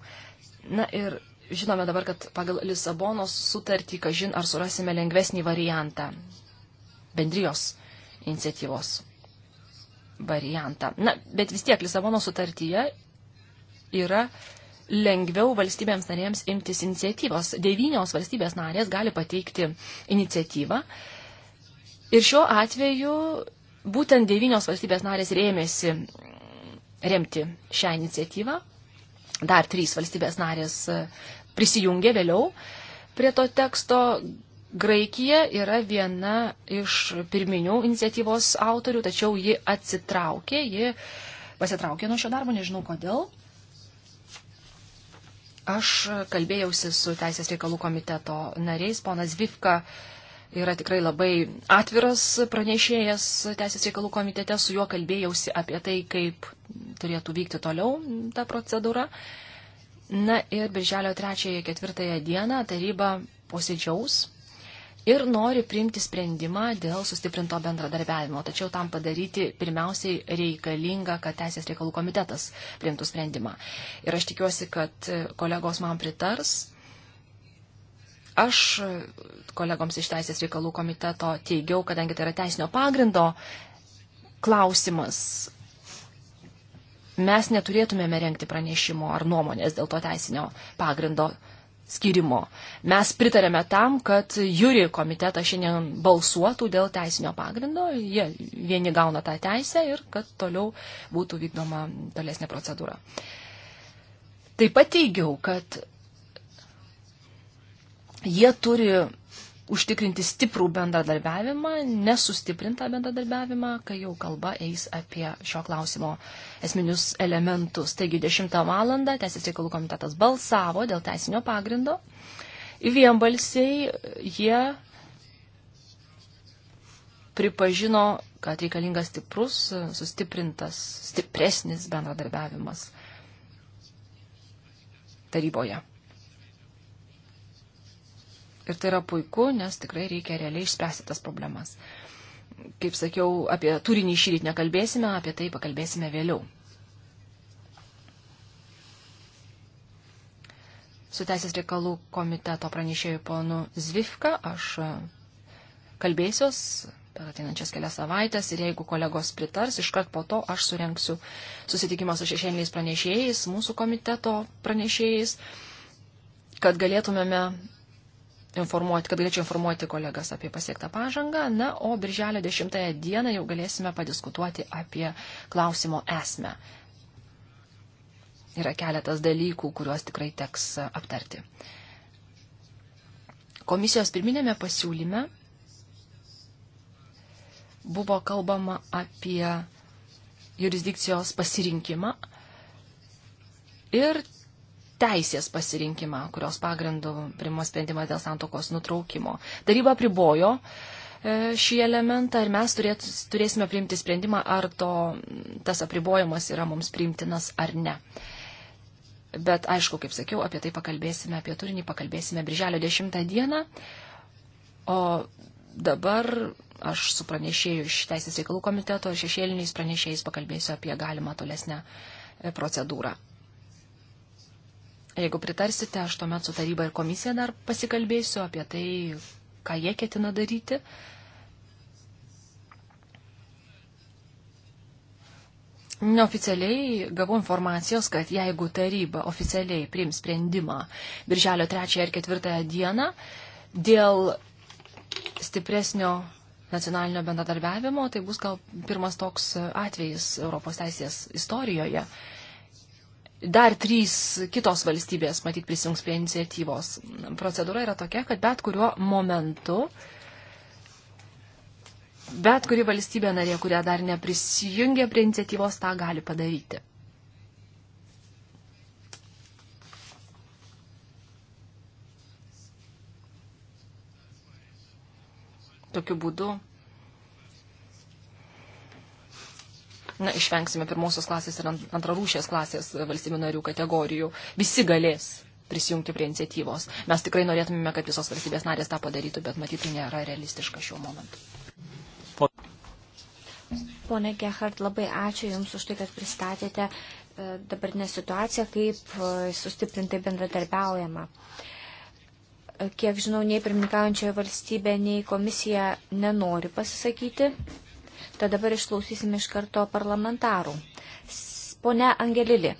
Na ir žinome dabar, kad pagal Lisabonos sutartį, kažin ar surasime lengvesnį variantą bendrijos iniciatyvos variantą. Na, bet vis tiek Lisabono sutartyje yra lengviau valstybėms narėms imtis iniciatyvos. Devynios valstybės narės gali pateikti iniciatyvą. Ir šiuo atveju būtent devynios valstybės narės rėmėsi remti šią iniciatyvą. Dar trys valstybės narės prisijungė vėliau prie to teksto. Graikija yra viena iš pirminių iniciatyvos autorių, tačiau ji atsitraukė, ji pasitraukė nuo šio darbo, nežinau kodėl. Aš kalbėjausi su Teisės reikalų komiteto nariais, ponas Vivka yra tikrai labai atviras pranešėjas Teisės reikalų komitete, su juo kalbėjausi apie tai, kaip turėtų vykti toliau ta procedūra. Na ir birželio 3-4 dieną taryba posėdžiaus ir nori priimti sprendimą dėl sustiprinto bendradarbiavimo. Tačiau tam padaryti pirmiausiai reikalinga, kad Teisės reikalų komitetas priimtų sprendimą. Ir aš tikiuosi, kad kolegos man pritars. Aš kolegoms iš Teisės reikalų komiteto teigiau, kadangi tai yra teisinio pagrindo klausimas, mes neturėtumėme renkti pranešimo ar nuomonės dėl to teisinio pagrindo skirimo. Mes pritarėme tam, kad jūri komitetas šiandien balsuotų dėl teisinio pagrindo, jie vieni gauna tą teisę ir kad toliau būtų vykdoma tolesnė procedūra. Taip pat teigiau, kad jie turi užtikrinti stiprų bendradarbiavimą, nesustiprintą bendradarbiavimą, kai jau kalba eis apie šio klausimo esminius elementus. Taigi 10 val. Teisės reikalų komitetas balsavo dėl teisinio pagrindo. Vienbalsiai jie pripažino, kad reikalingas stiprus, sustiprintas, stipresnis bendradarbiavimas taryboje. Ir tai yra puiku, nes tikrai reikia realiai išspręsti tas problemas. Kaip sakiau, apie turinį šį rytį nekalbėsime, apie tai pakalbėsime vėliau. Su Teisės reikalų komiteto pranešėjų ponu Zvifka aš e, kalbėsiuos per ateinančias kelias savaitės ir jeigu kolegos pritars, iškart po to aš surenksiu susitikimą su šešėliniais pranešėjais, mūsų komiteto pranešėjais, kad galėtumėme informuoti, kad galėčiau informuoti kolegas apie pasiektą pažangą. Na, o birželio 10 dieną jau galėsime padiskutuoti apie klausimo esmę. Yra keletas dalykų, kuriuos tikrai teks aptarti. Komisijos pirminėme pasiūlyme buvo kalbama apie jurisdikcijos pasirinkimą ir teisės pasirinkimą, kurios pagrindų primo sprendimas dėl santokos nutraukimo. Taryba pribojo e, šį elementą ir mes turėt, turėsime priimti sprendimą, ar to, tas apribojimas yra mums priimtinas ar ne. Bet aišku, kaip sakiau, apie tai pakalbėsime, apie turinį pakalbėsime birželio 10 dieną. O dabar aš su pranešėju iš Teisės reikalų komiteto ir šešėliniais pranešėjais pakalbėsiu apie galimą tolesnę e, procedūrą. Jeigu pritarsite, aš tuomet su taryba ir komisija dar pasikalbėsiu apie tai, ką jie ketina daryti. Neoficialiai gavau informacijos, kad jeigu taryba oficialiai priims sprendimą birželio 3 ir 4 dieną dėl stipresnio nacionalinio bendradarbiavimo, tai bus gal pirmas toks atvejis Europos teisės istorijoje. Uh, dar trys kitos valstybės, matyt, prisijungs prie iniciatyvos. Procedūra yra tokia, kad bet kuriuo momentu, bet kuri valstybė narė, kurie dar neprisijungia prie iniciatyvos, tą gali padaryti. Tokiu būdu na, išvengsime pirmosios klasės ir antrarūšės klasės valstybių narių kategorijų. Visi galės prisijungti prie iniciatyvos. Mes tikrai norėtumėme, kad visos valstybės narės tą padarytų, bet matyti tai nėra realistiška šiuo momentu. Pone Gehart, labai ačiū Jums už tai, kad pristatėte e, dabartinę situaciją, kaip e, sustiprintai bendradarbiaujama. E, kiek žinau, nei pirmininkaujančioje valstybė, nei komisija nenori pasisakyti. Tad dabar išklausysime iš karto parlamentarų. Pone Angelili.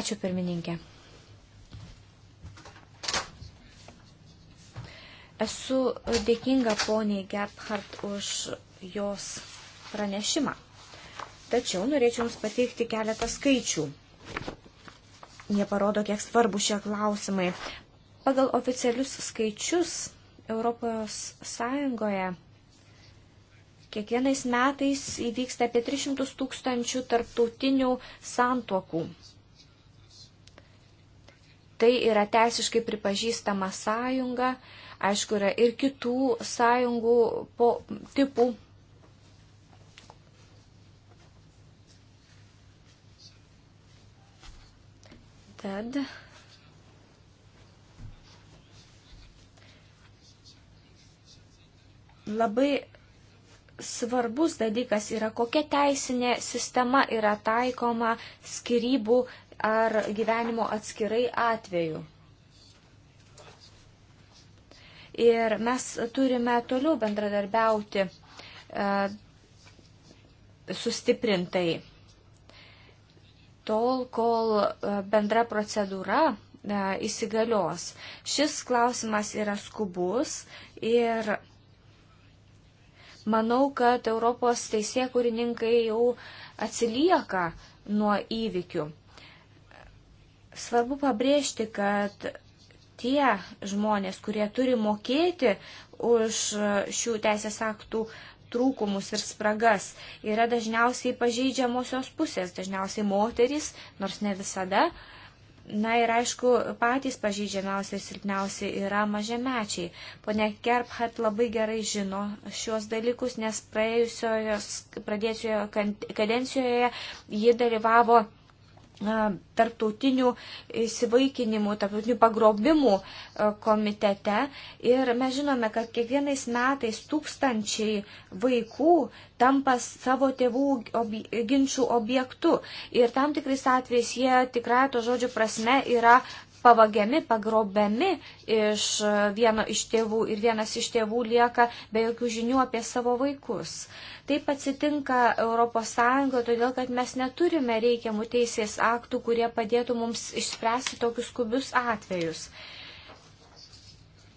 Ačiū pirmininkė. Esu dėkinga poniai Gerhardt už jos pranešimą. Tačiau norėčiau Jums pateikti keletą skaičių. Jie parodo, kiek svarbu šie klausimai. Pagal oficialius skaičius Europos Sąjungoje kiekvienais metais įvyksta apie 300 tūkstančių tarptautinių santuokų. Tai yra teisiškai pripažįstama sąjunga, aišku, yra ir kitų sąjungų po, tipų, Tad labai svarbus dalykas yra, kokia teisinė sistema yra taikoma skirybų ar gyvenimo atskirai atveju. Ir mes turime toliau bendradarbiauti e, sustiprintai. Tol, kol e, bendra procedūra e, įsigalios. Šis klausimas yra skubus ir Manau, kad Europos teisė kūrininkai jau atsilieka nuo įvykių. Svarbu pabrėžti, kad tie žmonės, kurie turi mokėti už šių teisės aktų trūkumus ir spragas, yra dažniausiai pažeidžiamosios pusės, dažniausiai moterys, nors ne visada, uh, Na ir aišku, patys pažydžiamiausi ir silpniausi yra mažamečiai. Pone Kerphat labai gerai žino šios dalykus, nes praėjusioje kadencijoje ji dalyvavo tarptautinių įsivaikinimų, tarptautinių pagrobimų e, komitete. Ir mes žinome, kad kiekvienais metais tūkstančiai vaikų tampa savo tėvų obi ginčių objektu. Ir tam tikrais atvejais jie tikrai to žodžio prasme yra pavagiami, pagrobiami iš vieno iš tėvų ir vienas iš tėvų lieka be jokių žinių apie savo vaikus. Taip atsitinka ES, todėl kad mes neturime reikiamų teisės aktų, kurie padėtų mums išspręsti tokius skubius atvejus.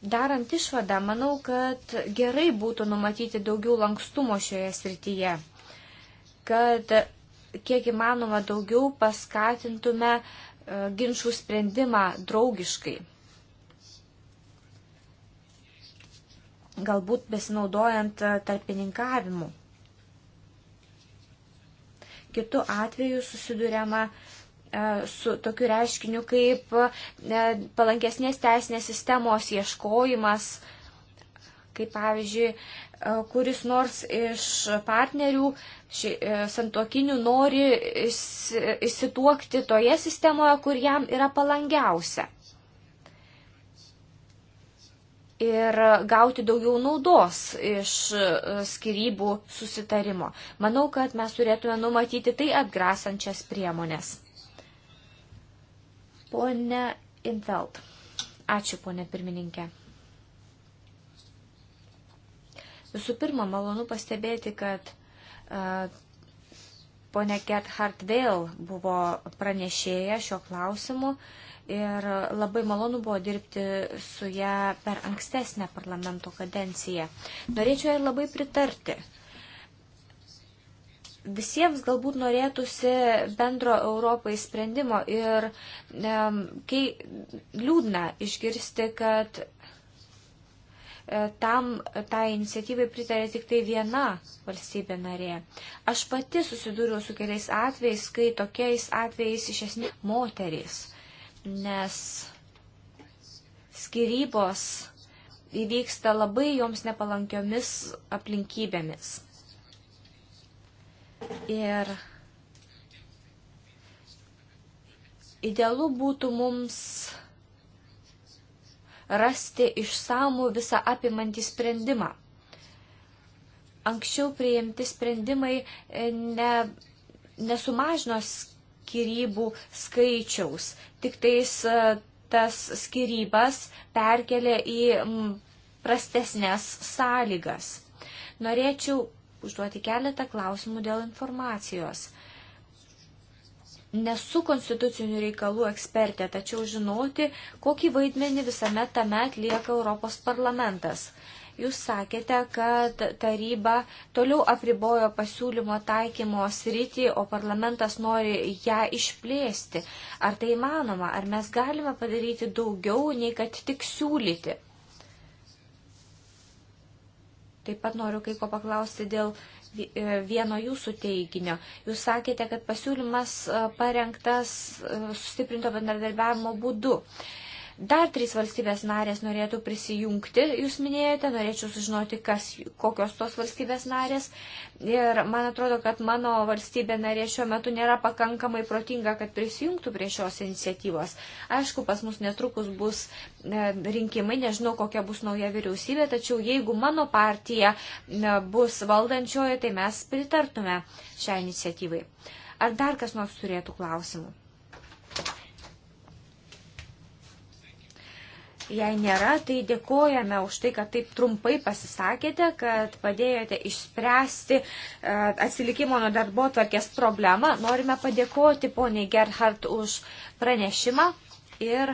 Darant išvadą, manau, kad gerai būtų numatyti daugiau lankstumo šioje srityje, kad kiek įmanoma daugiau paskatintume uh, E, ginčių sprendimą draugiškai. Galbūt besinaudojant e, tarpininkavimu. Kitu atveju susidurėma e, su tokiu reiškiniu kaip palankesnės teisinės sistemos ieškojimas kaip pavyzdžiui, e, kuris nors iš partnerių ši, e, santokinių nori įsituokti toje sistemoje, kur jam yra palangiausia. Ir gauti daugiau naudos iš e, skirybų susitarimo. Manau, kad mes turėtume numatyti tai atgrasančias priemonės. Pone Infeld. Ačiū, ponė pirmininkė. Visų pirma, malonu pastebėti, kad uh, ponia Gerhard vėl buvo pranešėja šio klausimu ir labai malonu buvo dirbti su ją per ankstesnę parlamento kadenciją. Norėčiau jai labai pritarti. Visiems galbūt norėtųsi bendro Europai sprendimo ir um, kai liūdna išgirsti, kad E, tam tai iniciatyvai pritarė tik tai viena valstybė narė. Aš pati susidūriau su keliais atvejais, kai tokiais atvejais iš esmės moterys, nes skirybos įvyksta labai joms nepalankiomis aplinkybėmis. Ir idealu būtų mums rasti išsamų visą apimantį sprendimą. Anksčiau priimti sprendimai e, ne, nesumažino skirybų skaičiaus, tik tais e, tas skirybas perkelė į prastesnės sąlygas. Norėčiau užduoti keletą klausimų dėl informacijos nesu konstitucinių reikalų ekspertė, tačiau žinoti, kokį vaidmenį visame tame atlieka Europos parlamentas. Jūs sakėte, kad taryba toliau apribojo pasiūlymo taikymo sritį, o parlamentas nori ją išplėsti. Ar tai įmanoma? Ar mes galime padaryti daugiau, nei kad tik siūlyti? Taip pat noriu kai ko paklausti dėl E, vieno jūsų teiginio. Jūs sakėte, kad pasiūlymas e, parengtas e, sustiprinto bendradarbiavimo būdu. Uh, Dar trys valstybės narės norėtų prisijungti, jūs minėjote, norėčiau sužinoti, kas, kokios tos valstybės narės. Ir man atrodo, kad mano valstybė narė šiuo metu nėra pakankamai protinga, kad prisijungtų prie šios iniciatyvos. Aišku, pas mus netrukus bus e, rinkimai, nežinau, kokia bus nauja vyriausybė, tačiau jeigu mano partija e, bus valdančioji, tai mes pritartume šią iniciatyvai. Ar dar kas nors turėtų klausimų? Jei nėra, tai dėkojame už tai, kad taip trumpai pasisakėte, kad padėjote išspręsti e, atsilikimo nuo darbo tvarkės problemą. Norime padėkoti poniai Gerhardt už pranešimą ir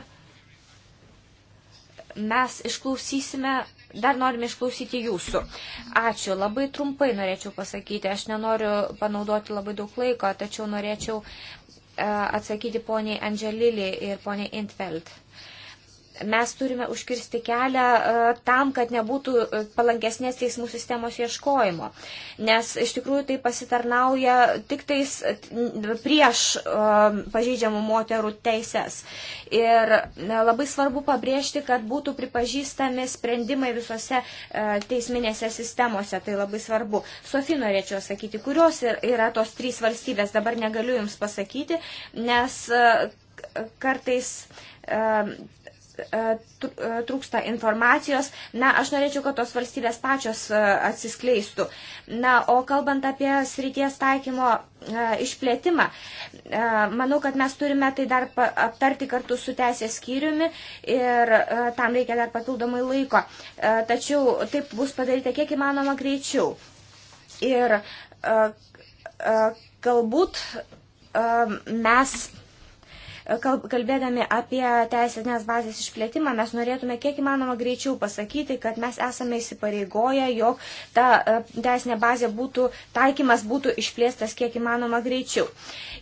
mes išklausysime. Dar norime išklausyti jūsų. Ačiū. Labai trumpai norėčiau pasakyti. Aš nenoriu panaudoti labai daug laiko, tačiau norėčiau e, atsakyti poniai Angelilį ir poniai Intveld. Mes turime užkirsti kelią e, tam, kad nebūtų e, palankesnės teismų sistemos ieškojimo, nes iš tikrųjų tai pasitarnauja tik tais e, prieš pažeidžiamų moterų teises. Ir labai svarbu pabrėžti, kad būtų pripažįstami sprendimai visose teisminėse sistemose. Tai labai svarbu. Sofi norėčiau sakyti, kurios yra tos trys valstybės, dabar negaliu Jums pasakyti, nes kartais E, e, trūksta informacijos. Na, aš norėčiau, kad tos valstybės pačios e, atsiskleistų. Na, o kalbant apie srities taikymo išplėtimą, manau, kad mes turime tai dar aptarti kartu su teisės skyriumi ir tam reikia dar papildomai laiko. Tačiau taip bus padaryta kiek įmanoma greičiau. Ir galbūt mes Kalbėdami apie teisinės bazės išplėtimą, mes norėtume kiek įmanoma greičiau pasakyti, kad mes esame įsipareigoję, jog ta e, teisinė bazė būtų, taikymas būtų išplėstas kiek įmanoma greičiau.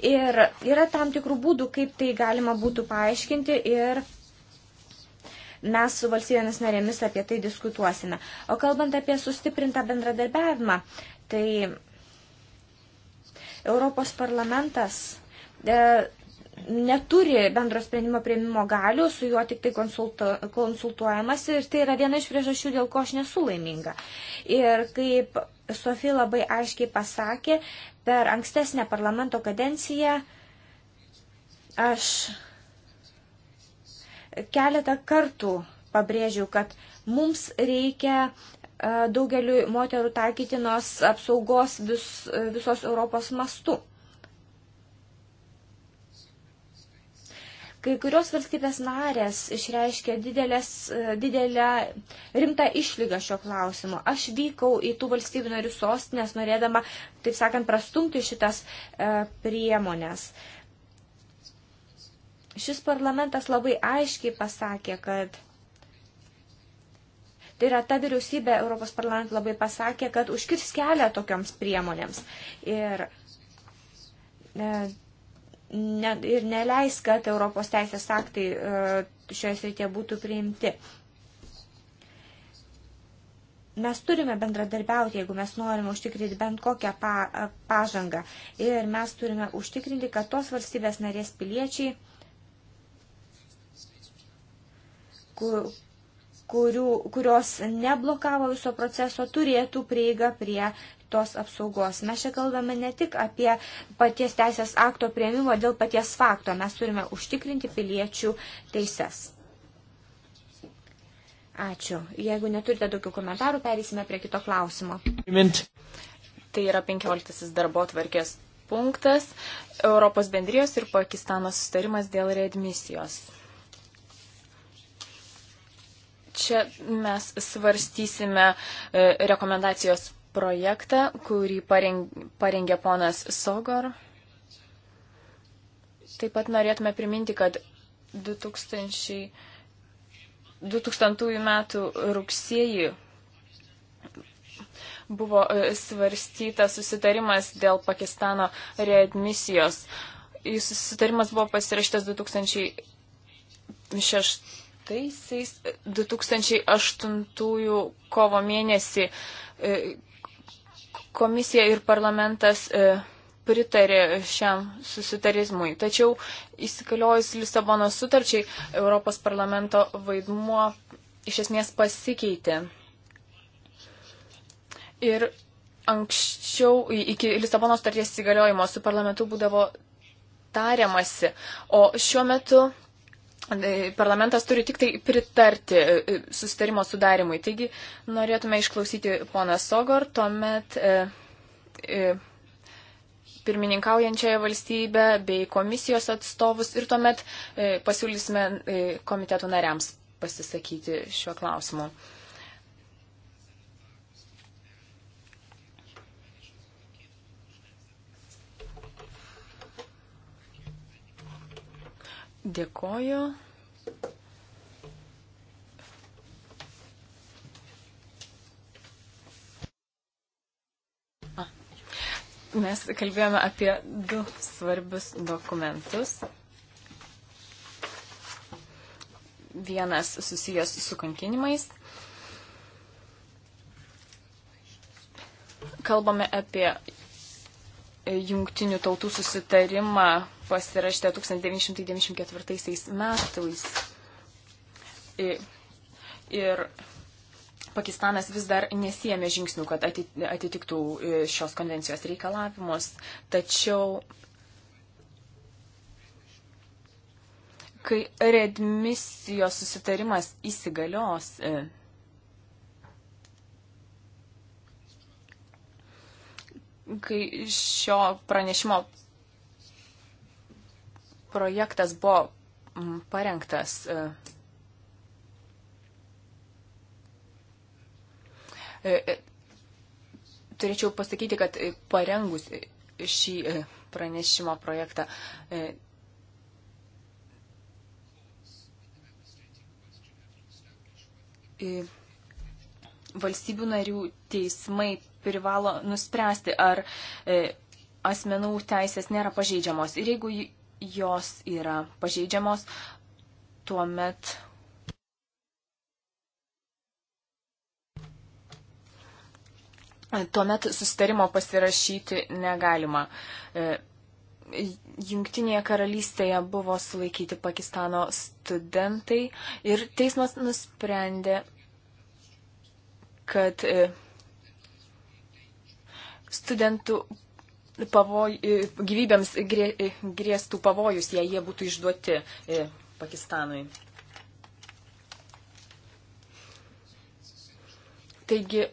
Ir yra tam tikrų būdų, kaip tai galima būtų paaiškinti ir mes su valstybėmis narėmis apie tai diskutuosime. O kalbant apie sustiprintą bendradarbiavimą, tai Europos parlamentas e, neturi bendro sprendimo prieimimo galių, su juo tik tai konsulto, konsultuojamas ir tai yra viena iš priežasčių, dėl ko aš nesu laiminga. Ir kaip Sofija labai aiškiai pasakė, per ankstesnę parlamento kadenciją aš keletą kartų pabrėžiau, kad mums reikia e, daugeliu moterų taikytinos apsaugos vis, visos Europos mastu. Kai kurios valstybės narės išreiškė didelės, e, didelę rimtą išlygą šio klausimu. Aš vykau į tų valstybių narių sostinės, norėdama, taip sakant, prastumti šitas e, priemonės. Šis parlamentas labai aiškiai pasakė, kad Tai yra ta vyriausybė, Europos parlamentas labai pasakė, kad užkirs kelią tokioms priemonėms. Ir e, ne, ir neleis, kad Europos teisės aktai e, šioje srityje būtų priimti. Mes turime bendradarbiauti, jeigu mes norime užtikrinti bent kokią pa, e, pažangą. Ir mes turime užtikrinti, kad tos valstybės narės piliečiai, kur, kurių, kurios neblokavo viso proceso, turėtų prieigą prie tos apsaugos. Mes čia kalbame ne tik apie paties teisės akto prieimimo dėl paties fakto, mes turime užtikrinti piliečių teises. Ačiū. Jeigu neturite daugiau komentarų, perėsime prie kito klausimo. Tai yra 15 darbo tvarkės punktas Europos bendrijos ir Pakistano sustarimas dėl readmisijos. Čia mes svarstysime e, rekomendacijos projektą, kurį parengė ponas Sogor. Taip pat norėtume priminti, kad 2000, 2000 metų rugsėjį buvo e, svarstytas susitarimas dėl Pakistano readmisijos. Jis susitarimas buvo pasirašytas 2006 2008 e, kovo mėnesį e, komisija ir parlamentas e, pritarė šiam susitarizmui. Tačiau įsikaliojus Lisabonos sutarčiai Europos parlamento vaidmuo iš esmės pasikeitė. Ir anksčiau iki Lisabonos starties įgaliojimo su parlamentu būdavo tariamasi, o šiuo metu E, parlamentas turi tik tai pritarti e, susitarimo sudarimui. Taigi norėtume išklausyti poną Sogor, tuomet e, e, pirmininkaujančiąją valstybę bei komisijos atstovus ir tuomet e, pasiūlysime e, komitetų nariams pasisakyti šiuo klausimu. Dėkoju. Mes kalbėjome apie du svarbius dokumentus. Vienas susijęs su kankinimais. Kalbame apie jungtinių tautų susitarimą pasirašyta 1994 metais. Ir Pakistanas vis dar nesijėmė žingsnių, kad atitiktų e, šios konvencijos reikalavimus, tačiau kai redmisijos susitarimas įsigalios, e, kai šio pranešimo projektas buvo mm, parengtas e, e, e, turėčiau pasakyti, kad parengus šį pranešimo projektą valstybių narių teismai privalo nuspręsti, ar asmenų teisės nėra pažeidžiamos. Ir jeigu jos yra pažeidžiamos, tuomet tuomet susitarimo pasirašyti negalima. E, Junktinėje karalystėje buvo sulaikyti Pakistano studentai ir teismas nusprendė, kad e, studentų pavoj, e, gyvybėms grė, e, grėstų pavojus, jei jie būtų išduoti e, Pakistanui. Taigi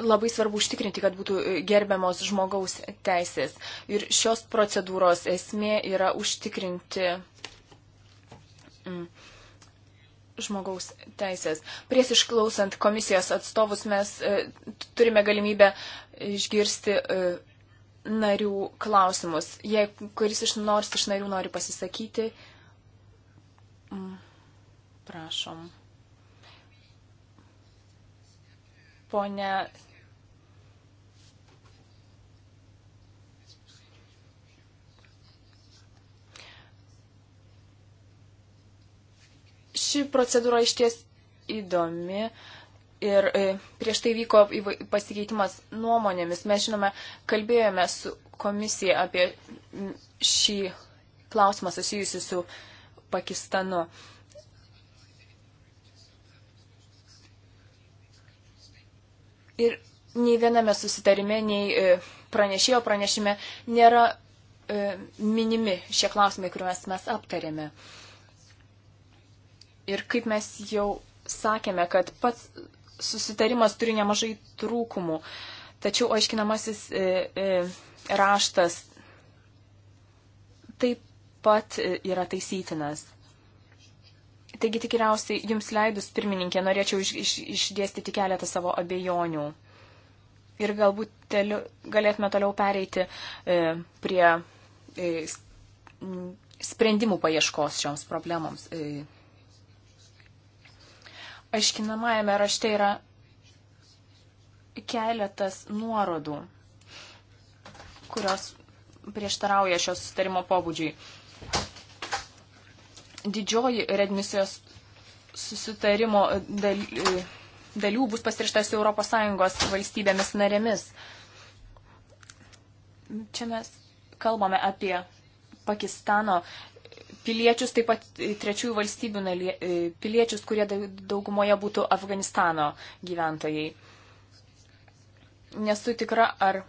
labai svarbu užtikrinti, kad būtų gerbiamos žmogaus teisės. Ir šios procedūros esmė yra užtikrinti mm, žmogaus teisės. Prieš išklausant komisijos atstovus mes turime galimybę išgirsti narių klausimus. Jei kuris iš nors iš narių nori pasisakyti, mm, prašom. Pone. Ši procedūra iš ties įdomi. Uh, Ir e, prieš tai vyko pasikeitimas nuomonėmis. Mes, žinome, kalbėjome su komisija apie šį klausimą susijusi su Pakistanu. Ir nei viename susitarime, nei e, pranešėjo pranešime nėra e, minimi šie klausimai, kuriuos mes aptarėme. Ir kaip mes jau sakėme, kad pats susitarimas turi nemažai trūkumų, tačiau aiškinamasis e, e, raštas taip pat e, yra taisytinas. Taigi tikriausiai jums leidus, pirmininkė, norėčiau iš, iš, išdėstyti keletą savo abejonių. Ir galbūt teliu, galėtume toliau pereiti e, prie e, sprendimų paieškos šioms problemoms. E, aiškinamajame rašte yra keletas nuorodų, kurios prieštarauja šios sustarimo pobūdžiai. Didžioji redmisijos susitarimo dalių bus pasirištas ES valstybėmis narėmis. Čia mes kalbame apie Pakistano piliečius, taip pat trečiųjų valstybių piliečius, kurie daugumoje būtų Afganistano gyventojai. Nesu tikra, ar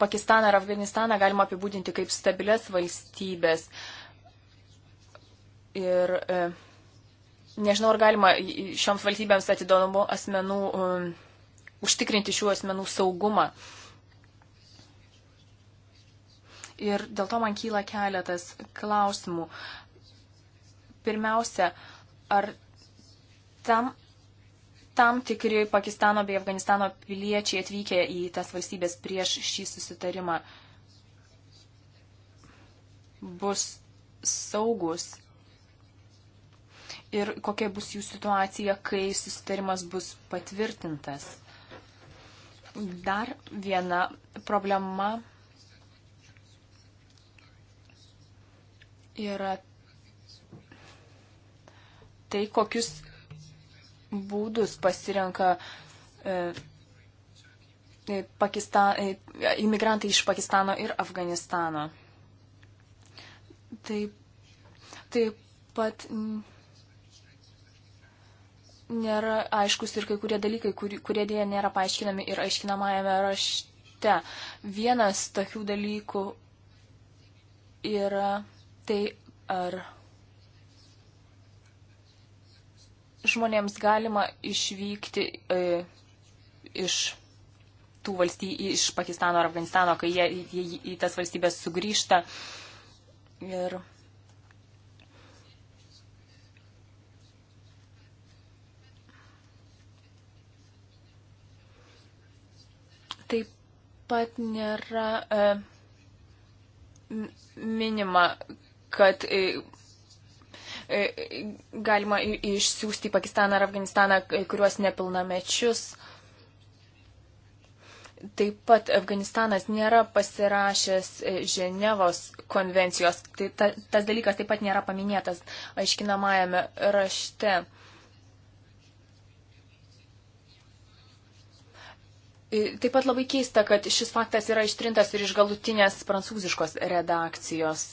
Pakistaną ar Afganistaną galima apibūdinti kaip stabilės valstybės. Ir e, nežinau, ar galima šioms valstybėms atidodomų asmenų um, užtikrinti šių asmenų saugumą. E, ir dėl to man kyla keletas klausimų. Pirmiausia, ar tam, tam tikri Pakistano bei Afganistano piliečiai atvykę į tas valstybės prieš šį susitarimą bus saugus ir kokia bus jų situacija, kai susitarimas bus patvirtintas. Dar viena problema yra tai, kokius būdus pasirenka e, e, Pakistan, e, imigrantai iš Pakistano ir Afganistano. Taip, taip pat nėra aiškus ir kai kurie dalykai, kurie, kurie dėja nėra paaiškinami ir aiškinamajame rašte. Vienas tokių dalykų yra tai ar žmonėms galima išvykti e, iš tų valstybių, iš Pakistano ar Afganistano, kai jie, jie, jie į tas valstybės sugrįžta. Ir taip pat nėra e, minima, kad e, e, galima išsiųsti į Pakistaną ar Afganistaną kuriuos nepilnamečius. Taip pat Afganistanas nėra pasirašęs e, Ženevos konvencijos. Tai ta, tas dalykas taip pat nėra paminėtas aiškinamajame rašte. Taip pat labai keista, kad šis faktas yra ištrintas ir iš galutinės prancūziškos redakcijos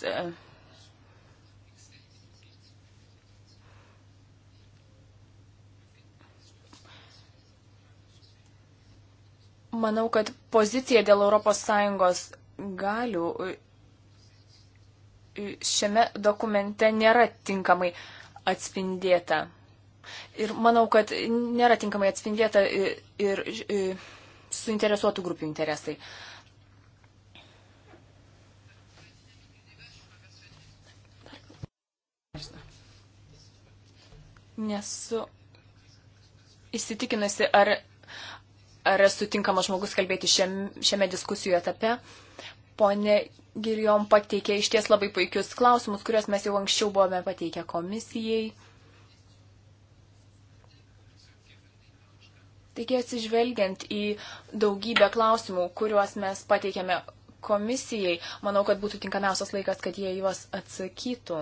Manau, kad pozicija dėl ES galių e, šiame dokumente nėra tinkamai atspindėta. Ir manau, kad nėra tinkamai atspindėta ir, ir, ir suinteresuotų grupių interesai. Nesu įsitikinusi, ar ar esu tinkamas žmogus kalbėti šiam, šiame diskusijų etape. Pone Girijom pateikė iš ties labai puikius klausimus, kuriuos mes jau anksčiau buvome pateikę komisijai. Taigi atsižvelgiant į daugybę klausimų, kuriuos mes pateikėme komisijai, manau, kad būtų tinkamiausias laikas, kad jie juos atsakytų.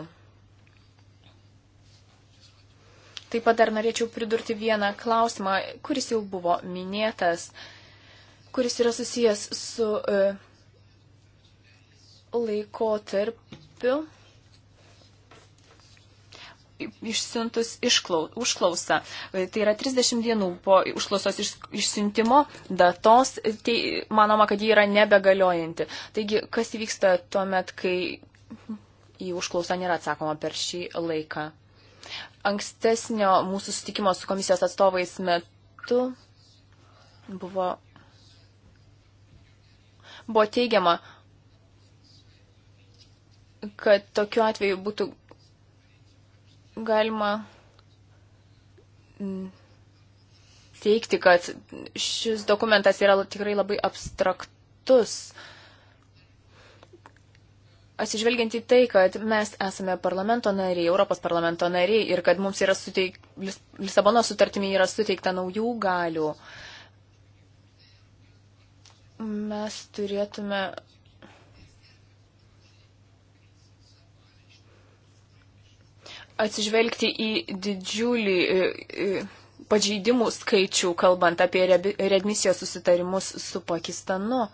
Taip pat dar norėčiau pridurti vieną klausimą, kuris jau buvo minėtas, kuris yra susijęs su e, laikotarpiu išsiuntus išklau, užklausą. E, tai yra 30 dienų po užklausos iš, išsiuntimo datos, tai manoma, kad ji yra nebegaliojanti. Taigi, kas vyksta tuo met, kai į užklausą nėra atsakoma per šį laiką? ankstesnio mūsų sutikimo su komisijos atstovais metu buvo, buvo teigiama, kad tokiu atveju būtų galima mm, teikti, kad šis dokumentas yra tikrai labai abstraktus. Uh, atsižvelgiant į tai, kad mes esame parlamento nariai, Europos parlamento nariai ir kad mums yra suteik, Lisabono sutartimi yra suteikta naujų galių, mes turėtume. Atsižvelgti į didžiulį e, e, pažeidimų skaičių, kalbant apie readmisijos susitarimus su Pakistanu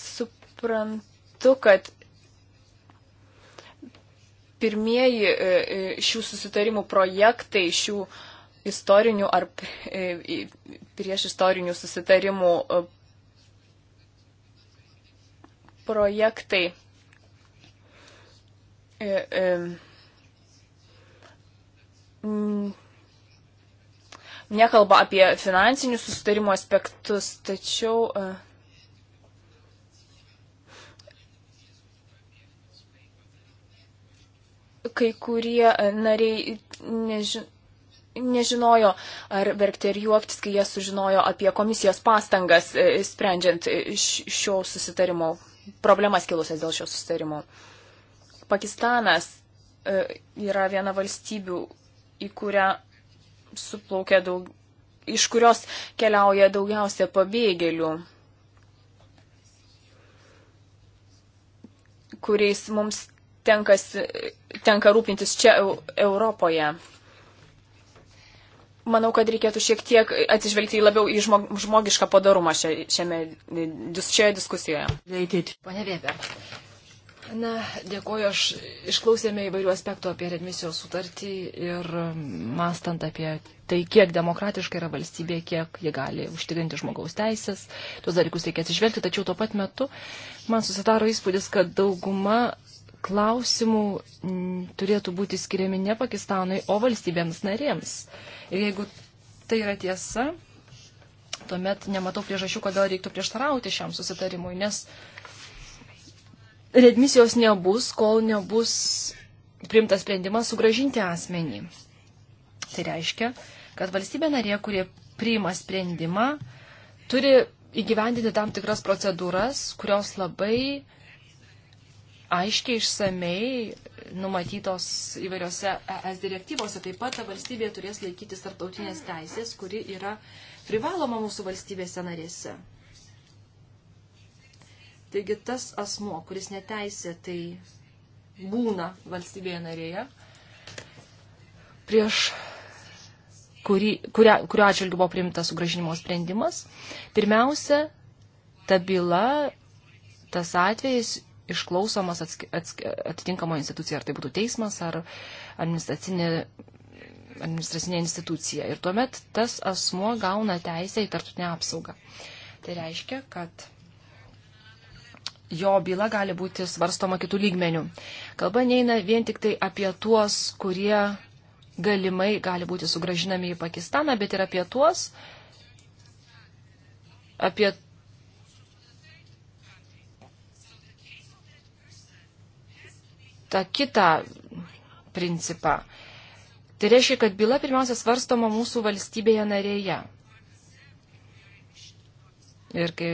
su suprantu, kad pirmieji e, e, šių susitarimų projektai, šių istorinių ar e, prieš istorinių susitarimų projektai nekalba apie finansinių susitarimų aspektus, tačiau kai kurie e, nariai e, neži... nežinojo, ar verkti ar juoktis, kai jie sužinojo apie komisijos pastangas e, sprendžiant šio susitarimo problemas kilusias dėl šio susitarimo. Pakistanas yra viena valstybių, į kurią suplaukia daug, iš kurios keliauja daugiausia pabėgėlių, kuriais mums tenkas, tenka rūpintis čia Europoje. Manau, kad reikėtų šiek tiek atsižvelgti labiau į žmog, žmogišką padarumą šia, šiame, šioje diskusijoje. Pane Vėber. Na, dėkoju, aš išklausėme įvairių aspektų apie redmisijos sutartį ir mastant apie tai, kiek demokratiškai yra valstybė, kiek ji gali užtikrinti žmogaus teisės, tuos dalykus reikia atsižvelgti, tačiau tuo pat metu man susidaro įspūdis, kad dauguma klausimų m, turėtų būti skiriami ne Pakistanui, o valstybėms narėms. Ir jeigu tai yra tiesa, tuomet nematau priežasčių, kodėl reiktų prieštarauti šiam susitarimui, nes redmisijos nebus, kol nebus primtas sprendimas sugražinti asmenį. Tai reiškia, kad valstybė narė, kurie priima sprendimą, turi įgyvendinti tam tikras procedūras, kurios labai uh, aiškiai išsamei numatytos įvairiose ES direktyvose. Taip pat ta valstybė turės laikytis tarptautinės teisės, kuri yra privaloma mūsų valstybėse narėse. Taigi tas asmo, kuris neteisė, tai būna valstybėje narėje, prieš kuri, kuria, kurio atžvilgiu buvo priimtas sugražinimo sprendimas, pirmiausia, ta byla, tas atvejis išklausomas atitinkamo institucija, ar tai būtų teismas, ar administracinė, administracinė institucija. Ir tuomet tas asmuo gauna teisę į tartutinę apsaugą. Tai reiškia, kad jo byla gali būti svarstoma kitų lygmenių. Kalba neina vien tik tai apie tuos, kurie galimai gali būti sugražinami į Pakistaną, bet ir apie tuos, apie tą kitą principą. Tai reiškia, kad byla pirmiausia svarstoma mūsų valstybėje narėje. Ir kai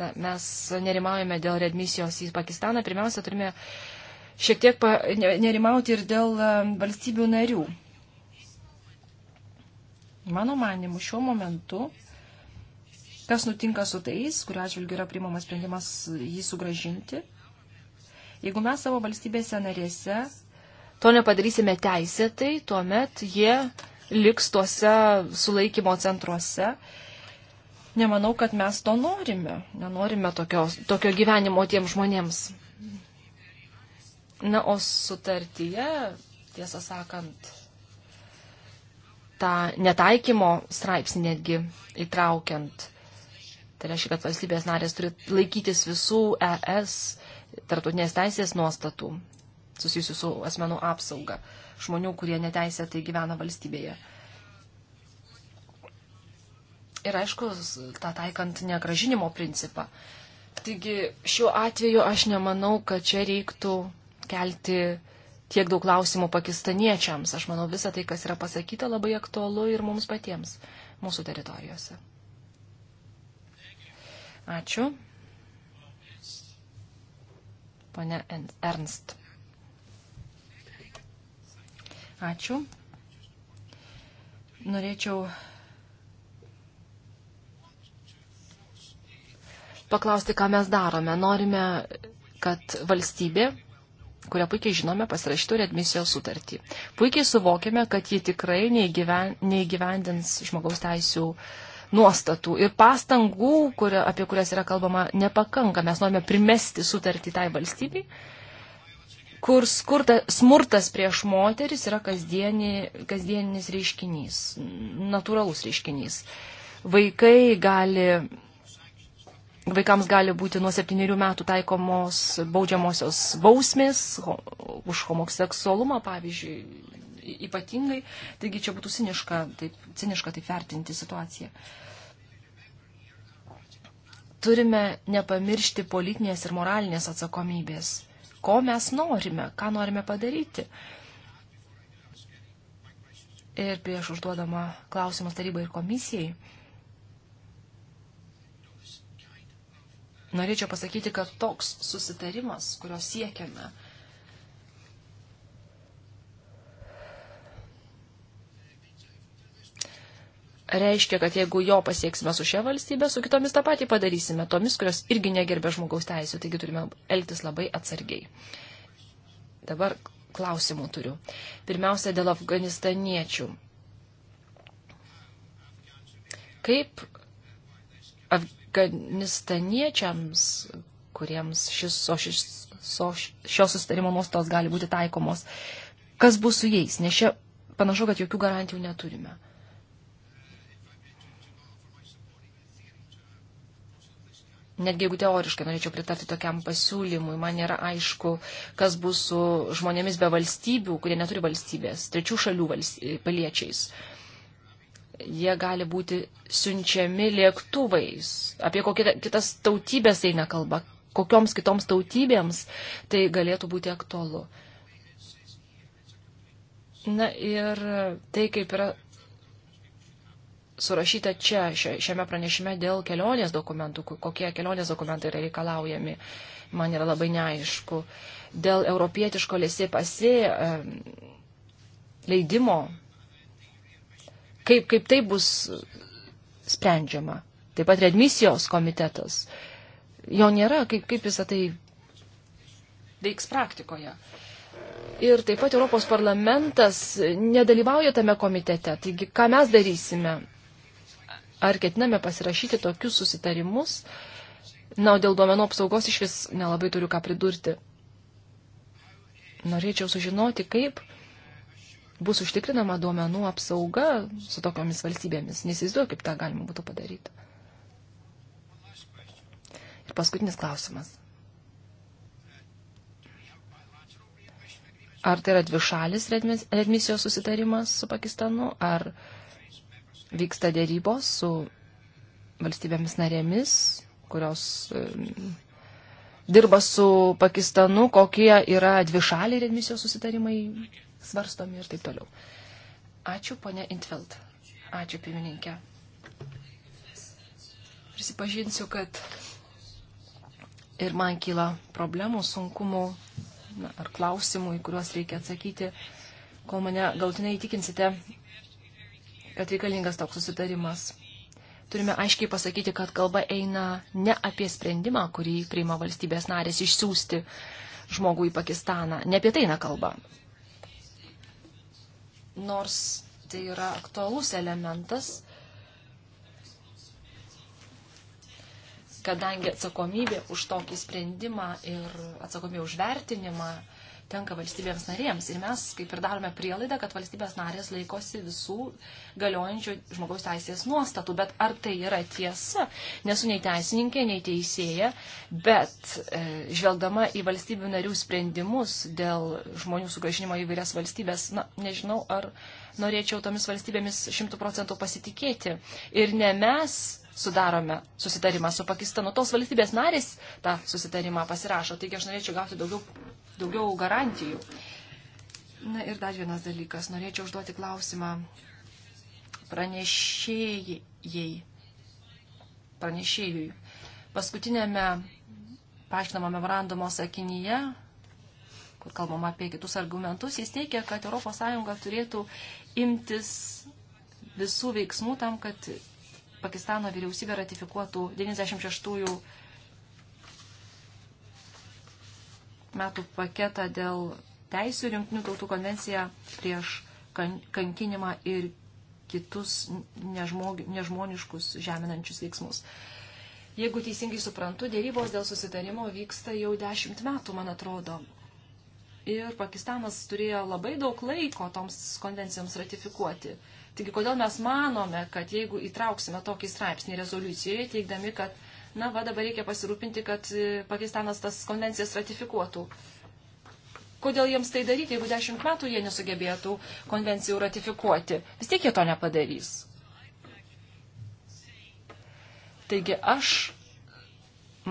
na, mes nerimaujame dėl redmisijos į Pakistaną, pirmiausia, turime šiek tiek pa, nerimauti ir dėl e, valstybių narių. Mano manimu, šiuo momentu, kas nutinka su tais, kuriuo atžvilgiu yra priimamas sprendimas jį sugražinti, Jeigu mes savo valstybėse narėse to nepadarysime teisėtai, tuomet jie liks tuose sulaikymo centruose. Nemanau, kad mes to norime. Nenorime tokio, tokio gyvenimo tiems žmonėms. Na, o sutartyje, tiesą sakant, tą netaikymo straipsnį netgi įtraukiant. Tai reiškia, kad valstybės narės turi laikytis visų ES tarptautinės teisės nuostatų susijusių su asmenų apsauga žmonių, kurie neteisėtai gyvena valstybėje. Ir aišku, tą taikant negražinimo principą. Taigi šiuo atveju aš nemanau, kad čia reiktų kelti tiek daug klausimų pakistaniečiams. Aš manau, visa tai, kas yra pasakyta, labai aktualu ir mums patiems, mūsų teritorijose. Ačiū. Pone Ernst. Ačiū. Norėčiau paklausti, ką mes darome. Norime, kad valstybė, kurią puikiai žinome, pasirašytų readmisijos sutartį. Puikiai suvokime, kad ji tikrai neįgyven, neįgyvendins žmogaus teisų uh, nuostatų ir pastangų, kurio, apie kurias yra kalbama, nepakanka. Mes norime primesti sutartį tai valstybei, kur skurta, smurtas prieš moteris yra kasdienį, kasdieninis reiškinys, natūralus reiškinys. Vaikai gali vaikams gali būti nuo septyniarių metų taikomos baudžiamosios bausmės už homoseksualumą, pavyzdžiui, ypatingai, taigi čia būtų ciniška taip, ciniška taip vertinti situaciją. Turime nepamiršti politinės ir moralinės atsakomybės. Ko mes norime, ką norime padaryti. Ir prieš užduodama klausimus tarybai ir komisijai, norėčiau pasakyti, kad toks susitarimas, kurio siekiame, reiškia, kad jeigu jo pasieksime su šia valstybė, su kitomis tą patį padarysime, tomis, kurios irgi negerbė žmogaus teisų, taigi turime elgtis labai atsargiai. Dabar klausimų turiu. Pirmiausia, dėl afganistaniečių. Kaip afganistaniečiams, kuriems šis, o šis, o šios sustarimo nuostos gali būti taikomos, kas bus su jais, nes čia panašu, kad jokių garantijų neturime. Netgi jeigu teoriškai norėčiau pritarti tokiam pasiūlymui, man nėra aišku, kas bus su žmonėmis be valstybių, kurie neturi valstybės, trečių šalių valsty, paliečiais. Jie gali būti siunčiami lėktuvais. Apie kokias kitas tautybės eina kalba, kokioms kitoms tautybėms tai galėtų būti aktualu. Na ir tai, kaip yra surašyta čia, šiame pranešime dėl kelionės dokumentų, kokie kelionės dokumentai yra reikalaujami, man yra labai neaišku. Dėl europietiško lėsė pasi leidimo, kaip, kaip tai bus sprendžiama. Taip pat redmisijos komitetas. Jo nėra, kaip, kaip visą tai veiks praktikoje. Ir taip pat Europos parlamentas nedalyvauja tame komitete. Taigi, ką mes darysime? ar ketiname pasirašyti tokius susitarimus. Na, o dėl duomenų apsaugos iš vis nelabai turiu ką pridurti. Norėčiau sužinoti, kaip bus užtikrinama duomenų apsauga su tokiomis valstybėmis. Nesizduoju, kaip tą galima būtų padaryti. Ir paskutinis klausimas. Ar tai yra dvišalis redmisijos susitarimas su Pakistanu, ar Vyksta dėrybos su valstybėmis narėmis, kurios dirba su Pakistanu, kokie yra dvišaliai redmisijos susitarimai svarstomi ir taip toliau. Ačiū, ponė Intfeld. Ačiū, pirmininkė. Prisipažinsiu, kad ir man kyla problemų, sunkumų na, ar klausimų, į kuriuos reikia atsakyti, kol mane galtinai įtikinsite, kad reikalingas toks susitarimas. Turime aiškiai pasakyti, kad kalba eina ne apie sprendimą, kurį priima valstybės narės išsiųsti žmogų į Pakistaną. Ne apie tai eina kalba. Nors tai yra aktualus elementas, kadangi atsakomybė už tokį sprendimą ir atsakomybė už vertinimą tenka valstybėms narėms. Ir mes kaip ir darome prielaidą, kad valstybės narės laikosi visų galiojančių žmogaus teisės nuostatų. Bet ar tai yra tiesa? Nesu nei teisininkė, nei teisėja, bet e, žvelgdama į valstybių narių sprendimus dėl žmonių sugražinimo į vairias valstybės, na, nežinau, ar norėčiau tomis valstybėmis šimtų procentų pasitikėti. Ir ne mes sudarome susitarimą su Pakistanu. Tos valstybės narės tą susitarimą pasirašo. Taigi aš norėčiau gauti daugiau daugiau garantijų. Na ir dar vienas dalykas. Norėčiau užduoti klausimą pranešėjai. Pranešėjui. Paskutinėme paaiškinamo memorandumo sakinyje, kur kalbama apie kitus argumentus, jis teikia, kad ES turėtų imtis visų veiksmų tam, kad Pakistano vyriausybė ratifikuotų 96-ųjų metų paketą dėl teisų ir jungtinių tautų konvenciją prieš kankinimą ir kitus nežmog, nežmoniškus žeminančius veiksmus. Jeigu teisingai suprantu, dėrybos dėl susitarimo vyksta jau dešimt metų, man atrodo. Ir Pakistanas turėjo labai daug laiko toms konvencijoms ratifikuoti. Taigi, kodėl mes manome, kad jeigu įtrauksime tokį straipsnį rezoliucijoje, teikdami, kad Na, va dabar reikia pasirūpinti, kad e, Pakistanas tas konvencijas ratifikuotų. Kodėl jiems tai daryti, jeigu dešimt metų jie nesugebėtų konvencijų ratifikuoti? Vis tiek jie to nepadarys. Taigi aš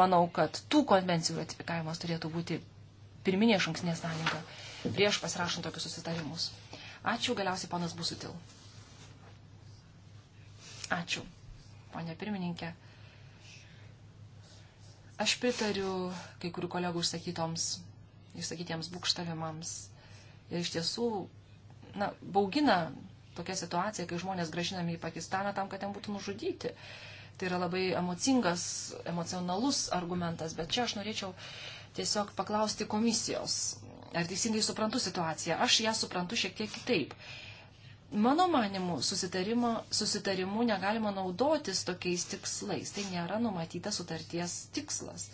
manau, kad tų konvencijų ratifikavimas turėtų būti pirminė šanksnė sąlyga prieš pasirašant tokius susitarimus. Ačiū, galiausiai ponas Busutil. Ačiū, ponė pirmininkė. Aš pritariu kai kurių kolegų išsakytoms, išsakytiems būkštavimams. Ir iš tiesų, na, baugina tokia situacija, kai žmonės gražinami į Pakistaną tam, kad ten būtų nužudyti. Tai yra labai emocingas, emocionalus argumentas, bet čia aš norėčiau tiesiog paklausti komisijos, ar teisingai suprantu situaciją. Aš ją suprantu šiek tiek kitaip. Mano manimu, susitarimu negalima naudotis tokiais tikslais. Tai nėra numatyta sutarties tikslas.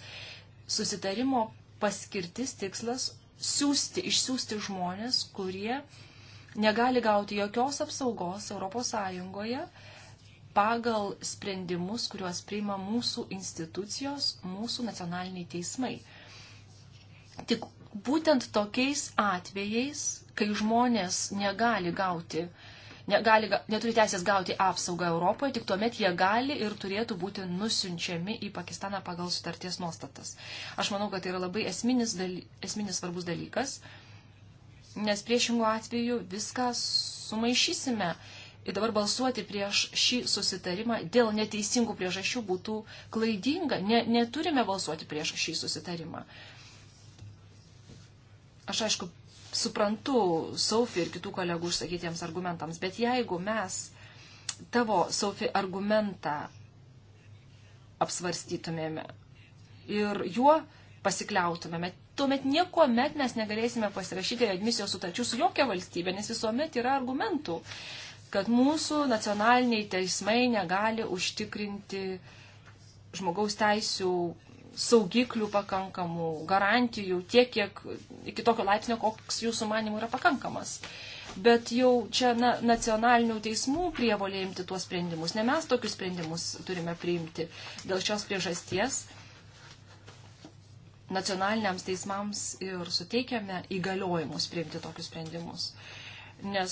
Susitarimo paskirtis tikslas - siūsti, išsiųsti žmonės, kurie negali gauti jokios apsaugos ES pagal sprendimus, kuriuos priima mūsų institucijos, mūsų nacionaliniai teismai. Tik būtent tokiais atvejais kai žmonės negali gauti, negali, neturi teisės gauti apsaugą Europoje, tik tuomet jie gali ir turėtų būti nusiunčiami į Pakistaną pagal sutarties nuostatas. Aš manau, kad tai yra labai esminis, daly, esminis svarbus dalykas, nes priešingų atveju viską sumaišysime. Ir dabar balsuoti prieš šį susitarimą dėl neteisingų priežasčių būtų klaidinga. Ne, neturime balsuoti prieš šį susitarimą. Aš aišku, suprantu Sofi ir kitų kolegų užsakytiems argumentams, bet jeigu mes tavo Sofi argumentą apsvarstytumėme ir juo pasikliautumėme, tuomet nieko met mes negalėsime pasirašyti admisijos sutarčių su jokia valstybė, nes visuomet yra argumentų, kad mūsų nacionaliniai teismai negali užtikrinti žmogaus teisų saugiklių pakankamų, garantijų, tiek, kiek iki tokio laipsnio, koks jūsų manimų yra pakankamas. Bet jau čia na, nacionalinių teismų prievolė imti tuos sprendimus, ne mes tokius sprendimus turime priimti. Dėl šios priežasties nacionaliniams teismams ir suteikiame įgaliojimus priimti tokius sprendimus. Nes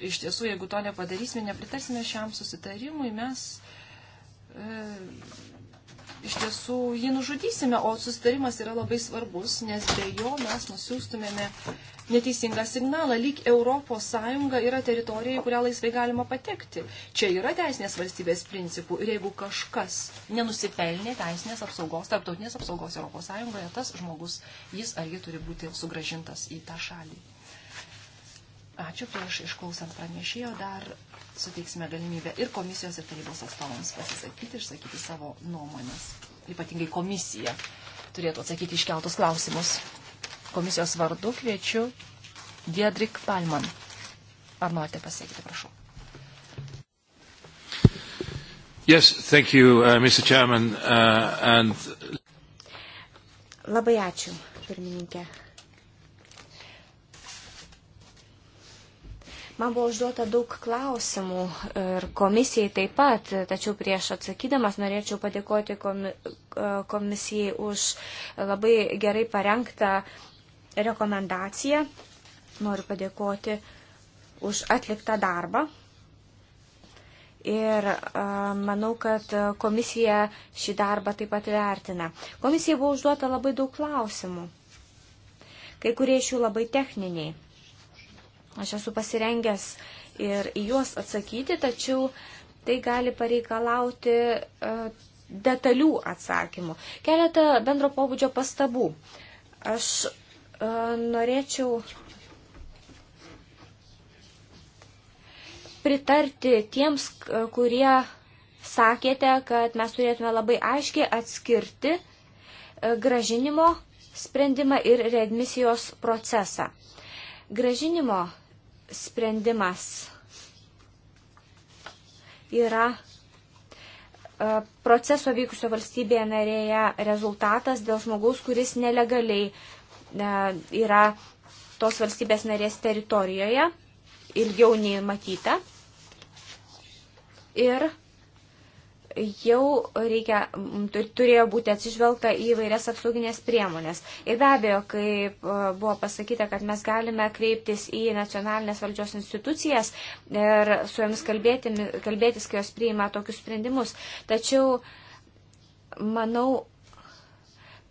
iš tiesų, jeigu to nepadarysime, nepritarsime šiam susitarimui, mes. E, iš tiesų jį nužudysime, o susitarimas yra labai svarbus, nes be jo mes nusiųstumėme neteisingą signalą, lyg ES yra teritorija, į kurią laisvai galima patekti. Čia yra teisinės valstybės principų ir jeigu kažkas nenusipelnė teisinės apsaugos, tarptautinės apsaugos ES, tas žmogus, jis argi turi būti sugražintas į tą šalį. Ačiū prieš išklausant pranešėjo dar suteiksime galimybę ir komisijos, ir tarybos atstovams pasisakyti, išsakyti savo nuomonės. Ypatingai komisija turėtų atsakyti iškeltus klausimus. Komisijos vardu kviečiu Diedrik Palman. Ar norite pasakyti, prašau? Yes, thank you, uh, Mr. Chairman. Uh, and... Labai ačiū, pirmininkė. Man buvo užduota daug klausimų ir komisijai taip pat, tačiau prieš atsakydamas norėčiau padėkoti e, komisijai už labai gerai parengtą rekomendaciją. Noriu padėkoti už atliktą darbą. Ir e, manau, kad komisija šį darbą taip pat vertina. Komisijai buvo užduota labai daug klausimų. Kai kurie iš jų labai techniniai. Aš esu pasirengęs ir į juos atsakyti, tačiau tai gali pareikalauti e, detalių atsakymų. Keletą bendro pobūdžio pastabų. Aš e, norėčiau pritarti tiems, e, kurie sakėte, kad mes turėtume labai aiškiai atskirti gražinimo sprendimą ir readmisijos procesą. Gražinimo sprendimas yra e, proceso vykusio valstybėje narėje rezultatas dėl žmogaus, kuris nelegaliai e, yra tos valstybės narės teritorijoje ilgiau nei matyta. Ir jau reikia, turėjo būti atsižvelgta į vairias apsauginės priemonės. Ir be abejo, kaip e, buvo pasakyta, kad mes galime kreiptis į nacionalinės valdžios institucijas ir su jomis kalbėtis, kai jos priima tokius sprendimus. Tačiau manau,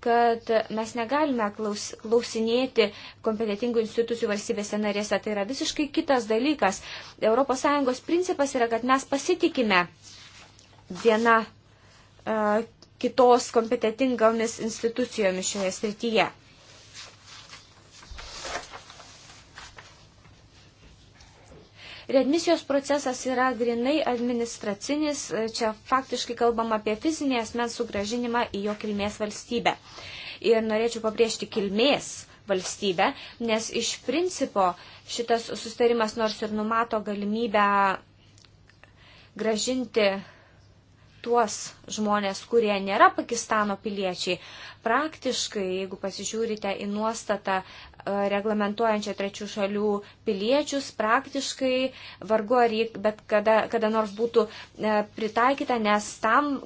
kad mes negalime klaus, klausinėti kompetitingų institucijų valstybėse narėse. Tai yra visiškai kitas dalykas. ES principas yra, kad mes pasitikime viena e, kitos kompetitingomis institucijomis šioje srityje. Readmisijos procesas yra grinai administracinis, e, čia faktiškai kalbam apie fizinį asmens sugražinimą į jo kilmės valstybę. Ir norėčiau pabrėžti kilmės valstybę, nes iš principo šitas sustarimas nors ir numato galimybę gražinti tuos žmonės, kurie nėra Pakistano piliečiai. Praktiškai, jeigu pasižiūrite į nuostatą e, reglamentuojančią trečių šalių piliečius, praktiškai vargu ar jį bet kada, kada nors būtų e, pritaikyta, nes tam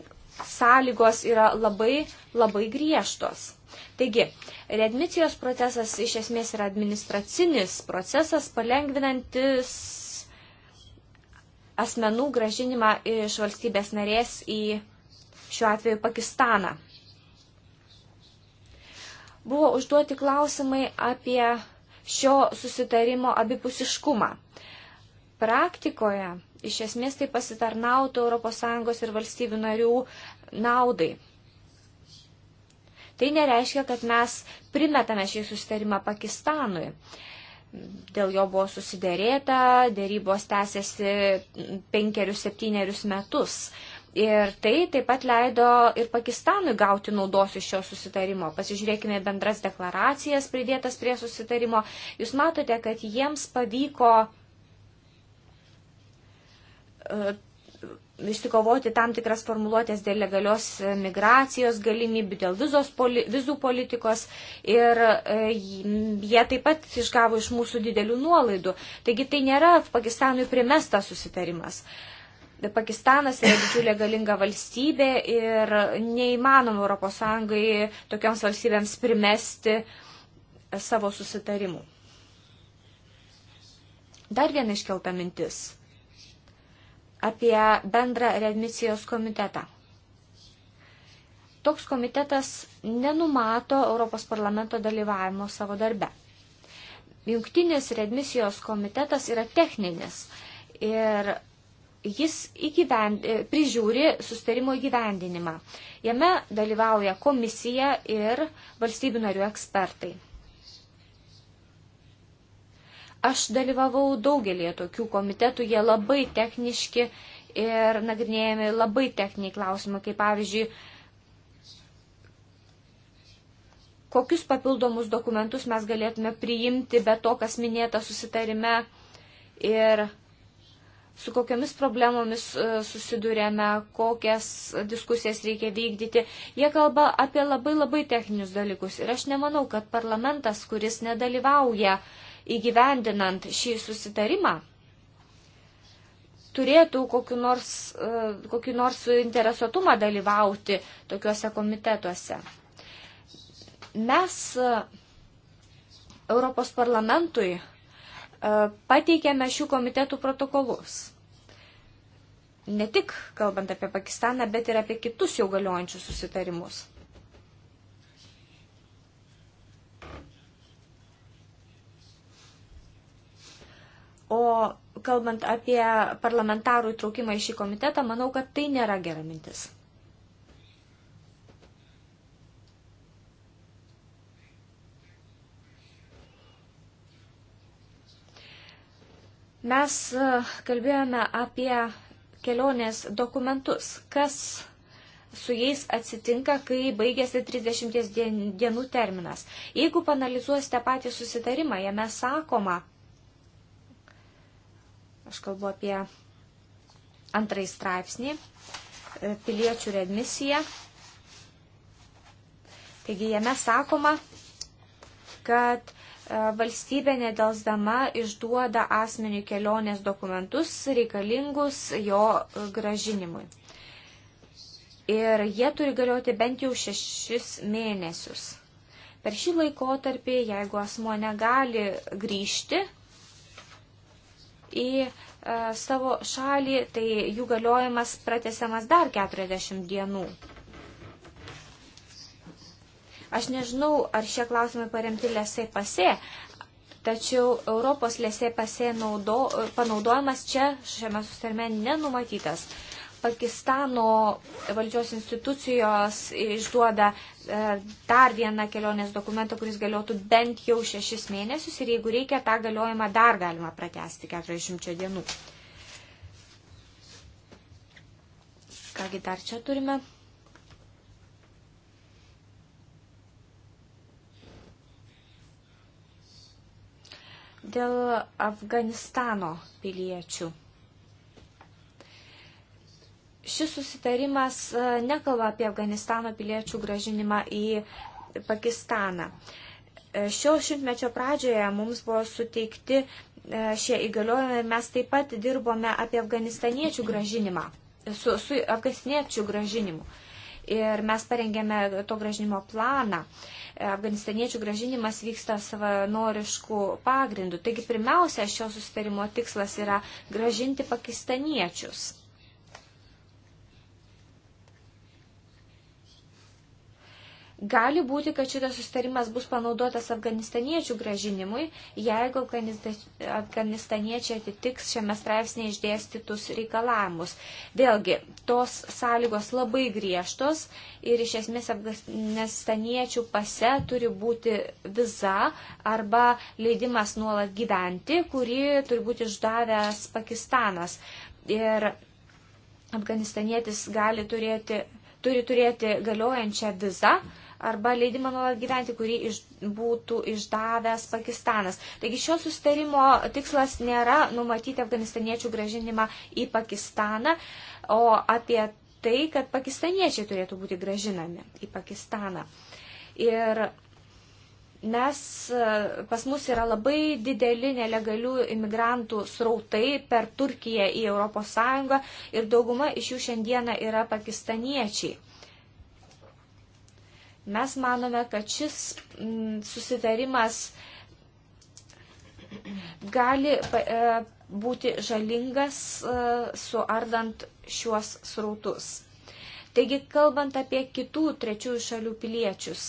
sąlygos yra labai, labai griežtos. Taigi, readmisijos procesas iš esmės yra administracinis procesas, palengvinantis asmenų gražinimą iš valstybės narės į šiuo atveju Pakistaną. Buvo užduoti klausimai apie šio susitarimo abipusiškumą. Praktikoje iš esmės tai pasitarnautų ES ir valstybių narių naudai. Tai nereiškia, kad mes primetame šį susitarimą Pakistanui. Uh, dėl jo buvo susidėrėta, dėrybos tęsiasi penkerius, septynerius metus. Ir tai taip pat leido ir Pakistanui gauti naudos iš šio susitarimo. Pasižiūrėkime bendras deklaracijas pridėtas prie susitarimo. Jūs matote, kad jiems pavyko išsikovoti tam tikras formuluotės dėl legalios e, migracijos galimybių, dėl vizos, poli, vizų politikos ir e, jie taip pat išgavo iš mūsų didelių nuolaidų. Taigi tai nėra Pakistanui primestas susitarimas. Pakistanas yra didžiulė galinga valstybė ir neįmanoma ES tokioms valstybėms primesti savo susitarimų. Dar viena iškelta mintis apie bendrą readmisijos komitetą. Toks komitetas nenumato Europos parlamento dalyvavimo savo darbe. Jungtinis readmisijos komitetas yra techninis ir jis įgyvend, e, prižiūri sustarimo įgyvendinimą. Jame dalyvauja komisija ir valstybių narių ekspertai. Aš dalyvavau daugelie tokių komitetų, jie labai techniški ir nagrinėjami labai techniniai klausimai, kaip pavyzdžiui, kokius papildomus dokumentus mes galėtume priimti be to, kas minėta susitarime ir su kokiamis problemomis e, susidurėme, kokias diskusijas reikia vykdyti. Jie kalba apie labai labai techninius dalykus ir aš nemanau, kad parlamentas, kuris nedalyvauja uh, įgyvendinant šį susitarimą turėtų kokiu nors, e, kokiu nors suinteresuotumą dalyvauti tokiuose komitetuose. Mes e, Europos parlamentui e, pateikėme šių komitetų protokolus. Ne tik kalbant apie Pakistaną, bet ir apie kitus jau galiojančius susitarimus. O kalbant apie parlamentarų įtraukimą į šį komitetą, manau, kad tai nėra gera mintis. Mes e, kalbėjome apie kelionės dokumentus, kas su jais atsitinka, kai baigėsi 30 dienų terminas. Jeigu panalizuosite patį susitarimą, jame sakoma, Aš kalbu apie antrąjį straipsnį, e, piliečių remisiją. Taigi jame sakoma, kad e, valstybė nedelsdama išduoda asmeniui kelionės dokumentus reikalingus jo e, gražinimui. Ir jie turi galioti bent jau šešis mėnesius. Per šį laikotarpį, jeigu asmo negali grįžti į e, savo šalį, tai jų galiojimas pratesiamas dar 40 dienų. Aš nežinau, ar šie klausimai paremti lesai pasė, tačiau Europos lesai pasė naudo, panaudojimas čia šiame sustarme nenumatytas. Uh, Pakistano valdžios institucijos išduoda e, dar vieną kelionės dokumentą, kuris galiotų bent jau šešis mėnesius ir jeigu reikia, tą galiojimą dar galima pratesti 40 dienų. Kągi dar čia turime. Dėl Afganistano piliečių. Šis susitarimas e, nekalba apie Afganistano piliečių gražinimą į Pakistaną. E, šio šimtmečio pradžioje mums buvo suteikti e, šie įgaliojimai ir mes taip pat dirbome apie afganistaniečių gražinimą, su, su afganistaniečių gražinimu ir mes parengėme to gražinimo planą. Afganistaniečių gražinimas vyksta savanoriškų pagrindų. Taigi pirmiausia, šio susitarimo tikslas yra gražinti pakistaniečius. Gali būti, kad šitas sustarimas bus panaudotas afganistaniečių gražinimui, jeigu afganistaniečiai atitiks šiame straipsnėje išdėstytus reikalavimus. Vėlgi, tos sąlygos labai griežtos ir iš esmės afganistaniečių pase turi būti viza arba leidimas nuolat gyventi, kurį turi būti išdavęs Pakistanas. Ir Afganistanietis gali turėti, turi turėti galiojančią vizą, uh, arba leidimą nuolat gyventi, kurį iš, būtų išdavęs Pakistanas. Taigi šio sustarimo tikslas nėra numatyti afganistaniečių gražinimą į Pakistaną, o apie tai, kad pakistaniečiai turėtų būti gražinami į Pakistaną. Ir mes, pas mus yra labai dideli nelegalių imigrantų srautai per Turkiją į ES ir dauguma iš jų šiandieną yra pakistaniečiai. Mes manome, kad šis mm, susitarimas gali e, būti žalingas e, suardant šiuos srautus. Taigi, kalbant apie kitų trečiųjų šalių piliečius,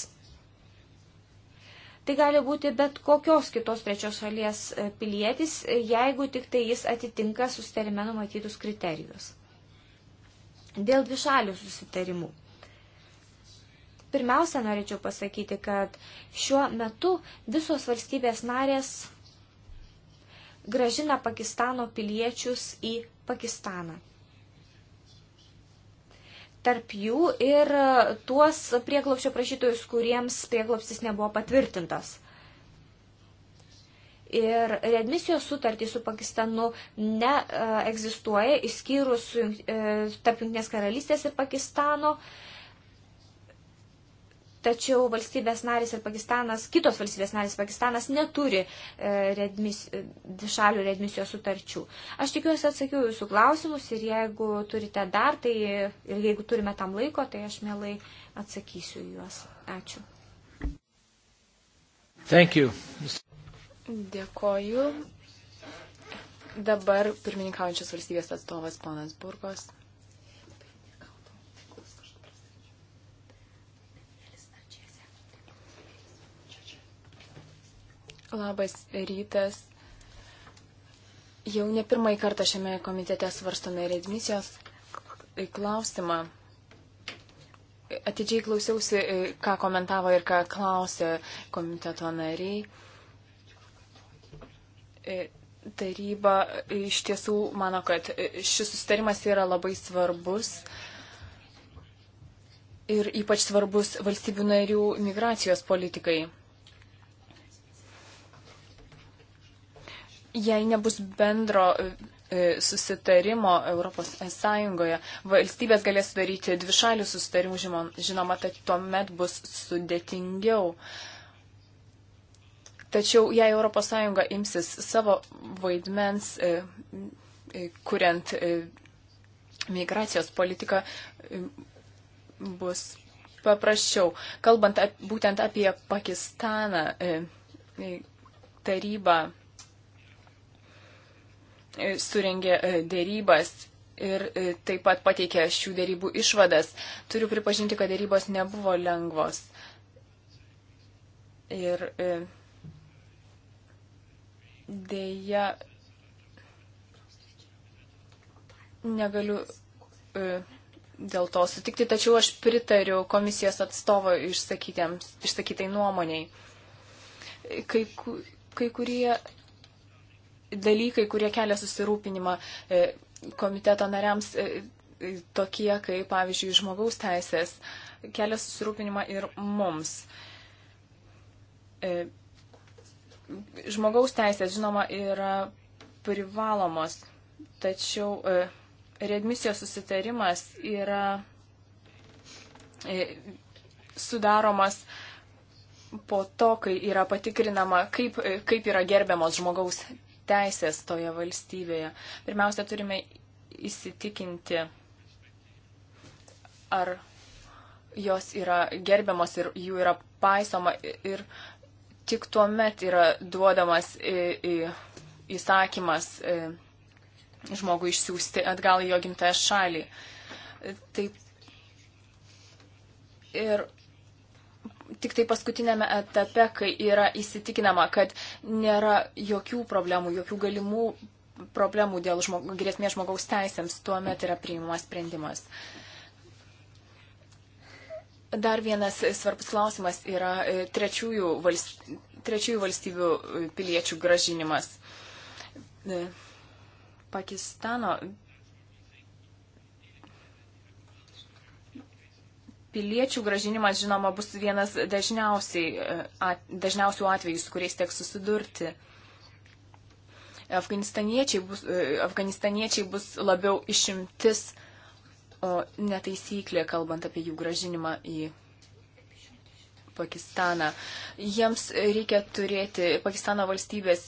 tai gali būti bet kokios kitos trečios šalies e, pilietis, jeigu tik tai jis atitinka susitarime numatytus kriterijus. Dėl dvišalių susitarimų. Pirmiausia, norėčiau pasakyti, kad šiuo metu visos valstybės narės gražina Pakistano piliečius į Pakistaną. Tarp jų ir tuos prieglopščio prašytojus, kuriems prieglopstis nebuvo patvirtintas. Ir readmisijos sutartys su Pakistanu neegzistuoja, išskyrus e, tarp Junktinės karalystės ir Pakistano. E, Tačiau valstybės narės ir Pakistanas, kitos valstybės narės Pakistanas neturi e, redmis, dvišalių redmisijos sutarčių. Aš tikiuosi atsakiau jūsų klausimus ir jeigu turite dar, tai ir jeigu turime tam laiko, tai aš mielai atsakysiu juos. Ačiū. Thank you. Dėkoju. Dabar pirmininkaujančios valstybės atstovas ponas Burgos. Labas rytas. Jau ne pirmąjį kartą šiame komitete svarstome readmisijos klausimą. Atidžiai klausiausi, e, ką komentavo ir ką klausė komiteto nariai. E, taryba e, iš tiesų mano, kad šis sustarimas yra labai svarbus ir ypač svarbus valstybių narių migracijos politikai. Jei nebus bendro e, e, susitarimo Europos Sąjungoje, valstybės galės daryti dvišalių susitarimų, žinoma, tad tuomet bus sudėtingiau. Tačiau jei ES imsis savo vaidmens, e, kuriant migracijos politiką, bus paprasčiau. Kalbant ap, būtent apie Pakistaną, taryba surengė e, dėrybas ir e, taip pat pateikė šių dėrybų išvadas. Turiu pripažinti, kad dėrybos nebuvo lengvos. Ir e, dėja negaliu dėl to sutikti, tačiau aš pritariu komisijos atstovo išsakytai nuomoniai. Kai, kai kurie dalykai, kurie kelia susirūpinimą e, komiteto nariams, e, e, tokie kaip, pavyzdžiui, žmogaus teisės, kelia susirūpinimą ir mums. Žmogaus teisės, žinoma, yra privalomos, tačiau readmisijos susitarimas yra sudaromas po to, kai yra patikrinama, kaip, kaip yra gerbiamos žmogaus teisės toje valstybėje. Pirmiausia, turime įsitikinti, ar jos yra gerbiamos ir jų yra paisoma ir tik tuo met yra duodamas įsakymas e, žmogui išsiųsti atgal į jo gimtąją šalį. Taip. Ir tik tai paskutinėme etape, kai yra įsitikinama, kad nėra jokių problemų, jokių galimų problemų dėl žmog, grėsmės žmogaus teisėms, tuomet yra priimamas sprendimas. Dar vienas svarbus klausimas yra e, trečiųjų, valst, trečiųjų valstybių e, piliečių gražinimas. E, Pakistano Piliečių gražinimas, žinoma, bus vienas e, dažniausių atvejų, su kuriais teks susidurti. Afganistaniečiai bus, e, afganistaniečiai bus labiau išimtis, o netaisyklė, kalbant apie jų gražinimą į Pakistaną. Jiems reikia turėti Pakistano valstybės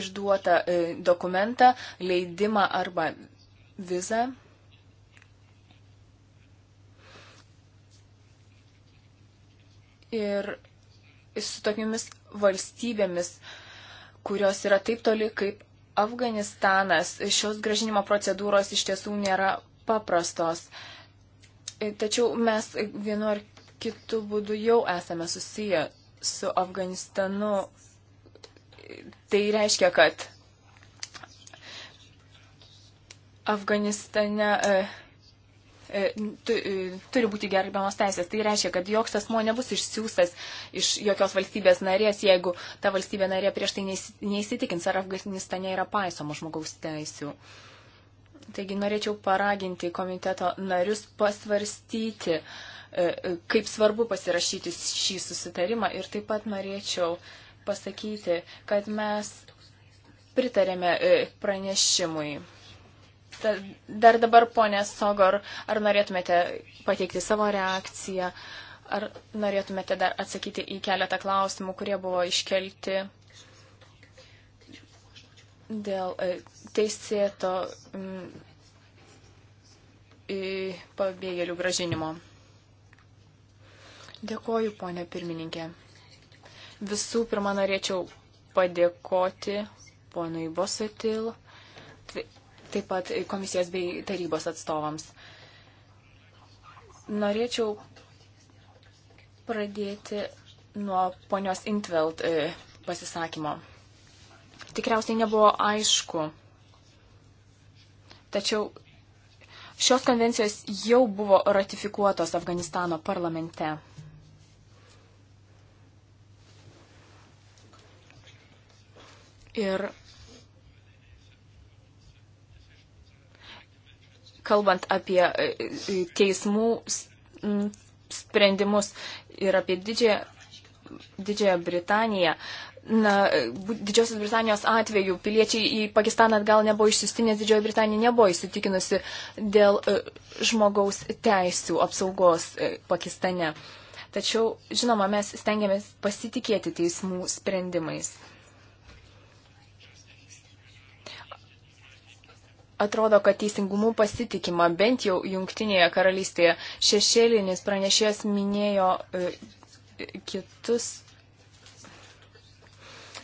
išduotą e, dokumentą, leidimą arba vizą ir su tokiamis valstybėmis, kurios yra taip toli kaip Afganistanas. Šios gražinimo procedūros iš tiesų nėra paprastos. Tačiau mes vienu ar kitu būdu jau esame susiję su Afganistanu. Tai reiškia, kad Afganistane. Uh, E, e, turi būti gerbiamos teisės. Tai reiškia, kad joks asmo nebus išsiųstas iš jokios valstybės narės, jeigu ta valstybė narė prieš tai neįsitikins, ar Afganistane yra paisoma žmogaus teisių. Taigi norėčiau paraginti komiteto narius pasvarstyti, e, kaip svarbu pasirašyti šį susitarimą ir taip pat norėčiau pasakyti, kad mes pritarėme pranešimui. Dar dabar, ponė Sogor, ar norėtumėte pateikti savo reakciją, ar norėtumėte dar atsakyti į keletą klausimų, kurie buvo iškelti dėl e, teisėto mm, pabėgėlių gražinimo. Dėkoju, ponė pirmininkė. Visų pirma, norėčiau padėkoti ponui Bosetil taip pat komisijos bei tarybos atstovams. Norėčiau pradėti nuo ponios Intveld e, pasisakymo. Tikriausiai nebuvo aišku, tačiau šios konvencijos jau buvo ratifikuotos Afganistano parlamente. Ir kalbant apie e, e, teismų sprendimus ir apie didžiąją, didžiąją Britaniją. Na, e, Didžiosios Britanijos atveju piliečiai į Pakistaną atgal nebuvo išsiusti, nes Didžioji Britanija nebuvo įsitikinusi dėl žmogaus teisų apsaugos Pakistane. Tačiau, žinoma, mes stengiamės pasitikėti teismų sprendimais. atrodo, kad teisingumu pasitikima, bent jau Junktinėje karalystėje. Šešėlinis pranešėjas minėjo e, e, kitus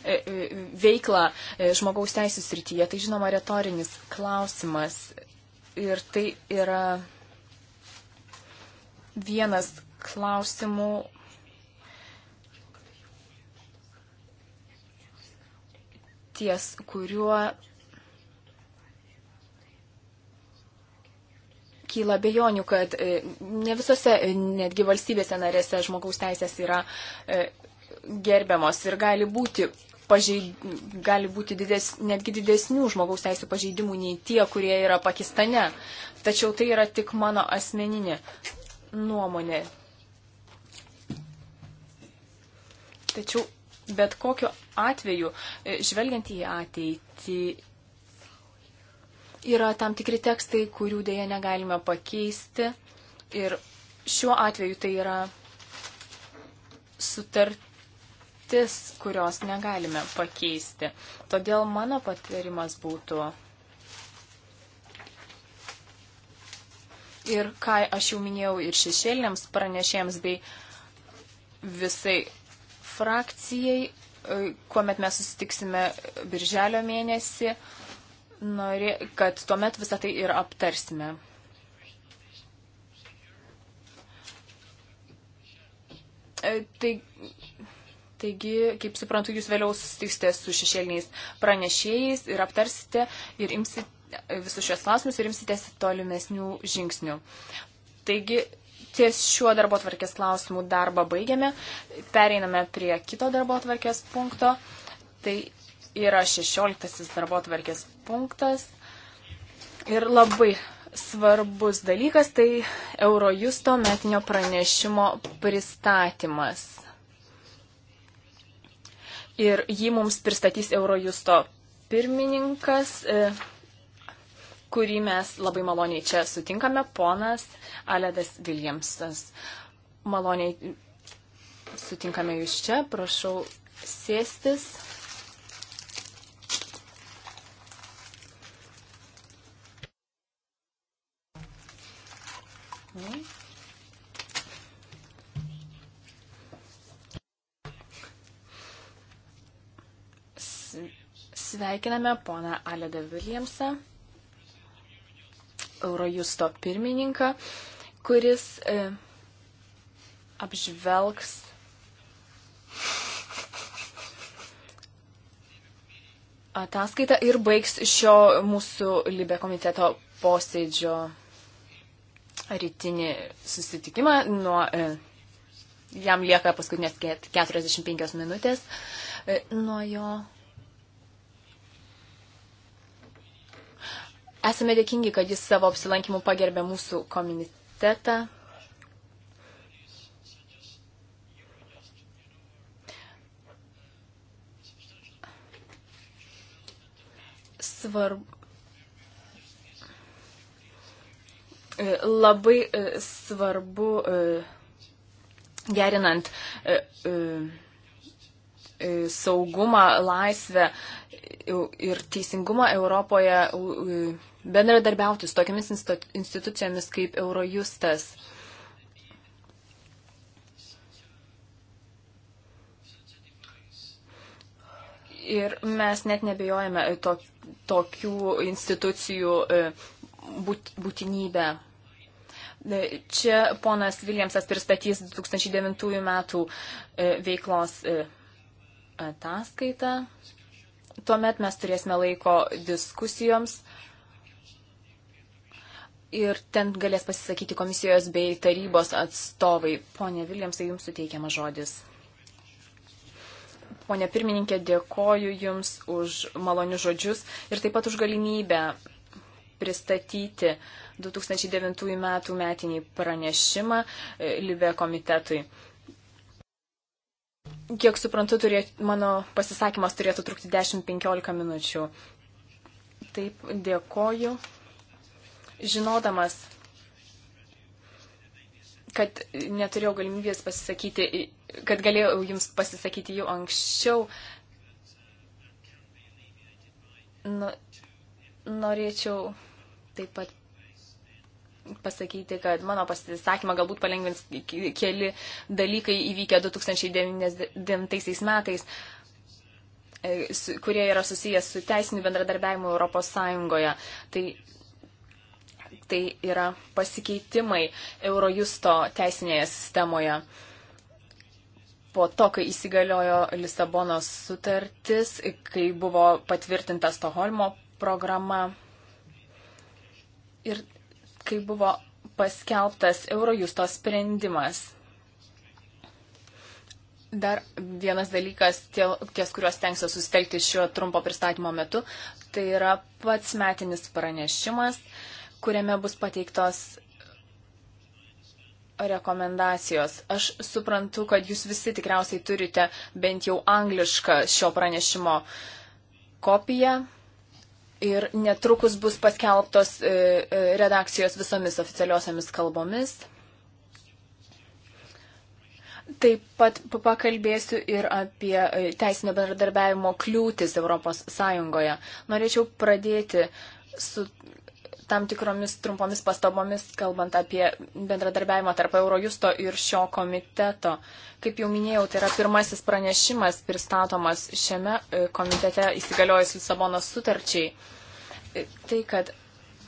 e, veiklą žmogaus teisų srityje. Tai žinoma retorinis klausimas. Ir tai yra vienas klausimų. ties kuriuo kyla bejonių, kad e, ne visose e, netgi valstybėse narėse žmogaus teisės yra e, gerbiamos ir gali būti, pažeid, gali būti dides, netgi didesnių žmogaus teisų pažeidimų nei tie, kurie yra Pakistane. Tačiau tai yra tik mano asmeninė nuomonė. Tačiau bet kokiu atveju, žvelgiant į ateitį, yra tam tikri tekstai, kurių dėja negalime pakeisti. Ir šiuo atveju tai yra sutartis, kurios negalime pakeisti. Todėl mano patarimas būtų. Ir ką aš jau minėjau ir šešėlėms pranešėjams bei visai frakcijai, e, kuomet mes susitiksime birželio mėnesį, norė, kad tuomet visą tai ir aptarsime. E, tai, taigi, kaip suprantu, jūs vėliau susitiksite su šešėliniais pranešėjais ir aptarsite ir imsite visus šios klausimus ir imsitės tolimesnių žingsnių. Taigi, ties šiuo darbo tvarkės klausimų darbą baigiame, pereiname prie kito darbo tvarkės punkto. Tai yra 16 darbo tvarkės punktas. Ir labai svarbus dalykas tai Eurojusto metinio pranešimo pristatymas. Ir jį mums pristatys Eurojusto pirmininkas, e, kurį mes labai maloniai čia sutinkame, ponas Aledas Viljamsas. Maloniai sutinkame jūs čia, prašau sėstis. Mhm. Sveikiname poną Aledą Williamsą, Eurojusto pirmininką, kuris e, apžvelgs ataskaitą ir baigs šio mūsų Libė komiteto posėdžio rytinį susitikimą. Nuo, e, jam lieka paskutinės 45 minutės e, nuo jo. Esame dėkingi, kad jis savo apsilankimu pagerbė mūsų komitetą. Svarbu E, labai e, svarbu e, gerinant saugumą, laisvę ir teisingumą Europoje bendradarbiauti su tokiamis institucijomis kaip Eurojustas. Ir mes net nebejojame to, tokių institucijų būt, būtinybę. E, čia ponas Viljamsas pristatys 2009 metų e, veiklos e, ataskaitą. Tuomet mes turėsime laiko diskusijoms ir ten galės pasisakyti komisijos bei tarybos atstovai. Pone Viljamsai, jums suteikiamas žodis. Pone pirmininkė, dėkoju Jums už malonius žodžius ir taip pat už galimybę pristatyti uh, 2009 metų metinį pranešimą e, Libė komitetui. Kiek suprantu, turėt, mano pasisakymas turėtų trukti 10-15 minučių. Taip, dėkoju. Žinodamas, kad neturėjau galimybės pasisakyti, kad galėjau jums pasisakyti jau anksčiau, nu, norėčiau taip pat pasakyti, kad mano pasisakymą galbūt palengvins keli dalykai įvykę 2009 metais, e, kurie yra susijęs su teisiniu bendradarbiavimu Europos Sąjungoje. Tai, tai yra pasikeitimai Eurojusto teisinėje sistemoje. Po to, kai įsigaliojo Lisabonos sutartis, kai buvo patvirtinta Stoholmo programa ir kai buvo paskelbtas Eurojusto sprendimas. Dar vienas dalykas, tie, ties kuriuos tenksiu sustelkti šio trumpo pristatymo metu, tai yra pats metinis pranešimas, kuriame bus pateiktos rekomendacijos. Aš suprantu, kad jūs visi tikriausiai turite bent jau anglišką šio pranešimo kopiją. Ir netrukus bus paskelbtos e, e, redakcijos visomis oficialiosiomis kalbomis. Taip pat pakalbėsiu ir apie e, teisinio bendradarbiavimo kliūtis ES. Norėčiau pradėti su tam tikromis trumpomis pastabomis, kalbant apie bendradarbiavimą tarp Eurojusto ir šio komiteto. Kaip jau minėjau, tai yra pirmasis pranešimas pristatomas šiame e, komitete įsigaliojus Lisabonos sutarčiai. E, tai, kad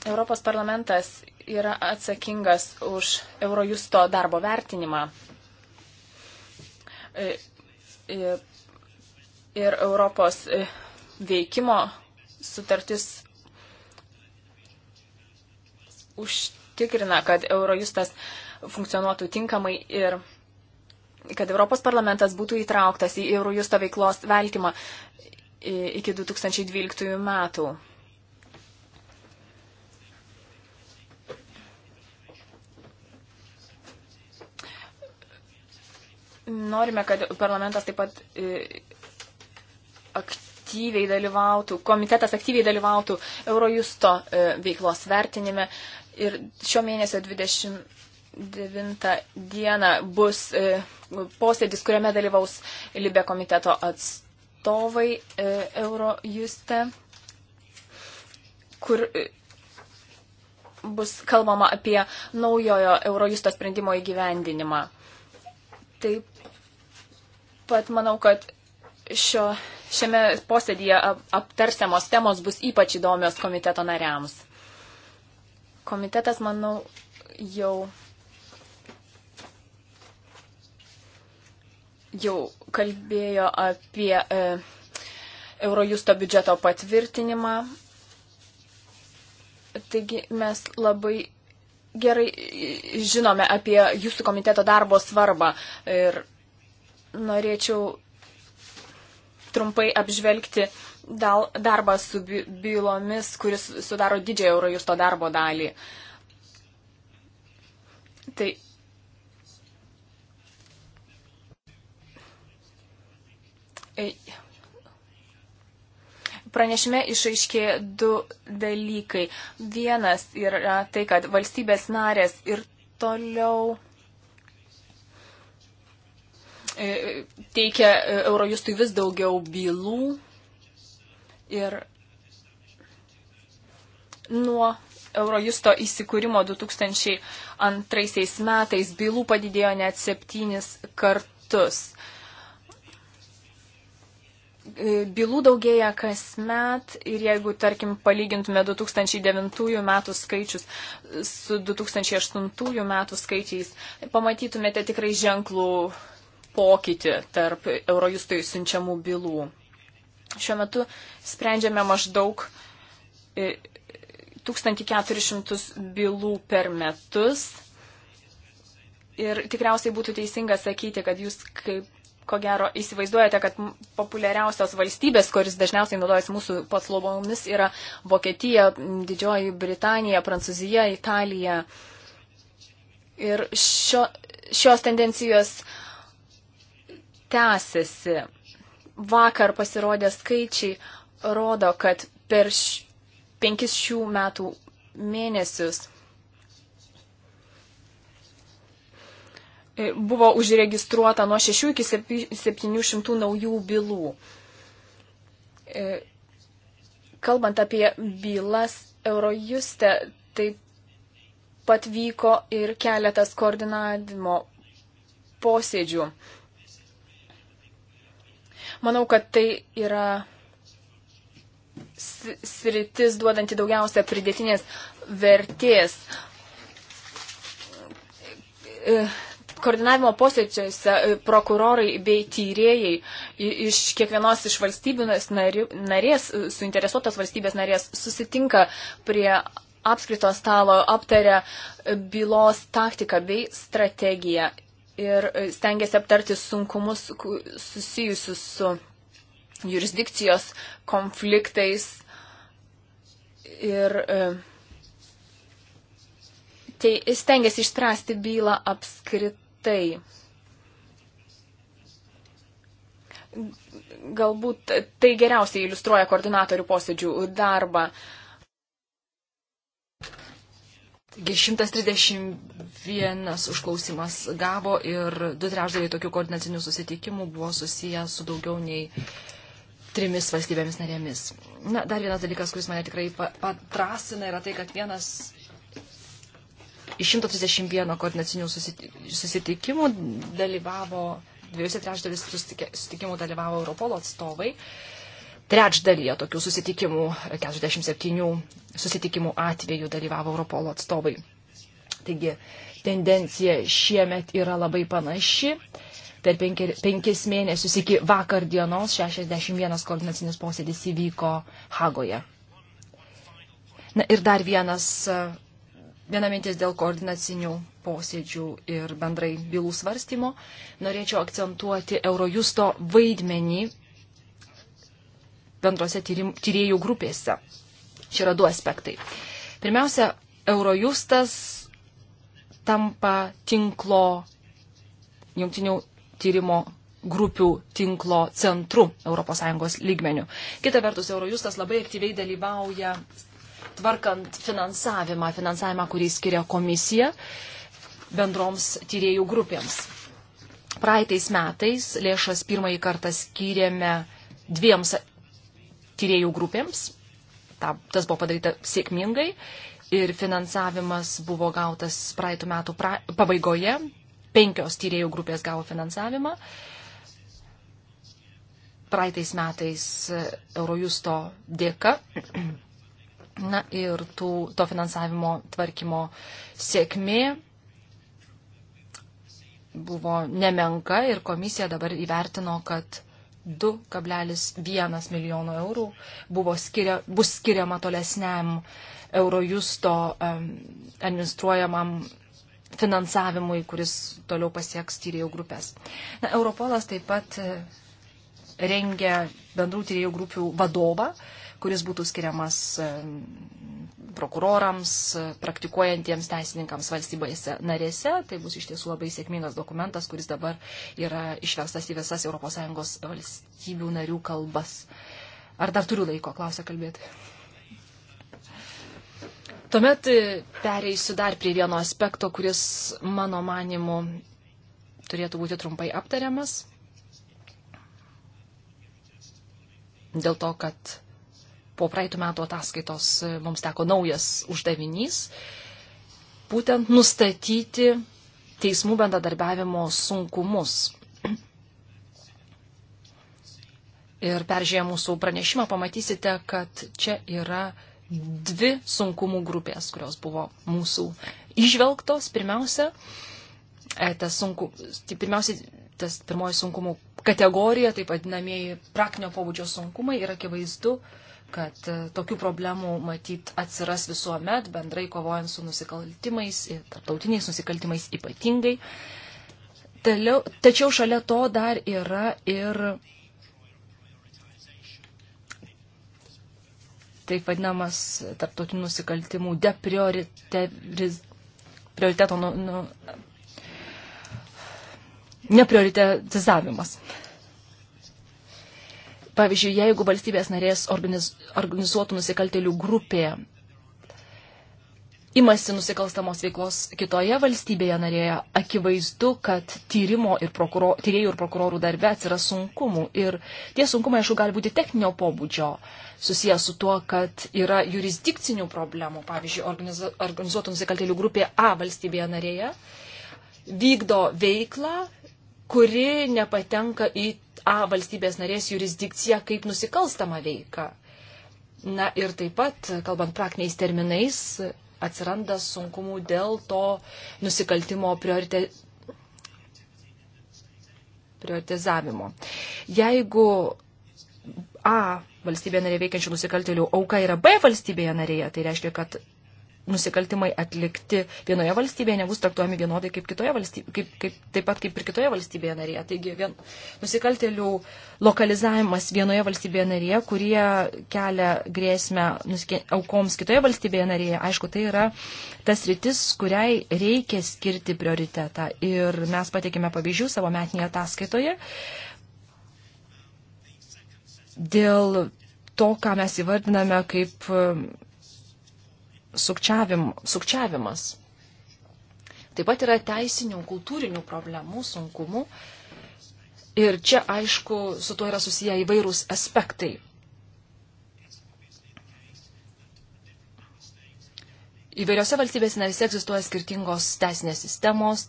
Europos parlamentas yra atsakingas už Eurojusto darbo vertinimą. E, ir Europos veikimo sutartis užtikrina, kad Eurojustas funkcionuotų tinkamai ir kad Europos parlamentas būtų įtrauktas į Eurojusto veiklos veltimą iki 2012 metų. Norime, kad parlamentas taip pat aktyviai dalyvautų, komitetas aktyviai dalyvautų Eurojusto veiklos vertinime, Ir šio mėnesio 29 dieną bus e, posėdis, kuriame dalyvaus Libė komiteto atstovai e, Eurojuste, kur e, bus kalbama apie naujojo Eurojusto sprendimo įgyvendinimą. Taip pat manau, kad šio, šiame posėdėje aptarsiamos temos bus ypač įdomios komiteto nariams komitetas, manau, jau, jau kalbėjo apie e, Eurojusto biudžeto patvirtinimą. Taigi mes labai gerai žinome apie jūsų komiteto darbo svarbą ir norėčiau trumpai apžvelgti dal, darbą su by, bylomis, kuris sudaro didžiąją Eurojusto darbo dalį. Tai Pranešime išaiškė du dalykai. Vienas yra tai, kad valstybės narės ir toliau e, teikia e, Eurojustui vis daugiau bylų. Ir nuo Eurojusto įsikūrimo 2002 metais bylų padidėjo net septynis kartus. Bylų daugėja kasmet ir jeigu, tarkim, palygintume 2009 metų skaičius su 2008 metų skaičiais, pamatytumėte tikrai ženklų pokytį tarp Eurojustui siunčiamų bylų. Šiuo metu sprendžiame maždaug 1400 e, bylų per metus. Ir tikriausiai būtų teisinga sakyti, kad jūs kaip ko gero įsivaizduojate, kad populiariausios valstybės, kuris dažniausiai naudojasi mūsų paslaugomis, yra Vokietija, Didžioji Britanija, Prancūzija, Italija. Ir šio, šios tendencijos tęsiasi vakar pasirodę skaičiai rodo, kad per š... penkis šių metų mėnesius buvo užregistruota nuo 6 iki 700 naujų bylų. E, kalbant apie bylas Eurojuste, taip pat vyko ir keletas koordinavimo posėdžių. Manau, kad tai yra sritis duodanti daugiausia pridėtinės vertės. E, koordinavimo posėdžiuose e, prokurorai bei tyrėjai iš kiekvienos iš valstybės narės, e, suinteresuotos valstybės narės susitinka prie apskrito stalo, aptaria bylos taktiką bei strategiją ir e, stengiasi aptarti sunkumus susijusius su jurisdikcijos konfliktais ir tai stengiasi išspręsti bylą apskritai. Galbūt tai geriausiai iliustruoja koordinatorių posėdžių darbą. Uh, 131 užklausimas gavo ir du trešdaliai tokių koordinacinių susitikimų buvo susiję su daugiau nei trimis valstybėmis narėmis. Na, dar vienas dalykas, kuris mane tikrai patrasina, yra tai, kad vienas iš 131 koordinacinių susitikimų dalyvavo, dviejose trešdalis susitikimų dalyvavo Europolo atstovai. Uh, trečdalyje tokių susitikimų, 47 susitikimų atveju dalyvavo Europolo atstovai. Taigi tendencija šiemet yra labai panaši. Per penki, penkis mėnesius iki vakar dienos 61 koordinacinis posėdis įvyko Hagoje. Na ir dar vienas, viena mintis dėl koordinacinių posėdžių ir bendrai bylų svarstymo. Norėčiau akcentuoti Eurojusto vaidmenį bendrose tyriejų grupėse. Čia yra du aspektai. Pirmiausia, Eurojustas tampa tinklo, jungtinių tyrimo grupių tinklo centru ES lygmenių. Kita vertus, Eurojustas labai aktyviai dalyvauja tvarkant finansavimą, finansavimą, kurį skiria komisija bendroms tyriejų grupėms. Praeitais metais lėšas pirmąjį kartą skyrėme dviems tyriejų grupėms. Ta, tas buvo padaryta sėkmingai ir finansavimas buvo gautas praeitų metų pra, pabaigoje. Penkios tyriejų grupės gavo finansavimą. Praeitais metais e, Eurojusto dėka. Na ir tų, to finansavimo tvarkymo sėkmė buvo nemenka ir komisija dabar įvertino, kad 2,1 milijono eurų skiria, bus skiriama tolesniam Eurojusto administruojamam finansavimui, kuris toliau pasieks tyriejų grupės. Na, Europolas taip pat e, rengia bendrų tyriejų grupių vadovą, kuris būtų skiriamas e, prokurorams, praktikuojantiems teisininkams valstybėse narėse. Tai bus iš tiesų labai sėkmingas dokumentas, kuris dabar yra išverstas į visas ES valstybių narių kalbas. Ar dar turiu laiko, klausia kalbėti. Tuomet e, pereisiu dar prie vieno aspekto, kuris mano manimu turėtų būti trumpai aptariamas. Dėl to, kad po praeitų metų ataskaitos e, mums teko naujas uždavinys - būtent nustatyti teismų bendradarbiavimo sunkumus. Ir peržėję mūsų pranešimą pamatysite, kad čia yra dvi sunkumų grupės, kurios buvo mūsų išvelgtos. Pirmiausia, e, tas sunku, tai pirmiausia, tas pirmoji sunkumų kategorija, taip vadinamieji praktinio pobūdžio sunkumai, yra akivaizdu, kad e, tokių problemų matyt atsiras visuomet, bendrai kovojant su nusikaltimais, tarptautiniais nusikaltimais ypatingai. Taliau, tačiau šalia to dar yra ir taip vadinamas tarptautinių nusikaltimų deprioriteto, nu, nu, neprioritetizavimas. Pavyzdžiui, jeigu valstybės narės organizuotų nusikaltelių grupė, imasi nusikalstamos veiklos kitoje valstybėje narėje, akivaizdu, kad tyrimo ir prokuro, tyriejų ir prokurorų darbe atsiras sunkumų. Ir tie sunkumai, aišku, gali būti techninio pobūdžio, susijęs su tuo, kad yra jurisdikcinių problemų. Pavyzdžiui, organizu, organizuotų nusikaltelių grupė A valstybėje narėje vykdo veiklą kuri nepatenka į A valstybės narės jurisdikciją kaip nusikalstama veika. Na ir taip pat, kalbant praktiniais terminais, atsiranda sunkumų dėl to nusikaltimo priorite... prioritizavimo. Jeigu A valstybėje narėje veikiančių nusikaltėlių auka yra B valstybėje narėje, tai reiškia, kad nusikaltimai atlikti vienoje valstybėje nebus traktuojami vienodai kaip kitoje valstybėje, kaip, kaip, taip pat kaip ir kitoje valstybėje narėje. Taigi vien, nusikaltelių lokalizavimas vienoje valstybėje narėje, kurie kelia grėsmę nusikė, aukoms kitoje valstybėje narėje, aišku, tai yra tas rytis, kuriai reikia skirti prioritetą. Ir mes pateikėme pavyzdžių savo metinėje ataskaitoje dėl to, ką mes įvardiname kaip sukčiavim, sukčiavimas. Taip pat yra teisinių, kultūrinių problemų, sunkumų. Ir čia, aišku, su tuo yra susiję įvairūs aspektai. Įvairiose valstybės narėse egzistuoja skirtingos teisinės sistemos,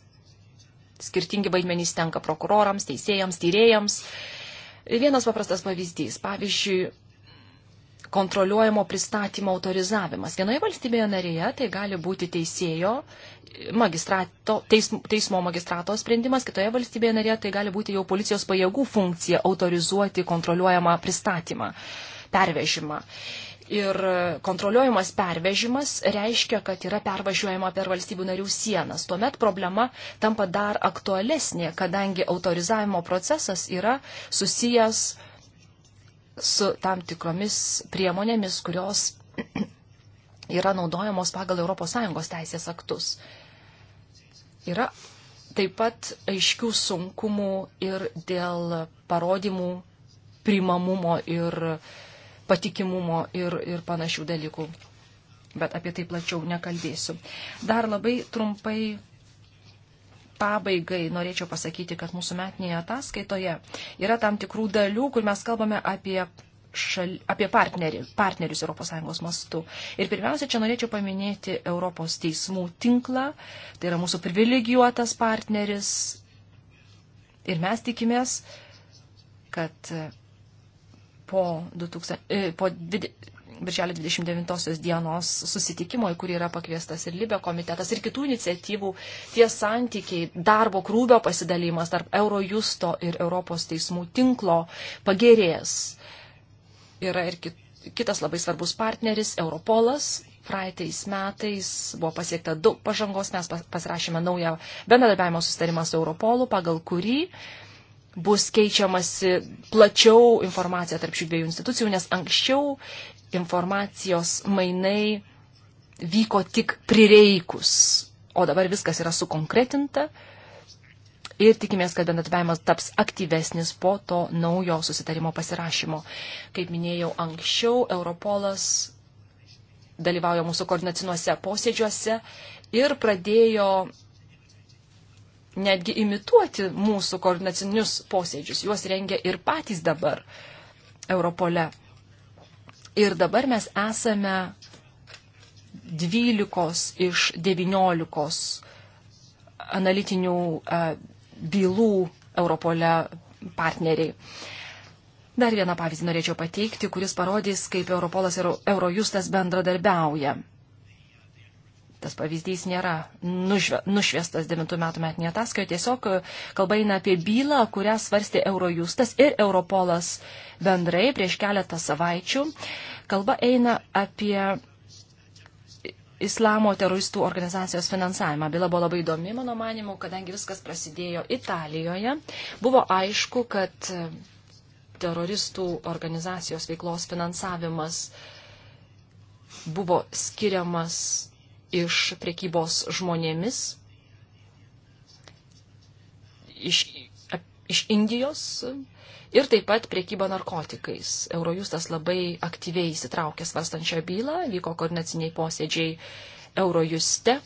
skirtingi vaidmenys tenka prokurorams, teisėjams, tyrėjams. Vienas paprastas pavyzdys. Pavyzdžiui, kontroliuojamo pristatymo autorizavimas. Vienoje valstybėje narėje tai gali būti teisėjo, magistrato, teismo, teismo magistrato sprendimas, kitoje valstybėje narėje tai gali būti jau policijos pajėgų funkcija autorizuoti kontroliuojamą pristatymą, pervežimą. Ir kontroliuojamas pervežimas reiškia, kad yra pervažiuojama per valstybių narių sienas. Tuomet problema tampa dar aktualesnė, kadangi autorizavimo procesas yra susijęs su tam tikromis priemonėmis, kurios yra naudojamos pagal ES teisės aktus. Yra taip pat aiškių sunkumų ir dėl parodymų primamumo ir patikimumo ir, ir panašių dalykų. Bet apie tai plačiau nekalbėsiu. Dar labai trumpai pabaigai norėčiau pasakyti, kad mūsų metinėje ataskaitoje yra tam tikrų dalių, kur mes kalbame apie, šal, apie partnerį, partnerius ES mastu. Ir pirmiausia, čia norėčiau paminėti Europos teismų tinklą, tai yra mūsų privilegijuotas partneris. Ir mes tikimės, kad po, 2000, e, po, birželio 29 dienos susitikimo, į kurį yra pakviestas ir Libė komitetas, ir kitų iniciatyvų, tie santykiai, darbo krūvio pasidalymas tarp Eurojusto ir Europos teismų tinklo pagerės. Yra ir kitas labai svarbus partneris - Europolas. Praeitais metais buvo pasiekta daug pažangos, mes pasirašėme naują bendradarbiavimo sustarimą su Europolu, pagal kurį bus keičiamasi plačiau informacija tarp šių dviejų institucijų, nes anksčiau informacijos mainai vyko tik prireikus, o dabar viskas yra sukonkretinta ir tikimės, kad bendradarbiavimas taps aktyvesnis po to naujo susitarimo pasirašymo. Kaip minėjau anksčiau, Europolas dalyvauja mūsų koordinaciniuose posėdžiuose ir pradėjo netgi imituoti mūsų koordinacinius posėdžius. Juos rengia ir patys dabar Europole. Ir dabar mes esame 12 iš 19 analitinių e, bylų Europole partneriai. Dar vieną pavyzdį norėčiau pateikti, kuris parodys, kaip Europolas ir Eurojustas bendradarbiauja tas pavyzdys nėra nužve, nušviestas 9 metų metinėje ataskaitoje, tiesiog e, kalba eina apie bylą, kurią svarstė Eurojustas ir Europolas bendrai prieš keletą savaičių. Kalba eina apie islamo teroristų organizacijos finansavimą. Byla buvo labai įdomi, mano manimu, kadangi viskas prasidėjo Italijoje. Buvo aišku, kad e, teroristų organizacijos veiklos finansavimas buvo skiriamas iš prekybos žmonėmis, iš, iš Indijos ir taip pat prekyba narkotikais. Eurojustas labai aktyviai įsitraukė svarstančią bylą, vyko koordinaciniai posėdžiai Eurojuste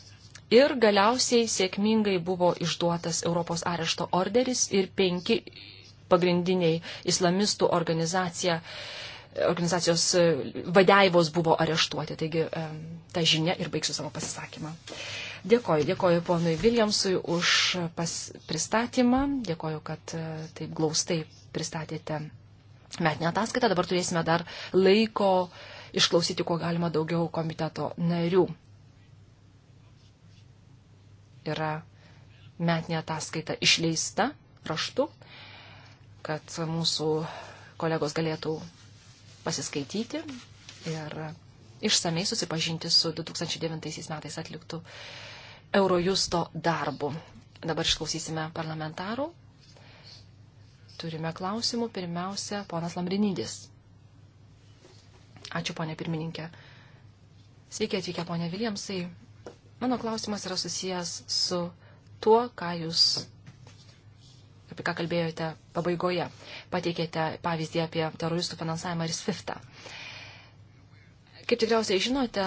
ir galiausiai sėkmingai buvo išduotas Europos arešto orderis ir penki pagrindiniai islamistų organizacija organizacijos e, vadeivos buvo areštuoti. Taigi e, tą žinią ir baigsiu savo pasisakymą. Dėkoju, dėkoju ponui Viljamsui už pas, pristatymą, dėkoju, kad e, taip glaustai pristatėte metinę ataskaitą. Dabar turėsime dar laiko išklausyti, kuo galima daugiau komiteto narių. Yra metinė ataskaita išleista raštu, kad mūsų kolegos galėtų pasiskaityti ir išsamei susipažinti su 2009 metais atliktų Eurojusto darbu. Dabar išklausysime parlamentarų. Turime klausimų. Pirmiausia, ponas Lambrinidis. Ačiū, ponė pirmininkė. Sveiki atvykę, ponė Viljamsai. Mano klausimas yra susijęs su tuo, ką jūs apie ką kalbėjote pabaigoje. Pateikėte pavyzdį apie teroristų finansavimą ir SWIFTą. Kaip tikriausiai žinote,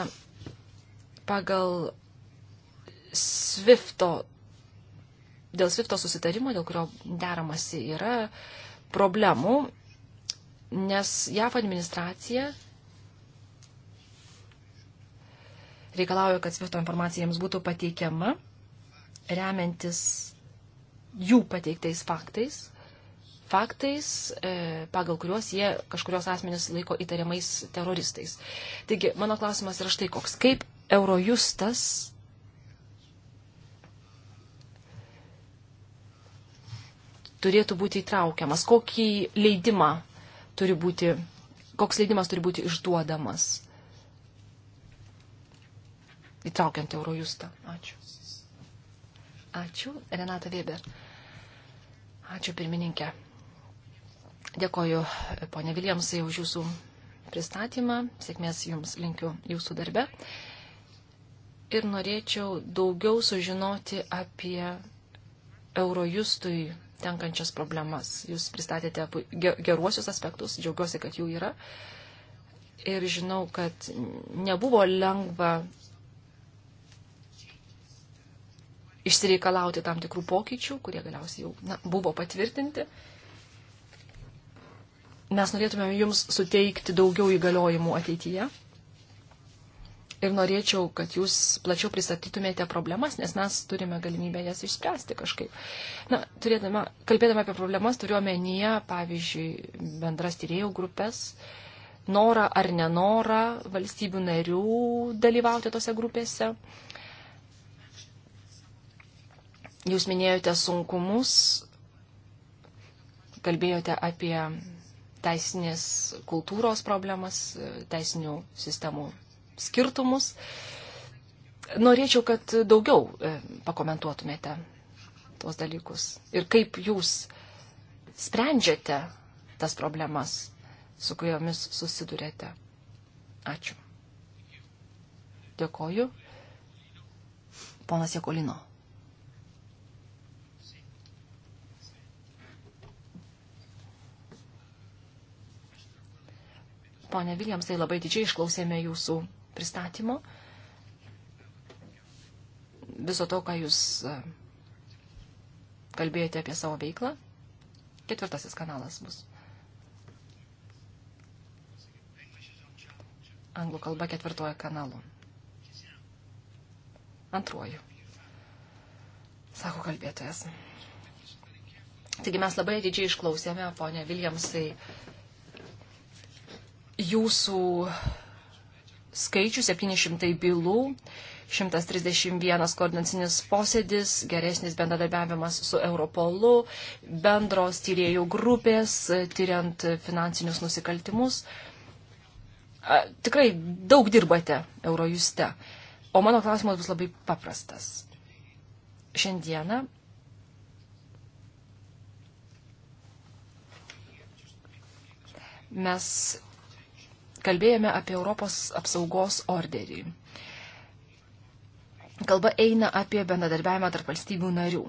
pagal SWIFTO, dėl SWIFTO susitarimo, dėl kurio deramasi, yra problemų, nes JAF administracija reikalauja, kad SWIFTO informacija jiems būtų pateikiama, remiantis jų pateiktais faktais, faktais, e, pagal kuriuos jie kažkurios asmenys laiko įtariamais teroristais. Taigi, mano klausimas yra štai koks. Kaip Eurojustas turėtų būti įtraukiamas, kokį leidimą turi būti, koks leidimas turi būti išduodamas, įtraukiant Eurojustą. Ačiū. Ačiū, Renata Weber. Ačiū pirmininkė. Dėkoju ponė Viljamsai už jūsų pristatymą. Sėkmės jums linkiu jūsų darbe. Ir norėčiau daugiau sužinoti apie Eurojustui tenkančias problemas. Jūs pristatėte geruosius aspektus, džiaugiuosi, kad jų yra. Ir žinau, kad nebuvo lengva išsireikalauti tam tikrų pokyčių, kurie galiausiai jau na, buvo patvirtinti. Mes norėtume jums suteikti daugiau įgaliojimų ateityje. Ir norėčiau, kad jūs plačiau pristatytumėte problemas, nes mes turime galimybę jas išspręsti kažkaip. Na, turėdama, kalbėdama apie problemas, turiu omenyje, pavyzdžiui, bendras tyriejų grupės, norą ar nenorą valstybių narių dalyvauti tose grupėse. Uh, Jūs minėjote sunkumus, kalbėjote apie teisinės kultūros problemas, teisinių sistemų skirtumus. Norėčiau, kad daugiau e, pakomentuotumėte tuos dalykus ir kaip jūs sprendžiate tas problemas, su kuriomis susidurėte. Ačiū. Dėkoju. Ponas Jekolino. Pone Viljams, tai labai didžiai išklausėme jūsų pristatymo. Viso to, ką jūs e, kalbėjote apie savo veiklą. Ketvirtasis kanalas bus. Anglų kalba ketvirtojo kanalu. Antruoju. Sako kalbėtojas. Taigi mes labai didžiai išklausėme, ponė Viljamsai, jūsų skaičių 700 bylų, 131 koordinacinis posėdis, geresnis bendradarbiavimas su Europolu, bendros tyriejų grupės, tyriant finansinius nusikaltimus. Tikrai daug dirbate Eurojuste. O mano klausimas bus labai paprastas. Šiandieną mes kalbėjome apie Europos apsaugos orderį. Kalba eina apie bendradarbiavimą tarp valstybių narių.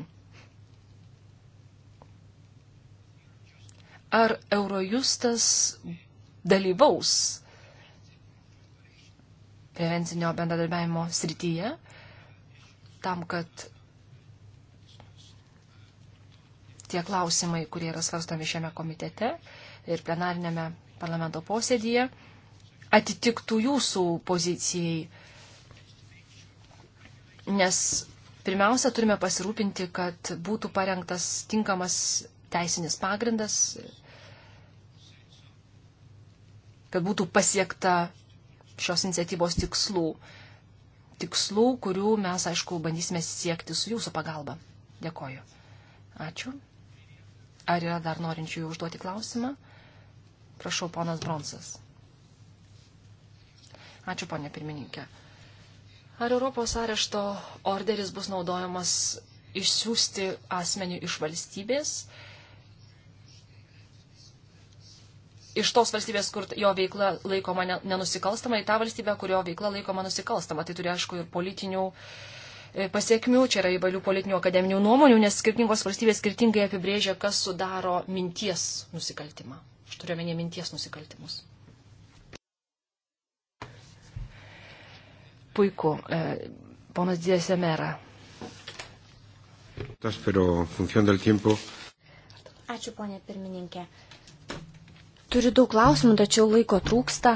Ar Eurojustas dalyvaus prevencinio bendradarbiavimo srityje tam, kad tie klausimai, kurie yra svarstami šiame komitete ir plenarinėme parlamento posėdyje, atitiktų jūsų pozicijai. Nes pirmiausia, turime pasirūpinti, kad būtų parengtas tinkamas teisinis pagrindas, kad būtų pasiekta šios iniciatyvos tikslų. Tikslų, kurių mes, aišku, bandysime siekti su jūsų pagalba. Dėkoju. Ačiū. Ar yra dar norinčių užduoti klausimą? Prašau, ponas Bronsas. Ačiū, ponė pirmininkė. Ar Europos arešto orderis bus naudojamas išsiųsti asmenį iš valstybės? Iš tos valstybės, kur jo veikla laikoma nenusikalstama, į tą valstybę, kur jo veikla laikoma nusikalstama. Tai turi, aišku, ir politinių e, pasiekmių, čia yra įvairių politinių akademinių nuomonių, nes skirtingos valstybės skirtingai apibrėžia, kas sudaro minties nusikaltimą. Aš turiu omenyje minties nusikaltimus. Puiku. E, ponas Dėsė Mera. Ačiū, ponė pirmininkė. Turiu daug klausimų, tačiau laiko trūksta.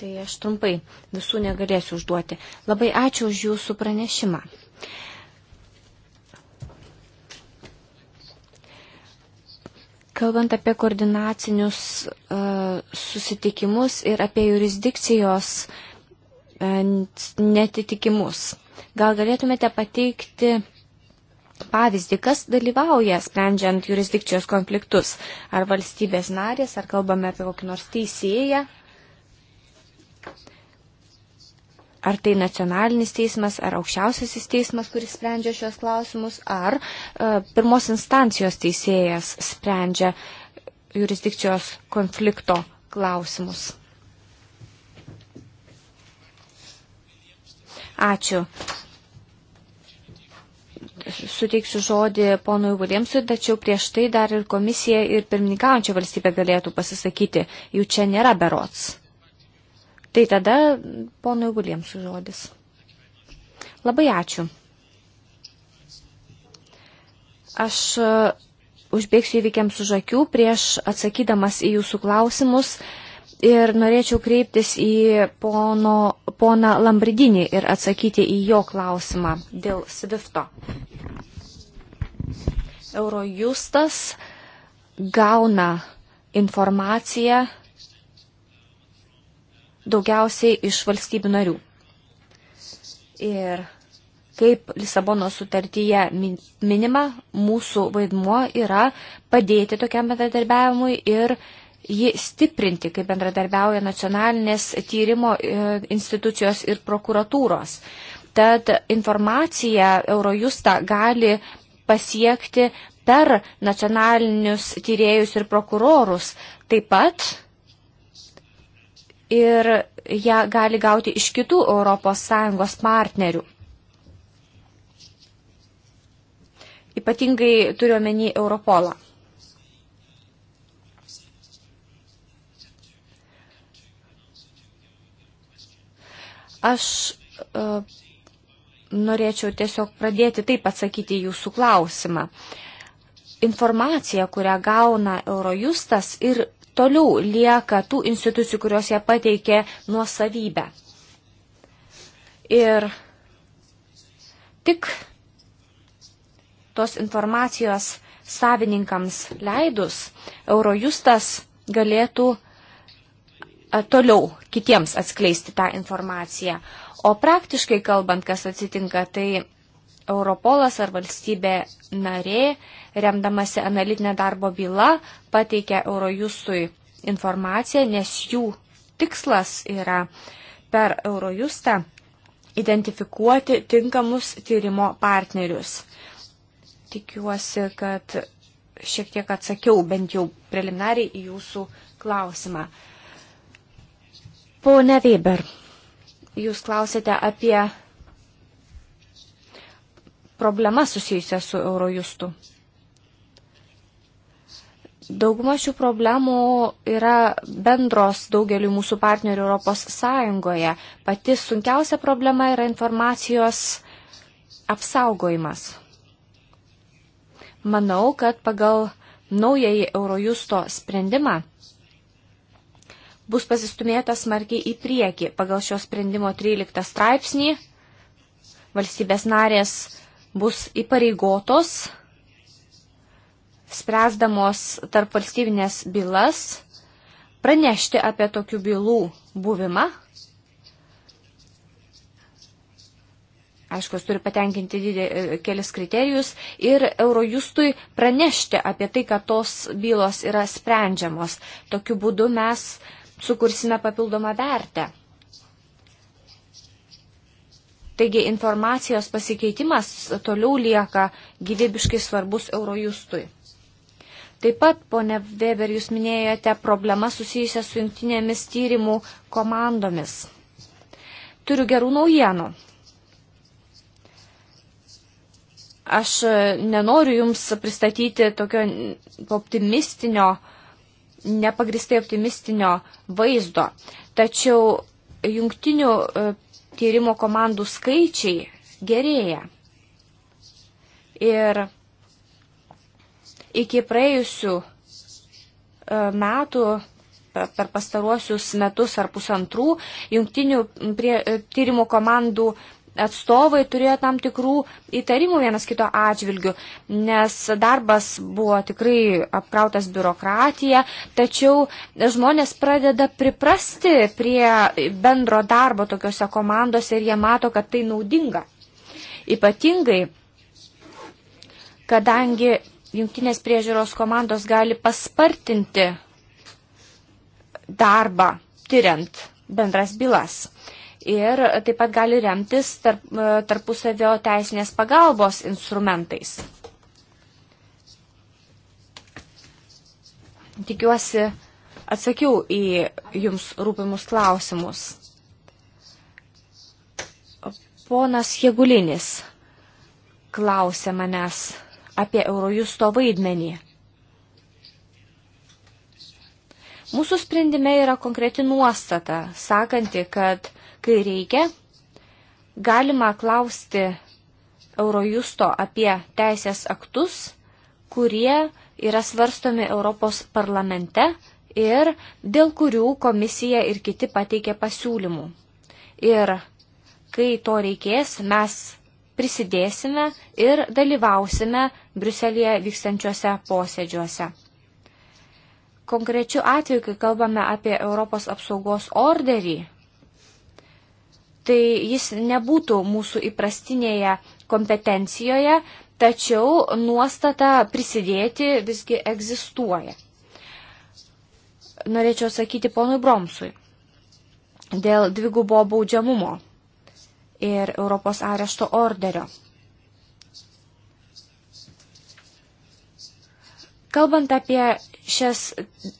Tai aš trumpai visų negalėsiu užduoti. Labai ačiū už jūsų pranešimą. Uh, Kalbant apie koordinacinius uh, susitikimus ir apie jurisdikcijos uh, netitikimus, gal galėtumėte pateikti pavyzdį, kas dalyvauja sprendžiant jurisdikcijos konfliktus? Ar valstybės narės, ar kalbame apie kokį nors teisėją? Uh, ar tai nacionalinis teismas, ar aukščiausiasis teismas, kuris sprendžia šios klausimus, ar e, pirmos instancijos teisėjas sprendžia jurisdikcijos konflikto klausimus. Ačiū. Suteiksiu žodį ponui Williamsui, tačiau prieš tai dar ir komisija ir pirmininkaujančia valstybė galėtų pasisakyti. Jų čia nėra berots. Tai tada ponui Guliems žodis. Labai ačiū. Aš e, užbėgsiu įvykiams už akių prieš atsakydamas į jūsų klausimus ir norėčiau kreiptis į pono, poną Lambridinį ir atsakyti į jo klausimą dėl Svifto. Eurojustas gauna informaciją daugiausiai iš valstybių narių. Ir kaip Lisabono sutartyje minima, mūsų vaidmuo yra padėti tokiam bendradarbiavimui ir jį stiprinti, kaip bendradarbiauja nacionalinės tyrimo e, institucijos ir prokuratūros. Tad informacija Eurojusta gali pasiekti per nacionalinius tyriejus ir prokurorus. Taip pat ir ją gali gauti iš kitų ES partnerių. Ypatingai turiuomenį Europolą. Aš uh, norėčiau tiesiog pradėti taip atsakyti jūsų klausimą. Informacija, kurią gauna Eurojustas ir toliau lieka tų institucijų, kurios jie pateikė nuosavybę. Ir tik tos informacijos savininkams leidus, Eurojustas galėtų toliau kitiems atskleisti tą informaciją. O praktiškai kalbant, kas atsitinka, tai Europolas ar valstybė narė, remdamasi analitinę darbo bylą, pateikia Eurojustui informaciją, nes jų tikslas yra per Eurojustą identifikuoti tinkamus tyrimo partnerius. Tikiuosi, kad šiek tiek atsakiau bent jau preliminariai į jūsų klausimą. Pone Weber, jūs klausėte apie problemas susijusias su Eurojustu. Dauguma šių problemų yra bendros daugeliu mūsų partnerių Europos Sąjungoje. Pati sunkiausia problema yra informacijos apsaugojimas. Manau, kad pagal naująjį Eurojusto sprendimą bus pasistumėta smarkiai į priekį. Pagal šio sprendimo 13 straipsnį valstybės narės bus įpareigotos, spręsdamos tarp valstybinės bylas, pranešti apie tokių bylų buvimą. Aišku, jis turi patenkinti didė, e, kelis kriterijus ir Eurojustui pranešti apie tai, kad tos bylos yra sprendžiamos. Tokiu būdu mes sukursime papildomą vertę. Taigi informacijos pasikeitimas toliau lieka gyvybiškai svarbus Eurojustui. Taip pat, ponė Weber, jūs minėjote problemą susijusią su jungtinėmis tyrimų komandomis. Turiu gerų naujienų. Aš nenoriu Jums pristatyti tokio optimistinio, nepagristai optimistinio vaizdo, tačiau jungtinių e, tyrimo komandų skaičiai gerėja. Ir iki praėjusių e, metų per pastaruosius metus ar pusantrų jungtinių prie, e, tyrimų komandų atstovai turėjo tam tikrų įtarimų vienas kito atžvilgių, nes darbas buvo tikrai apkrautas biurokratija, tačiau žmonės pradeda priprasti prie bendro darbo tokiuose komandose ir jie mato, kad tai naudinga. Ypatingai, kadangi jungtinės priežiūros komandos gali paspartinti darbą tyriant bendras bylas ir taip pat gali remtis tarp, e, tarpusavio teisinės pagalbos instrumentais. Tikiuosi, atsakiau į jums rūpimus klausimus. Ponas Jegulinis klausė manęs apie Eurojusto vaidmenį. Mūsų sprendime yra konkreti nuostata, sakanti, kad kai reikia. Galima klausti Eurojusto apie teisės aktus, kurie yra svarstomi Europos parlamente ir dėl kurių komisija ir kiti pateikė pasiūlymų. Ir kai to reikės, mes prisidėsime ir dalyvausime Bruselėje vykstančiuose posėdžiuose. Konkrečiu atveju, kai kalbame apie Europos apsaugos orderį, tai jis nebūtų mūsų įprastinėje kompetencijoje, tačiau nuostata prisidėti visgi egzistuoja. Norėčiau sakyti ponui Bromsui dėl dvigubo baudžiamumo ir Europos arešto orderio. Kalbant apie šias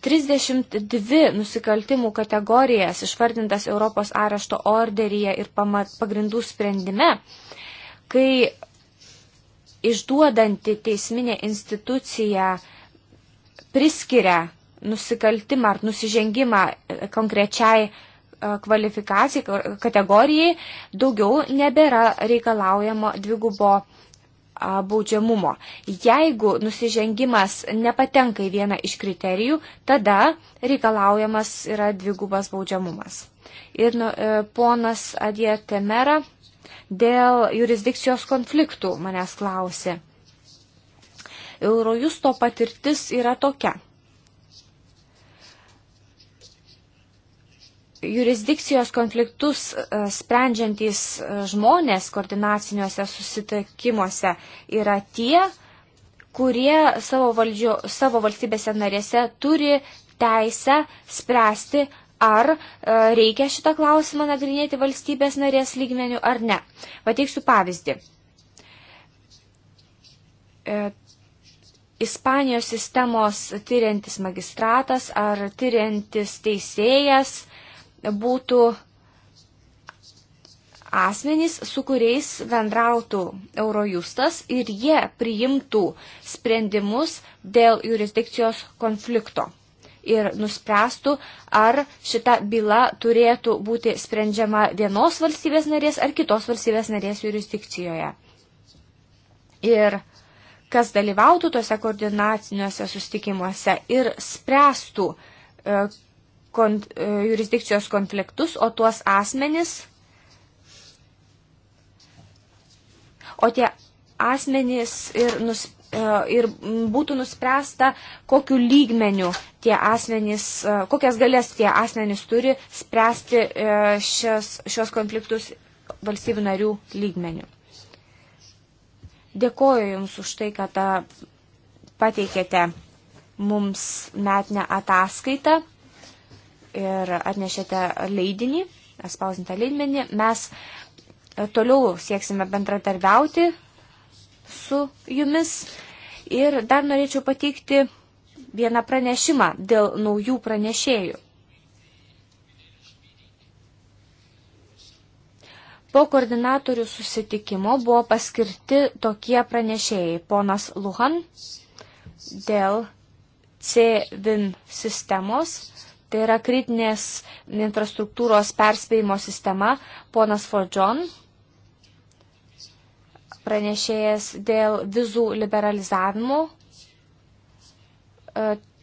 32 nusikaltimų kategorijas išvardintas Europos arešto orderyje ir pagrindų sprendime, kai išduodanti teisminė institucija priskiria nusikaltimą ar nusižengimą e, konkrečiai e, kvalifikacijai, kategorijai, daugiau nebėra reikalaujamo dvigubo baudžiamumo. Jeigu nusižengimas nepatenka į vieną iš kriterijų, tada reikalaujamas yra dvigubas baudžiamumas. Ir nu, e, ponas Adie Temera dėl jurisdikcijos konfliktų manęs klausė. Eurojusto patirtis yra tokia. jurisdikcijos konfliktus e, sprendžiantys e, žmonės koordinaciniuose susitikimuose yra tie, kurie savo, valdžio, savo valstybėse narėse turi teisę spręsti, ar e, reikia šitą klausimą nagrinėti valstybės narės lygmenių ar ne. Pateiksiu pavyzdį. Ispanijos sistemos tyriantis magistratas ar tyriantis teisėjas uh, būtų asmenys, su kuriais bendrautų Eurojustas ir jie priimtų sprendimus dėl jurisdikcijos konflikto ir nuspręstų, ar šita byla turėtų būti sprendžiama vienos valstybės narės ar kitos valstybės narės jurisdikcijoje. Ir kas dalyvautų tose koordinaciniuose sustikimuose ir spręstų, e, kon, e, jurisdikcijos konfliktus, o tuos asmenis, o tie asmenys ir, nus, e, ir būtų nuspręsta, kokiu lygmeniu tie asmenys, e, kokias galės tie asmenys turi spręsti šios, šios konfliktus valstybių narių lygmeniu. Dėkoju Jums už tai, kad pateikėte mums metinę ataskaitą ir atnešėte leidinį, spausintą leidmenį. Mes e, toliau sieksime bendradarbiauti su jumis. Ir dar norėčiau pateikti vieną pranešimą dėl naujų pranešėjų. Po koordinatorių susitikimo buvo paskirti tokie pranešėjai. Ponas Luhan dėl CVIN sistemos Tai yra kritinės infrastruktūros perspėjimo sistema. Ponas Fordžon, pranešėjas dėl vizų liberalizavimų e,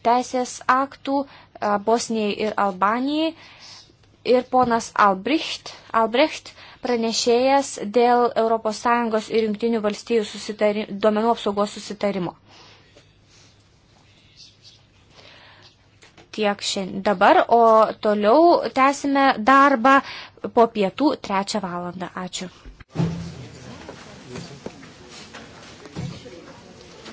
teisės aktų e, Bosnijai ir Albanijai. Ir ponas Albrecht, Albrecht pranešėjas dėl ES ir Junktinių valstybių duomenų apsaugos susitarimo. tiek šiandien dabar, o toliau tęsime darbą po pietų trečią valandą. Ačiū.